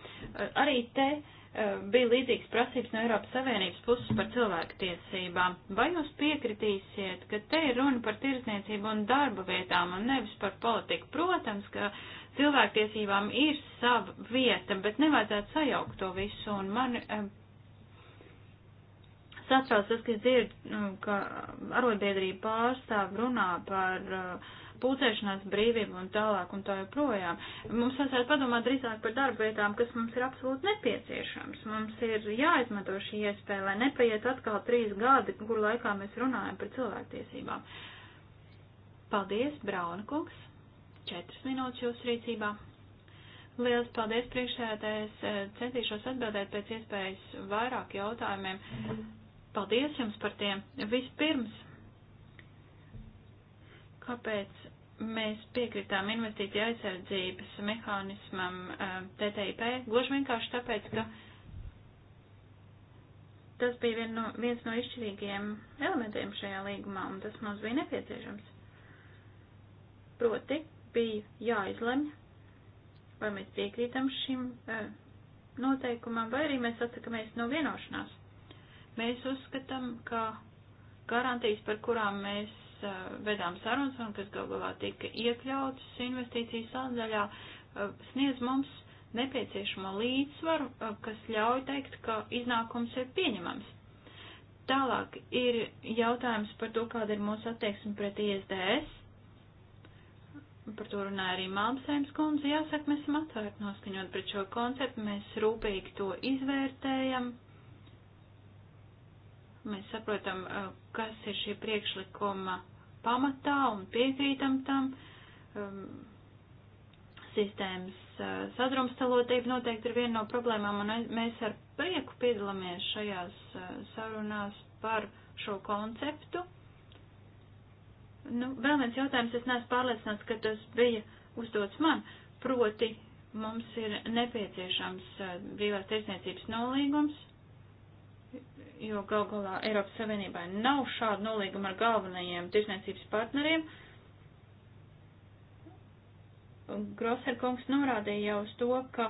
Arī te Eh, bija līdzīgas prasības no Eiropas Savienības puses par cilvēku tiesībām. Vai jūs piekritīsiet, ka te ir runa par tirsniecību un darba vietām un nevis par politiku? Protams, ka cilvēktiesībām ir sava vieta, bet nevajadzētu sajaukt to visu. Un man eh, satrauc tas, ka es dzirdu, nu, ka arotbiedrība pārstāv runā par uh, pulcēšanās brīvību un tālāk un tā joprojām. Mums vajadzētu padomāt drīzāk par darba vietām, kas mums ir absolūti nepieciešams. Mums ir jāizmanto šī iespēja, lai nepaiet atkal trīs gadi, kur laikā mēs runājam par cilvēktiesībām. Paldies, Brauna kungs. Četras minūtes jūsu rīcībā. Liels paldies priekšsēdētājs. Centīšos atbildēt pēc iespējas vairāk jautājumiem. Paldies jums par tiem. Vispirms, kāpēc mēs piekritām investīcija aizsardzības mehānismam eh, TTIP, gluži vienkārši tāpēc, ka tas bija vien no, viens no izšķirīgiem elementiem šajā līgumā, un tas mums bija nepieciešams. Proti, bija jāizlemj, vai mēs piekrītam šim eh, noteikumam, vai arī mēs atsakamies no vienošanās. Mēs uzskatām, ka garantijas, par kurām mēs vedām sarunas un kas gal galā tika iekļautas investīcijas sadaļā, sniedz mums nepieciešamo līdzsvaru, kas ļauj teikt, ka iznākums ir pieņemams. Tālāk ir jautājums par to, kāda ir mūsu attieksme pret ISDS. Par to runāja arī Malmsēms kundze. Jāsaka, mēs esam atvērti noskaņot pret šo konceptu, mēs rūpīgi to izvērtējam. Mēs saprotam, kas ir šī priekšlikuma pamatā un piekrītam tam. Um, sistēmas uh, sadrumstalotība noteikti ir viena no problēmām, un mēs ar prieku piedalāmies šajās uh, sarunās par šo konceptu. Nu, vēl viens jautājums, es neesmu pārliecināts, ka tas bija uzdots man, proti mums ir nepieciešams uh, brīvās tirsniecības nolīgums, jo gal galā Eiropas Savienībai nav šādu nolīgumu ar galvenajiem tirsniecības partneriem. Grosherkungs norādīja jau uz to, ka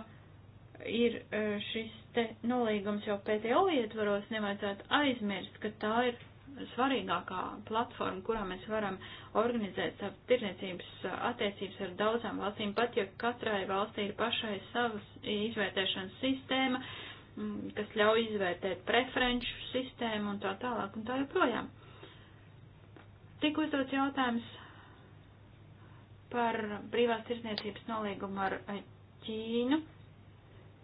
ir e, šis te nolīgums jau PTO ietvaros, nevajadzētu aizmirst, ka tā ir svarīgākā platforma, kurā mēs varam organizēt savu tirniecības e, attiecības ar daudzām valstīm, pat ja katrai valstī ir pašai savas izvērtēšanas sistēma, uh, Mm, kas ļauj izvērtēt preferenču sistēmu un tā tālāk un tā joprojām. Tik uzdots jautājums par brīvās tirsniecības nolīgumu ar eh, Ķīnu.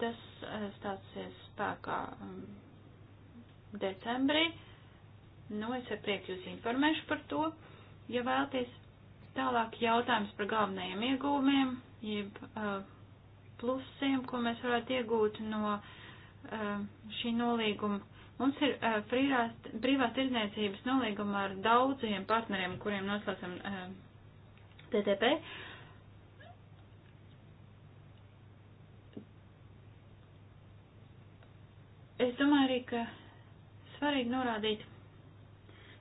Tas eh, stāsies spēkā mm, decembrī. Nu, es ar prieku jūs informēšu par to. Ja vēlties tālāk jautājums par galvenajiem iegūmiem, jeb uh, plusiem, ko mēs varētu iegūt no uh, Um, šī nolīguma. Mums ir uh, privās tirdzniecības nolīguma ar daudziem partneriem, kuriem noslēdzam um, TTP. Es domāju arī, ka svarīgi norādīt,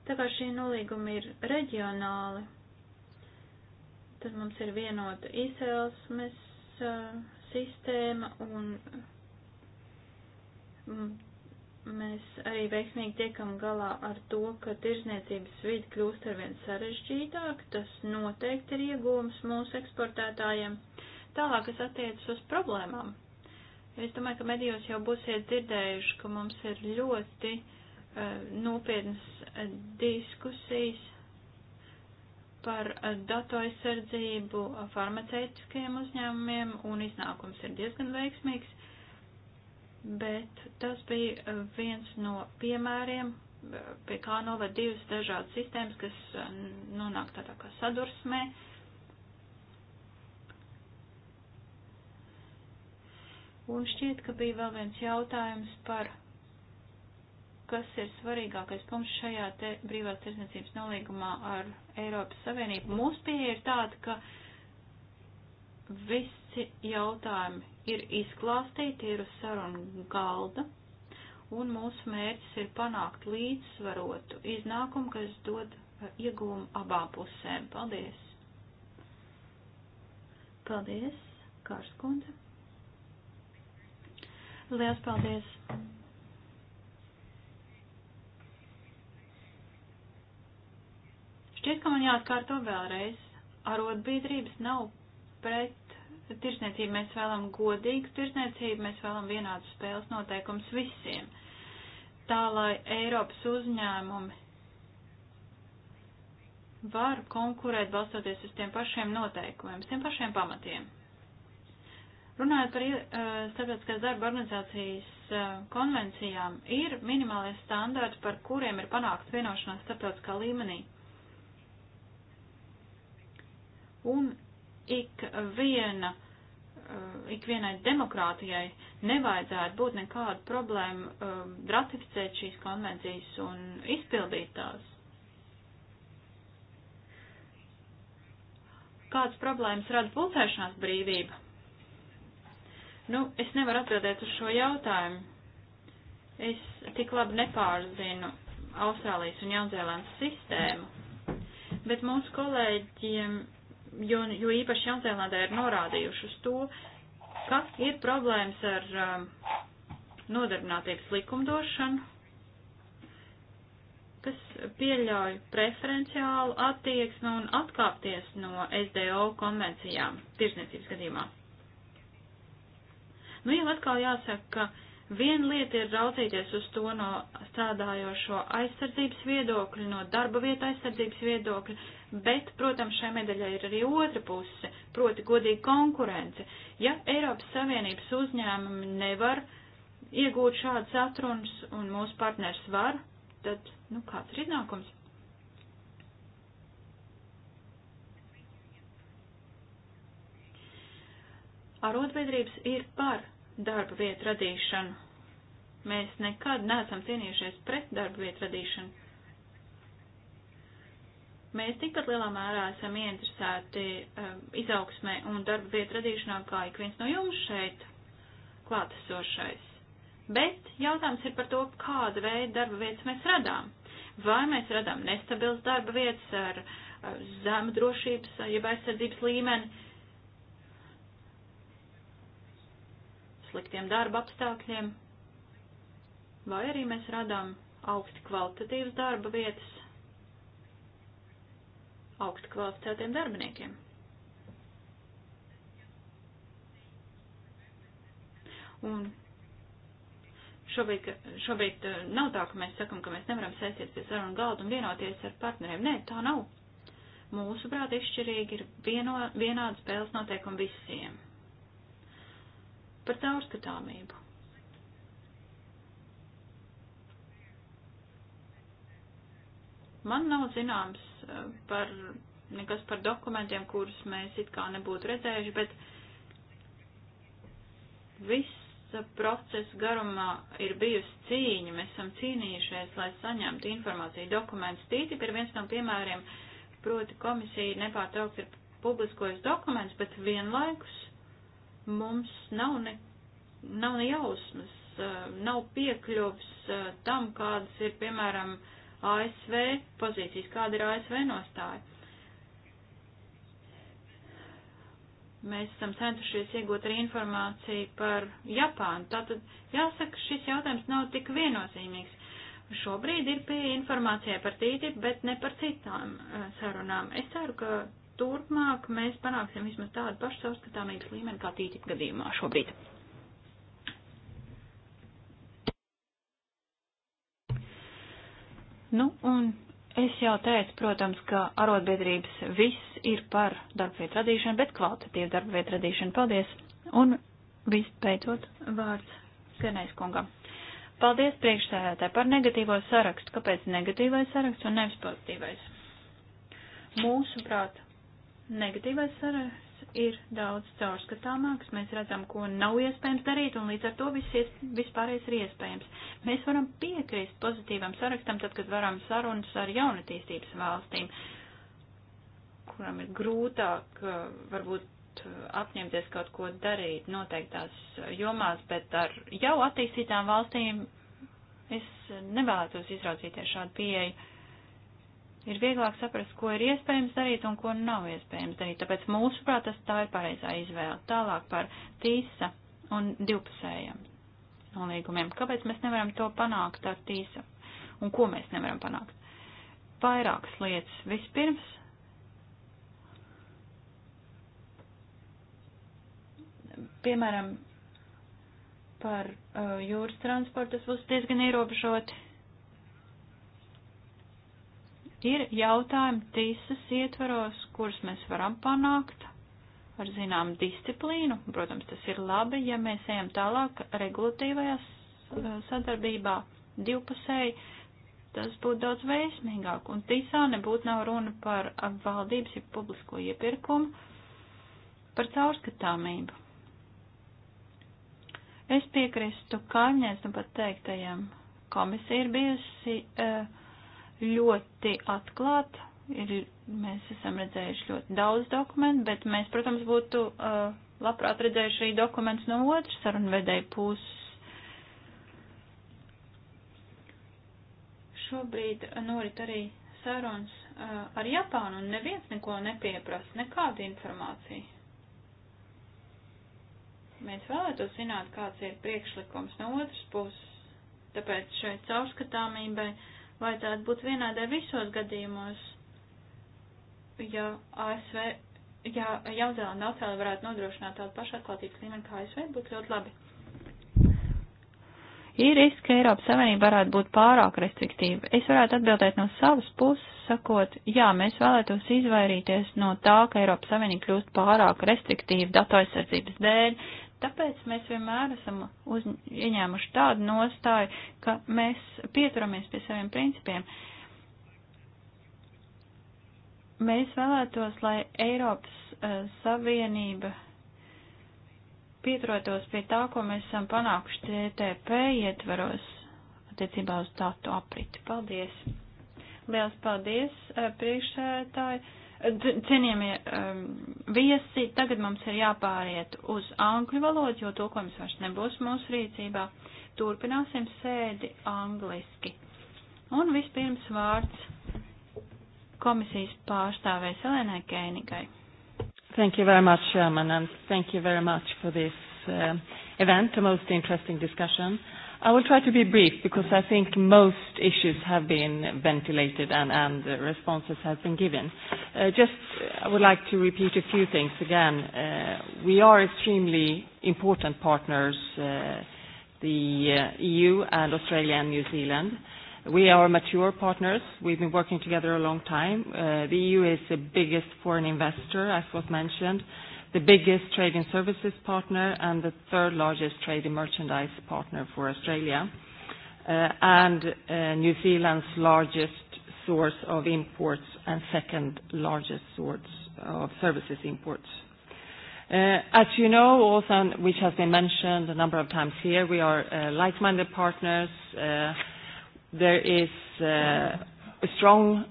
tā kā šī nolīguma ir reģionāli, tad mums ir vienota izcelsmes uh, sistēma un uh, Mēs arī veiksmīgi tiekam galā ar to, ka tirzniecības vidi kļūst arvien sarežģītāk, tas noteikti ir iegūms mūsu eksportētājiem. Tālāk, kas attiecas uz problēmām. Es domāju, ka medijos jau būsiet dzirdējuši, ka mums ir ļoti uh, nopietnas e, diskusijas par e, datu aizsardzību farmaceitiskajiem uzņēmumiem, un iznākums ir diezgan veiksmīgs bet tas bija e, viens no piemēriem, e, pie kā noved divas dažādas sistēmas, kas e, nonāk tādā kā sadursmē. Un šķiet, ka bija vēl viens jautājums par, kas ir svarīgākais punkts šajā te brīvās tirsniecības nolīgumā ar Eiropas Savienību. Mūsu pieeja ir tāda, ka visi jautājumi ir izklāstīti, ir uz sarunu galda, un mūsu mērķis ir panākt līdzsvarotu iznākumu, kas dod iegūmu abām pusēm. Paldies! Paldies, Kārskundze! Lielas paldies! Šķiet, ka man jāatkārto vēlreiz. Arotbiedrības nav pret tirsniecību, mēs vēlam godīgu tirsniecību, mēs vēlam vienādu spēles noteikums visiem. Tā, lai Eiropas uzņēmumi var konkurēt balstoties uz tiem pašiem noteikumiem, uz tiem pašiem pamatiem. Runājot par uh, starptautiskās darba organizācijas uh, konvencijām, ir minimālie standarti, par kuriem ir panākts vienošanās starptautiskā līmenī. Un ik viena, eh, ik vienai demokrātijai nevajadzētu būt nekādu problēmu eh, ratificēt šīs konvencijas un izpildīt tās. Kādas problēmas rada pulcēšanās brīvība? Nu, es nevaru atbildēt uz šo jautājumu. Es tik labi nepārzinu Austrālijas un Jaunzēlandes sistēmu, bet mūsu kolēģiem jo, jo īpaši Jaunzēlandē ir norādījuši uz to, ka ir problēmas ar um, nodarbinātības likumdošanu, kas pieļauj preferenciālu attieksmi un atkāpties no SDO konvencijām tirsniecības gadījumā. Nu jau atkal jāsaka, ka Viena lieta ir raudzīties uz to no strādājošo aizsardzības viedokļa, no darba vieta aizsardzības viedokļa, bet, protams, šai medaļai ir arī otra puse, proti godīga konkurence. Ja Eiropas Savienības uzņēmumi nevar iegūt šādas atrunas un mūsu partners var, tad, nu, kāds ir iznākums? Arotbiedrības ir par darba vietu radīšanu. Mēs nekad neesam cīnījušies pret darba vietu radīšanu. Mēs tikpat lielā mērā esam ieinteresēti um, izaugsmē un darba vietu radīšanā, kā ik viens no jums šeit klātesošais. Bet jautājums ir par to, kāda veida darba vietas mēs radām. Vai mēs radām nestabils darba vietas ar, ar zemu drošības, jeb aizsardzības līmeni, sliktiem darba apstākļiem, vai arī mēs radām augsti kvalitatīvas darba vietas augsti kvalificētiem darbiniekiem. Un šobrīd, šobrīd eh, nav tā, ka mēs sakam, ka mēs nevaram sēsties pie sarunu galda un vienoties ar partneriem. Nē, tā nav. Mūsuprāt, izšķirīgi ir vieno, vienāda spēles noteikumi visiem par caurskatāmību. Man nav zināms eh, par nekas par dokumentiem, kurus mēs it kā nebūtu redzējuši, bet visa procesa garumā ir bijusi cīņa. Mēs esam cīnījušies, lai saņemtu informāciju. Dokuments TTIP ir viens no piemēriem, proti komisija nepārtraukti ir publiskojas dokuments, bet vienlaikus Mums nav ne, nav ne jausmas, eh, nav piekļuvs eh, tam, kādas ir, piemēram, ASV pozīcijas, kāda ir ASV nostāja. Mēs esam centušies iegūt arī informāciju par Japānu. Tātad, jāsaka, šis jautājums nav tik viennozīmīgs. Šobrīd ir pieeja informācijai par TTIP, bet ne par citām eh, sarunām. Es ceru, ka turpmāk mēs panāksim vismaz tādu pašu savskatāmības līmeni kā tītip gadījumā šobrīd. Nu, un es jau teicu, protams, ka arotbiedrības viss ir par darbvietu radīšanu, bet kvalitatīvu darbvietu radīšanu. Paldies! Un visbeidzot vārds Senais kungam. Paldies priekšsēdētāji par negatīvo sarakstu. Kāpēc negatīvais saraksts un nevis pozitīvais? Mūsuprāt, negatīvais saraks ir daudz caurskatāmāks, mēs redzam, ko nav iespējams darīt, un līdz ar to viss vispārējais ir iespējams. Mēs varam piekrist pozitīvam sarakstam, tad, kad varam sarunas ar jaunatīstības valstīm, kuram ir grūtāk uh, varbūt uh, apņemties kaut ko darīt noteiktās jomās, bet ar jau attīstītām valstīm es nevēlētos izraucīties šādu pieeju ir vieglāk saprast, ko ir iespējams darīt un ko nav iespējams darīt. Tāpēc mūsuprāt, tas tā ir pareizā izvēle. Tālāk par tīsa un divpusējiem nolīgumiem. Kāpēc mēs nevaram to panākt ar tīsa un ko mēs nevaram panākt? Vairākas lietas. Vispirms. Piemēram, par uh, jūras transportu tas būs diezgan ierobežoti Ir jautājumi tīsas ietvaros, kurus mēs varam panākt ar zinām disciplīnu. Protams, tas ir labi, ja mēs ejam tālāk regulatīvajā eh, sadarbībā divpusēji. Tas būtu daudz veiksmīgāk, un tīsā nebūtu nav runa par valdības, ja publisko iepirkumu, par caurskatāmību. Es piekrīstu kaimiņiem un nu pat teiktajiem. Komisija ir bijusi uh, ļoti atklāt. Ir, mēs esam redzējuši ļoti daudz dokumentu, bet mēs, protams, būtu uh, labprāt redzējuši arī dokumentus no otras sarunvedēja puses. Šobrīd uh, norit arī sarunas uh, ar Japānu, un neviens neko nepieprasa, nekādu informāciju. Mēs vēlētos zināt, kāds ir priekšlikums no otras puses, tāpēc šai caurskatāmībai uh, vajadzētu būt vienādai visos gadījumos, ja ASV, ja Jaunzēlanda atcēla varētu nodrošināt tādu pašu atklātības līmeni kā ASV, būtu ļoti labi. Ir risks, ka Eiropas Savienība varētu būt pārāk restriktīva. Es varētu atbildēt no savas puses, sakot, jā, mēs vēlētos izvairīties no tā, ka Eiropas Savienība kļūst pārāk restriktīva datu aizsardzības dēļ, Tāpēc mēs vienmēr esam uz, ieņēmuši tādu nostāju, ka mēs pieturamies pie saviem principiem. Mēs vēlētos, lai Eiropas uh, Savienība pieturotos pie tā, ko mēs esam panākuši CTP ietvaros attiecībā uz datu apriti. Paldies! Liels paldies, uh, eh, priekšsētāji! cienījamie um, viesi, tagad mums ir jāpāriet uz angļu valodu, jo tulkojums vairs nebūs mūsu rīcībā. Turpināsim sēdi angliski. Un vispirms vārds komisijas pārstāvēs Elenai Kēnigai. Thank you very much, Chairman, and thank you very much for this uh, event, a most interesting discussion. Uh, I will try to be brief because I think most issues have been ventilated and, and responses have been given. Uh, just I would like to repeat a few things again. Uh, we are extremely important partners, uh, the uh, EU and Australia and New Zealand. We are mature partners. We've been working together a long time. Uh, the EU is the biggest foreign investor, as was mentioned the biggest trade and services partner and the third largest trade and merchandise partner for Australia, uh, and uh, New Zealand's largest source of imports and second largest source of services imports. Uh, as you know, also, which has been mentioned a number of times here, we are uh, like-minded partners. Uh, there is uh, a strong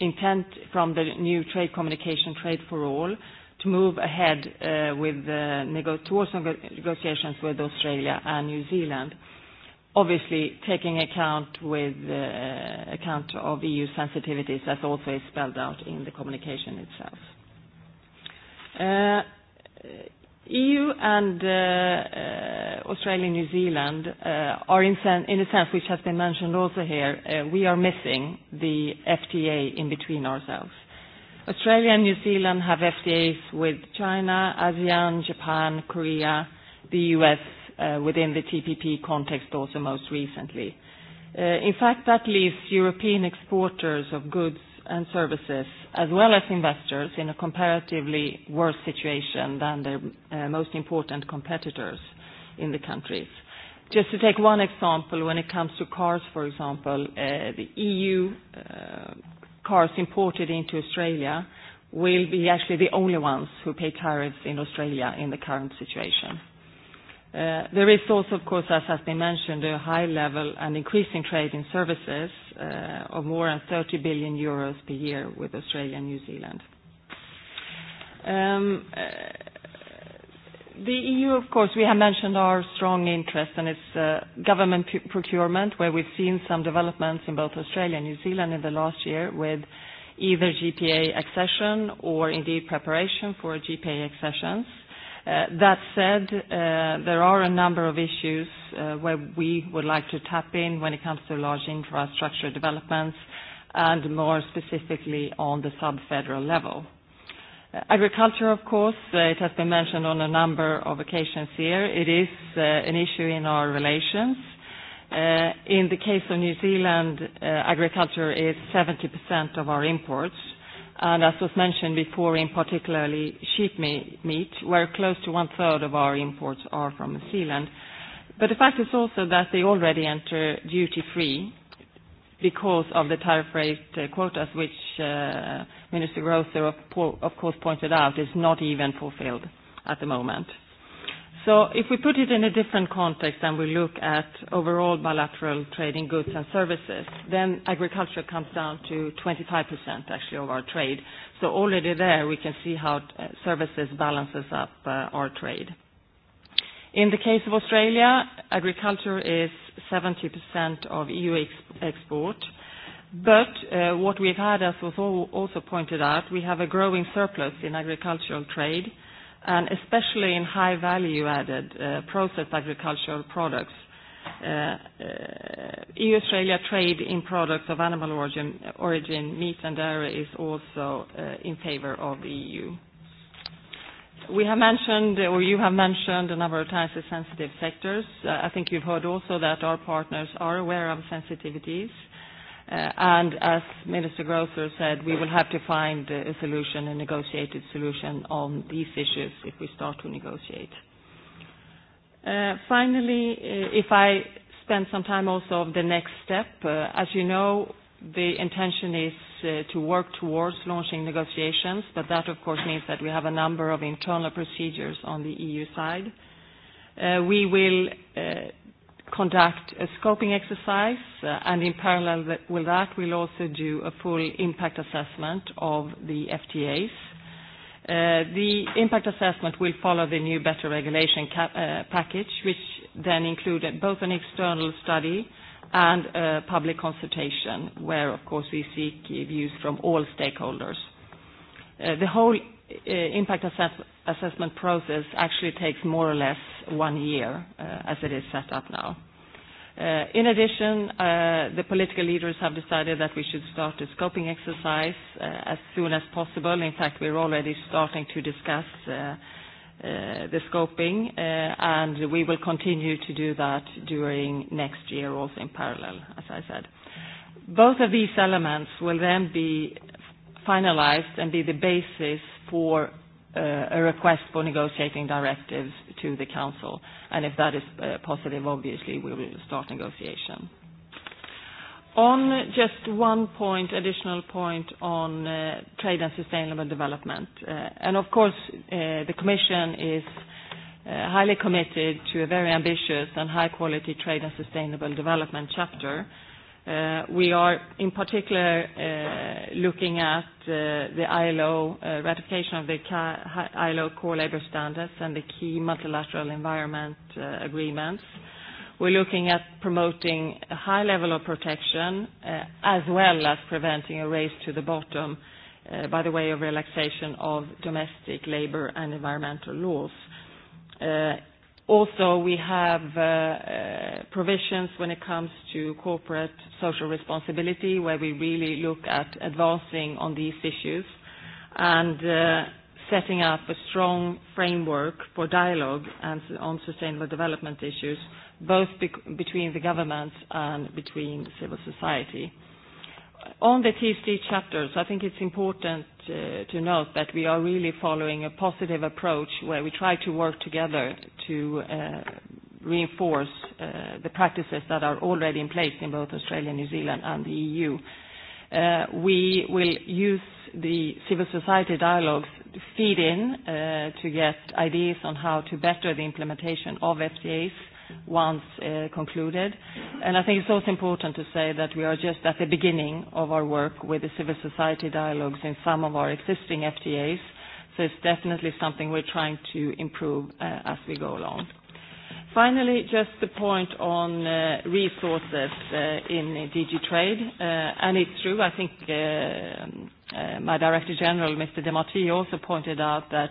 intent from the new trade communication, Trade for All, to move ahead uh, with the towards negotiations with Australia and New Zealand, obviously taking account with uh, account of EU sensitivities, as also is spelled out in the communication itself. Uh, EU and uh, uh, Australia and New Zealand uh, are in, sen in a sense, which has been mentioned also here, uh, we are missing the FTA in between ourselves. Australia and New Zealand have FTAs with China, ASEAN, Japan, Korea, the US uh, within the TPP context also most recently. Uh, in fact, that leaves European exporters of goods and services, as well as investors, in a comparatively worse situation than their uh, most important competitors in the countries. Just to take one example, when it comes to cars, for example, uh, the EU uh, cars imported into Australia will be actually the only ones who pay tariffs in Australia in the current situation. Uh, there is also, of course, as has been mentioned, a high level and increasing trade in services uh, of more than 30 billion euros per year with Australia and New Zealand. Um, uh, The EU, of course, we have mentioned our strong interest, and it's uh, government procurement, where we've seen some developments in both Australia and New Zealand in the last year with either GPA accession or indeed preparation for GPA accessions. Uh, that said, uh, there are a number of issues uh, where we would like to tap in when it comes to large infrastructure developments and more specifically on the sub-federal level. Uh, agriculture, of course, uh, it has been mentioned on a number of occasions here. It is uh, an issue in our relations. Uh, in the case of New Zealand, uh, agriculture is 70% of our imports. And as was mentioned before, in particularly sheep me meat, where close to one-third of our imports are from New Zealand. But the fact is also that they already enter duty-free because of the tariff rate uh, quotas, which uh, Minister Grosser, of course, pointed out is not even fulfilled at the moment. So if we put it in a different context and we look at overall bilateral trading goods and services, then agriculture comes down to 25% actually of our trade. So already there, we can see how uh, services balances up our trade. In the case of Australia, agriculture is 70% of EU exp export. But, uh, what we've had, as was also pointed out, we have a growing surplus in agricultural trade, and especially in high value-added uh, processed agricultural products. Uh, uh EU-Australia trade in products of animal origin, origin, meat and dairy is also uh, in favor of the EU. We have mentioned, or you have mentioned a number of times the sensitive sectors. Uh, I think you've heard also that our partners are aware of sensitivities. Uh, and as Minister Grosser said, we will have to find a solution, a negotiated solution on these issues if we start to negotiate. Uh, finally, uh, if I spend some time also on the next step, uh, as you know, the intention is uh, to work towards launching negotiations, but that, of course, means that we have a number of internal procedures on the EU side. Uh, we will uh, conduct a scoping exercise, uh, and in parallel with that, we'll also do a full impact assessment of the FTAs. Uh, the impact assessment will follow the new Better Regulation package, which then include both an external study and a uh, public consultation where, of course, we seek views from all stakeholders. Uh, the whole uh, impact assess assessment process actually takes more or less one year uh, as it is set up now. Uh, in addition, uh, the political leaders have decided that we should start a scoping exercise uh, as soon as possible. In fact, we're already starting to discuss uh, Uh, the scoping, uh, and we will continue to do that during next year also in parallel, as I said. Both of these elements will then be finalized and be the basis for uh, a request for negotiating directives to the council. And if that is positive, obviously, we will start negotiation. On just one point, additional point on uh, trade and sustainable development. Uh, and of course, uh, the Commission is uh, highly committed to a very ambitious and high-quality trade and sustainable development chapter. Uh, we are, in particular, uh, looking at the ILO ratification of the ILO core labor standards and the key multilateral environment agreements, We're looking at promoting a high level of protection, uh, as well as preventing a race to the bottom uh, by the way of relaxation of domestic labor and environmental laws. Uh, also, we have uh, uh, provisions when it comes to corporate social responsibility, where we really look at advancing on these issues and uh, setting up a strong framework for dialogue on sustainable development issues both bec- between the government and between civil society. On the TSD chapters, I think it's important uh, to note that we are really following a positive approach where we try to work together to uh, reinforce uh, the practices that are already in place in both Australia, New Zealand, and the EU. Uh, we will use the civil society dialogues to feed in uh, to get ideas on how to better the implementation of FTAs once uh, concluded. And I think it's also important to say that we are just at the beginning of our work with the civil society dialogues in some of our existing FTAs, so it's definitely something we're trying to improve uh, as we go along. Finally, just the point on uh, resources uh, in DG Trade. Uh, and it's true, I think uh, um, uh, my Director General, Mr. de Martino, also pointed out that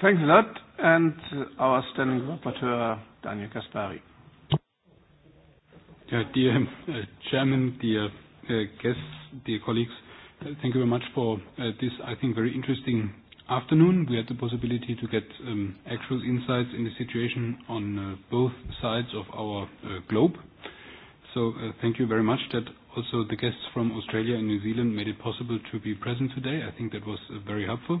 Thanks a lot, and our standing rapporteur, Daniel Caspari. Yeah, dear uh, Chairman, dear uh, guests, dear colleagues, uh, thank you very much for uh, this, I think, very interesting afternoon. We had the possibility to get um, actual insights in the situation on uh, both sides of our uh, globe. So, thank you very much that also the guests from Australia and New Zealand made it possible to be present today. I think that was very helpful.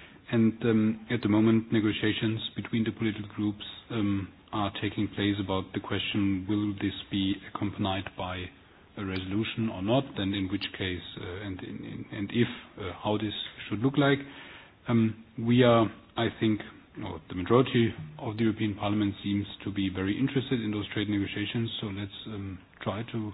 And um, at the moment, negotiations between the political groups um, are taking place about the question, will this be accompanied by a resolution or not, and in which case, uh, and, in, in, and if, uh, how this should look like. Um, we are, I think, or the majority of the European Parliament seems to be very interested in those trade negotiations, so let's um, try to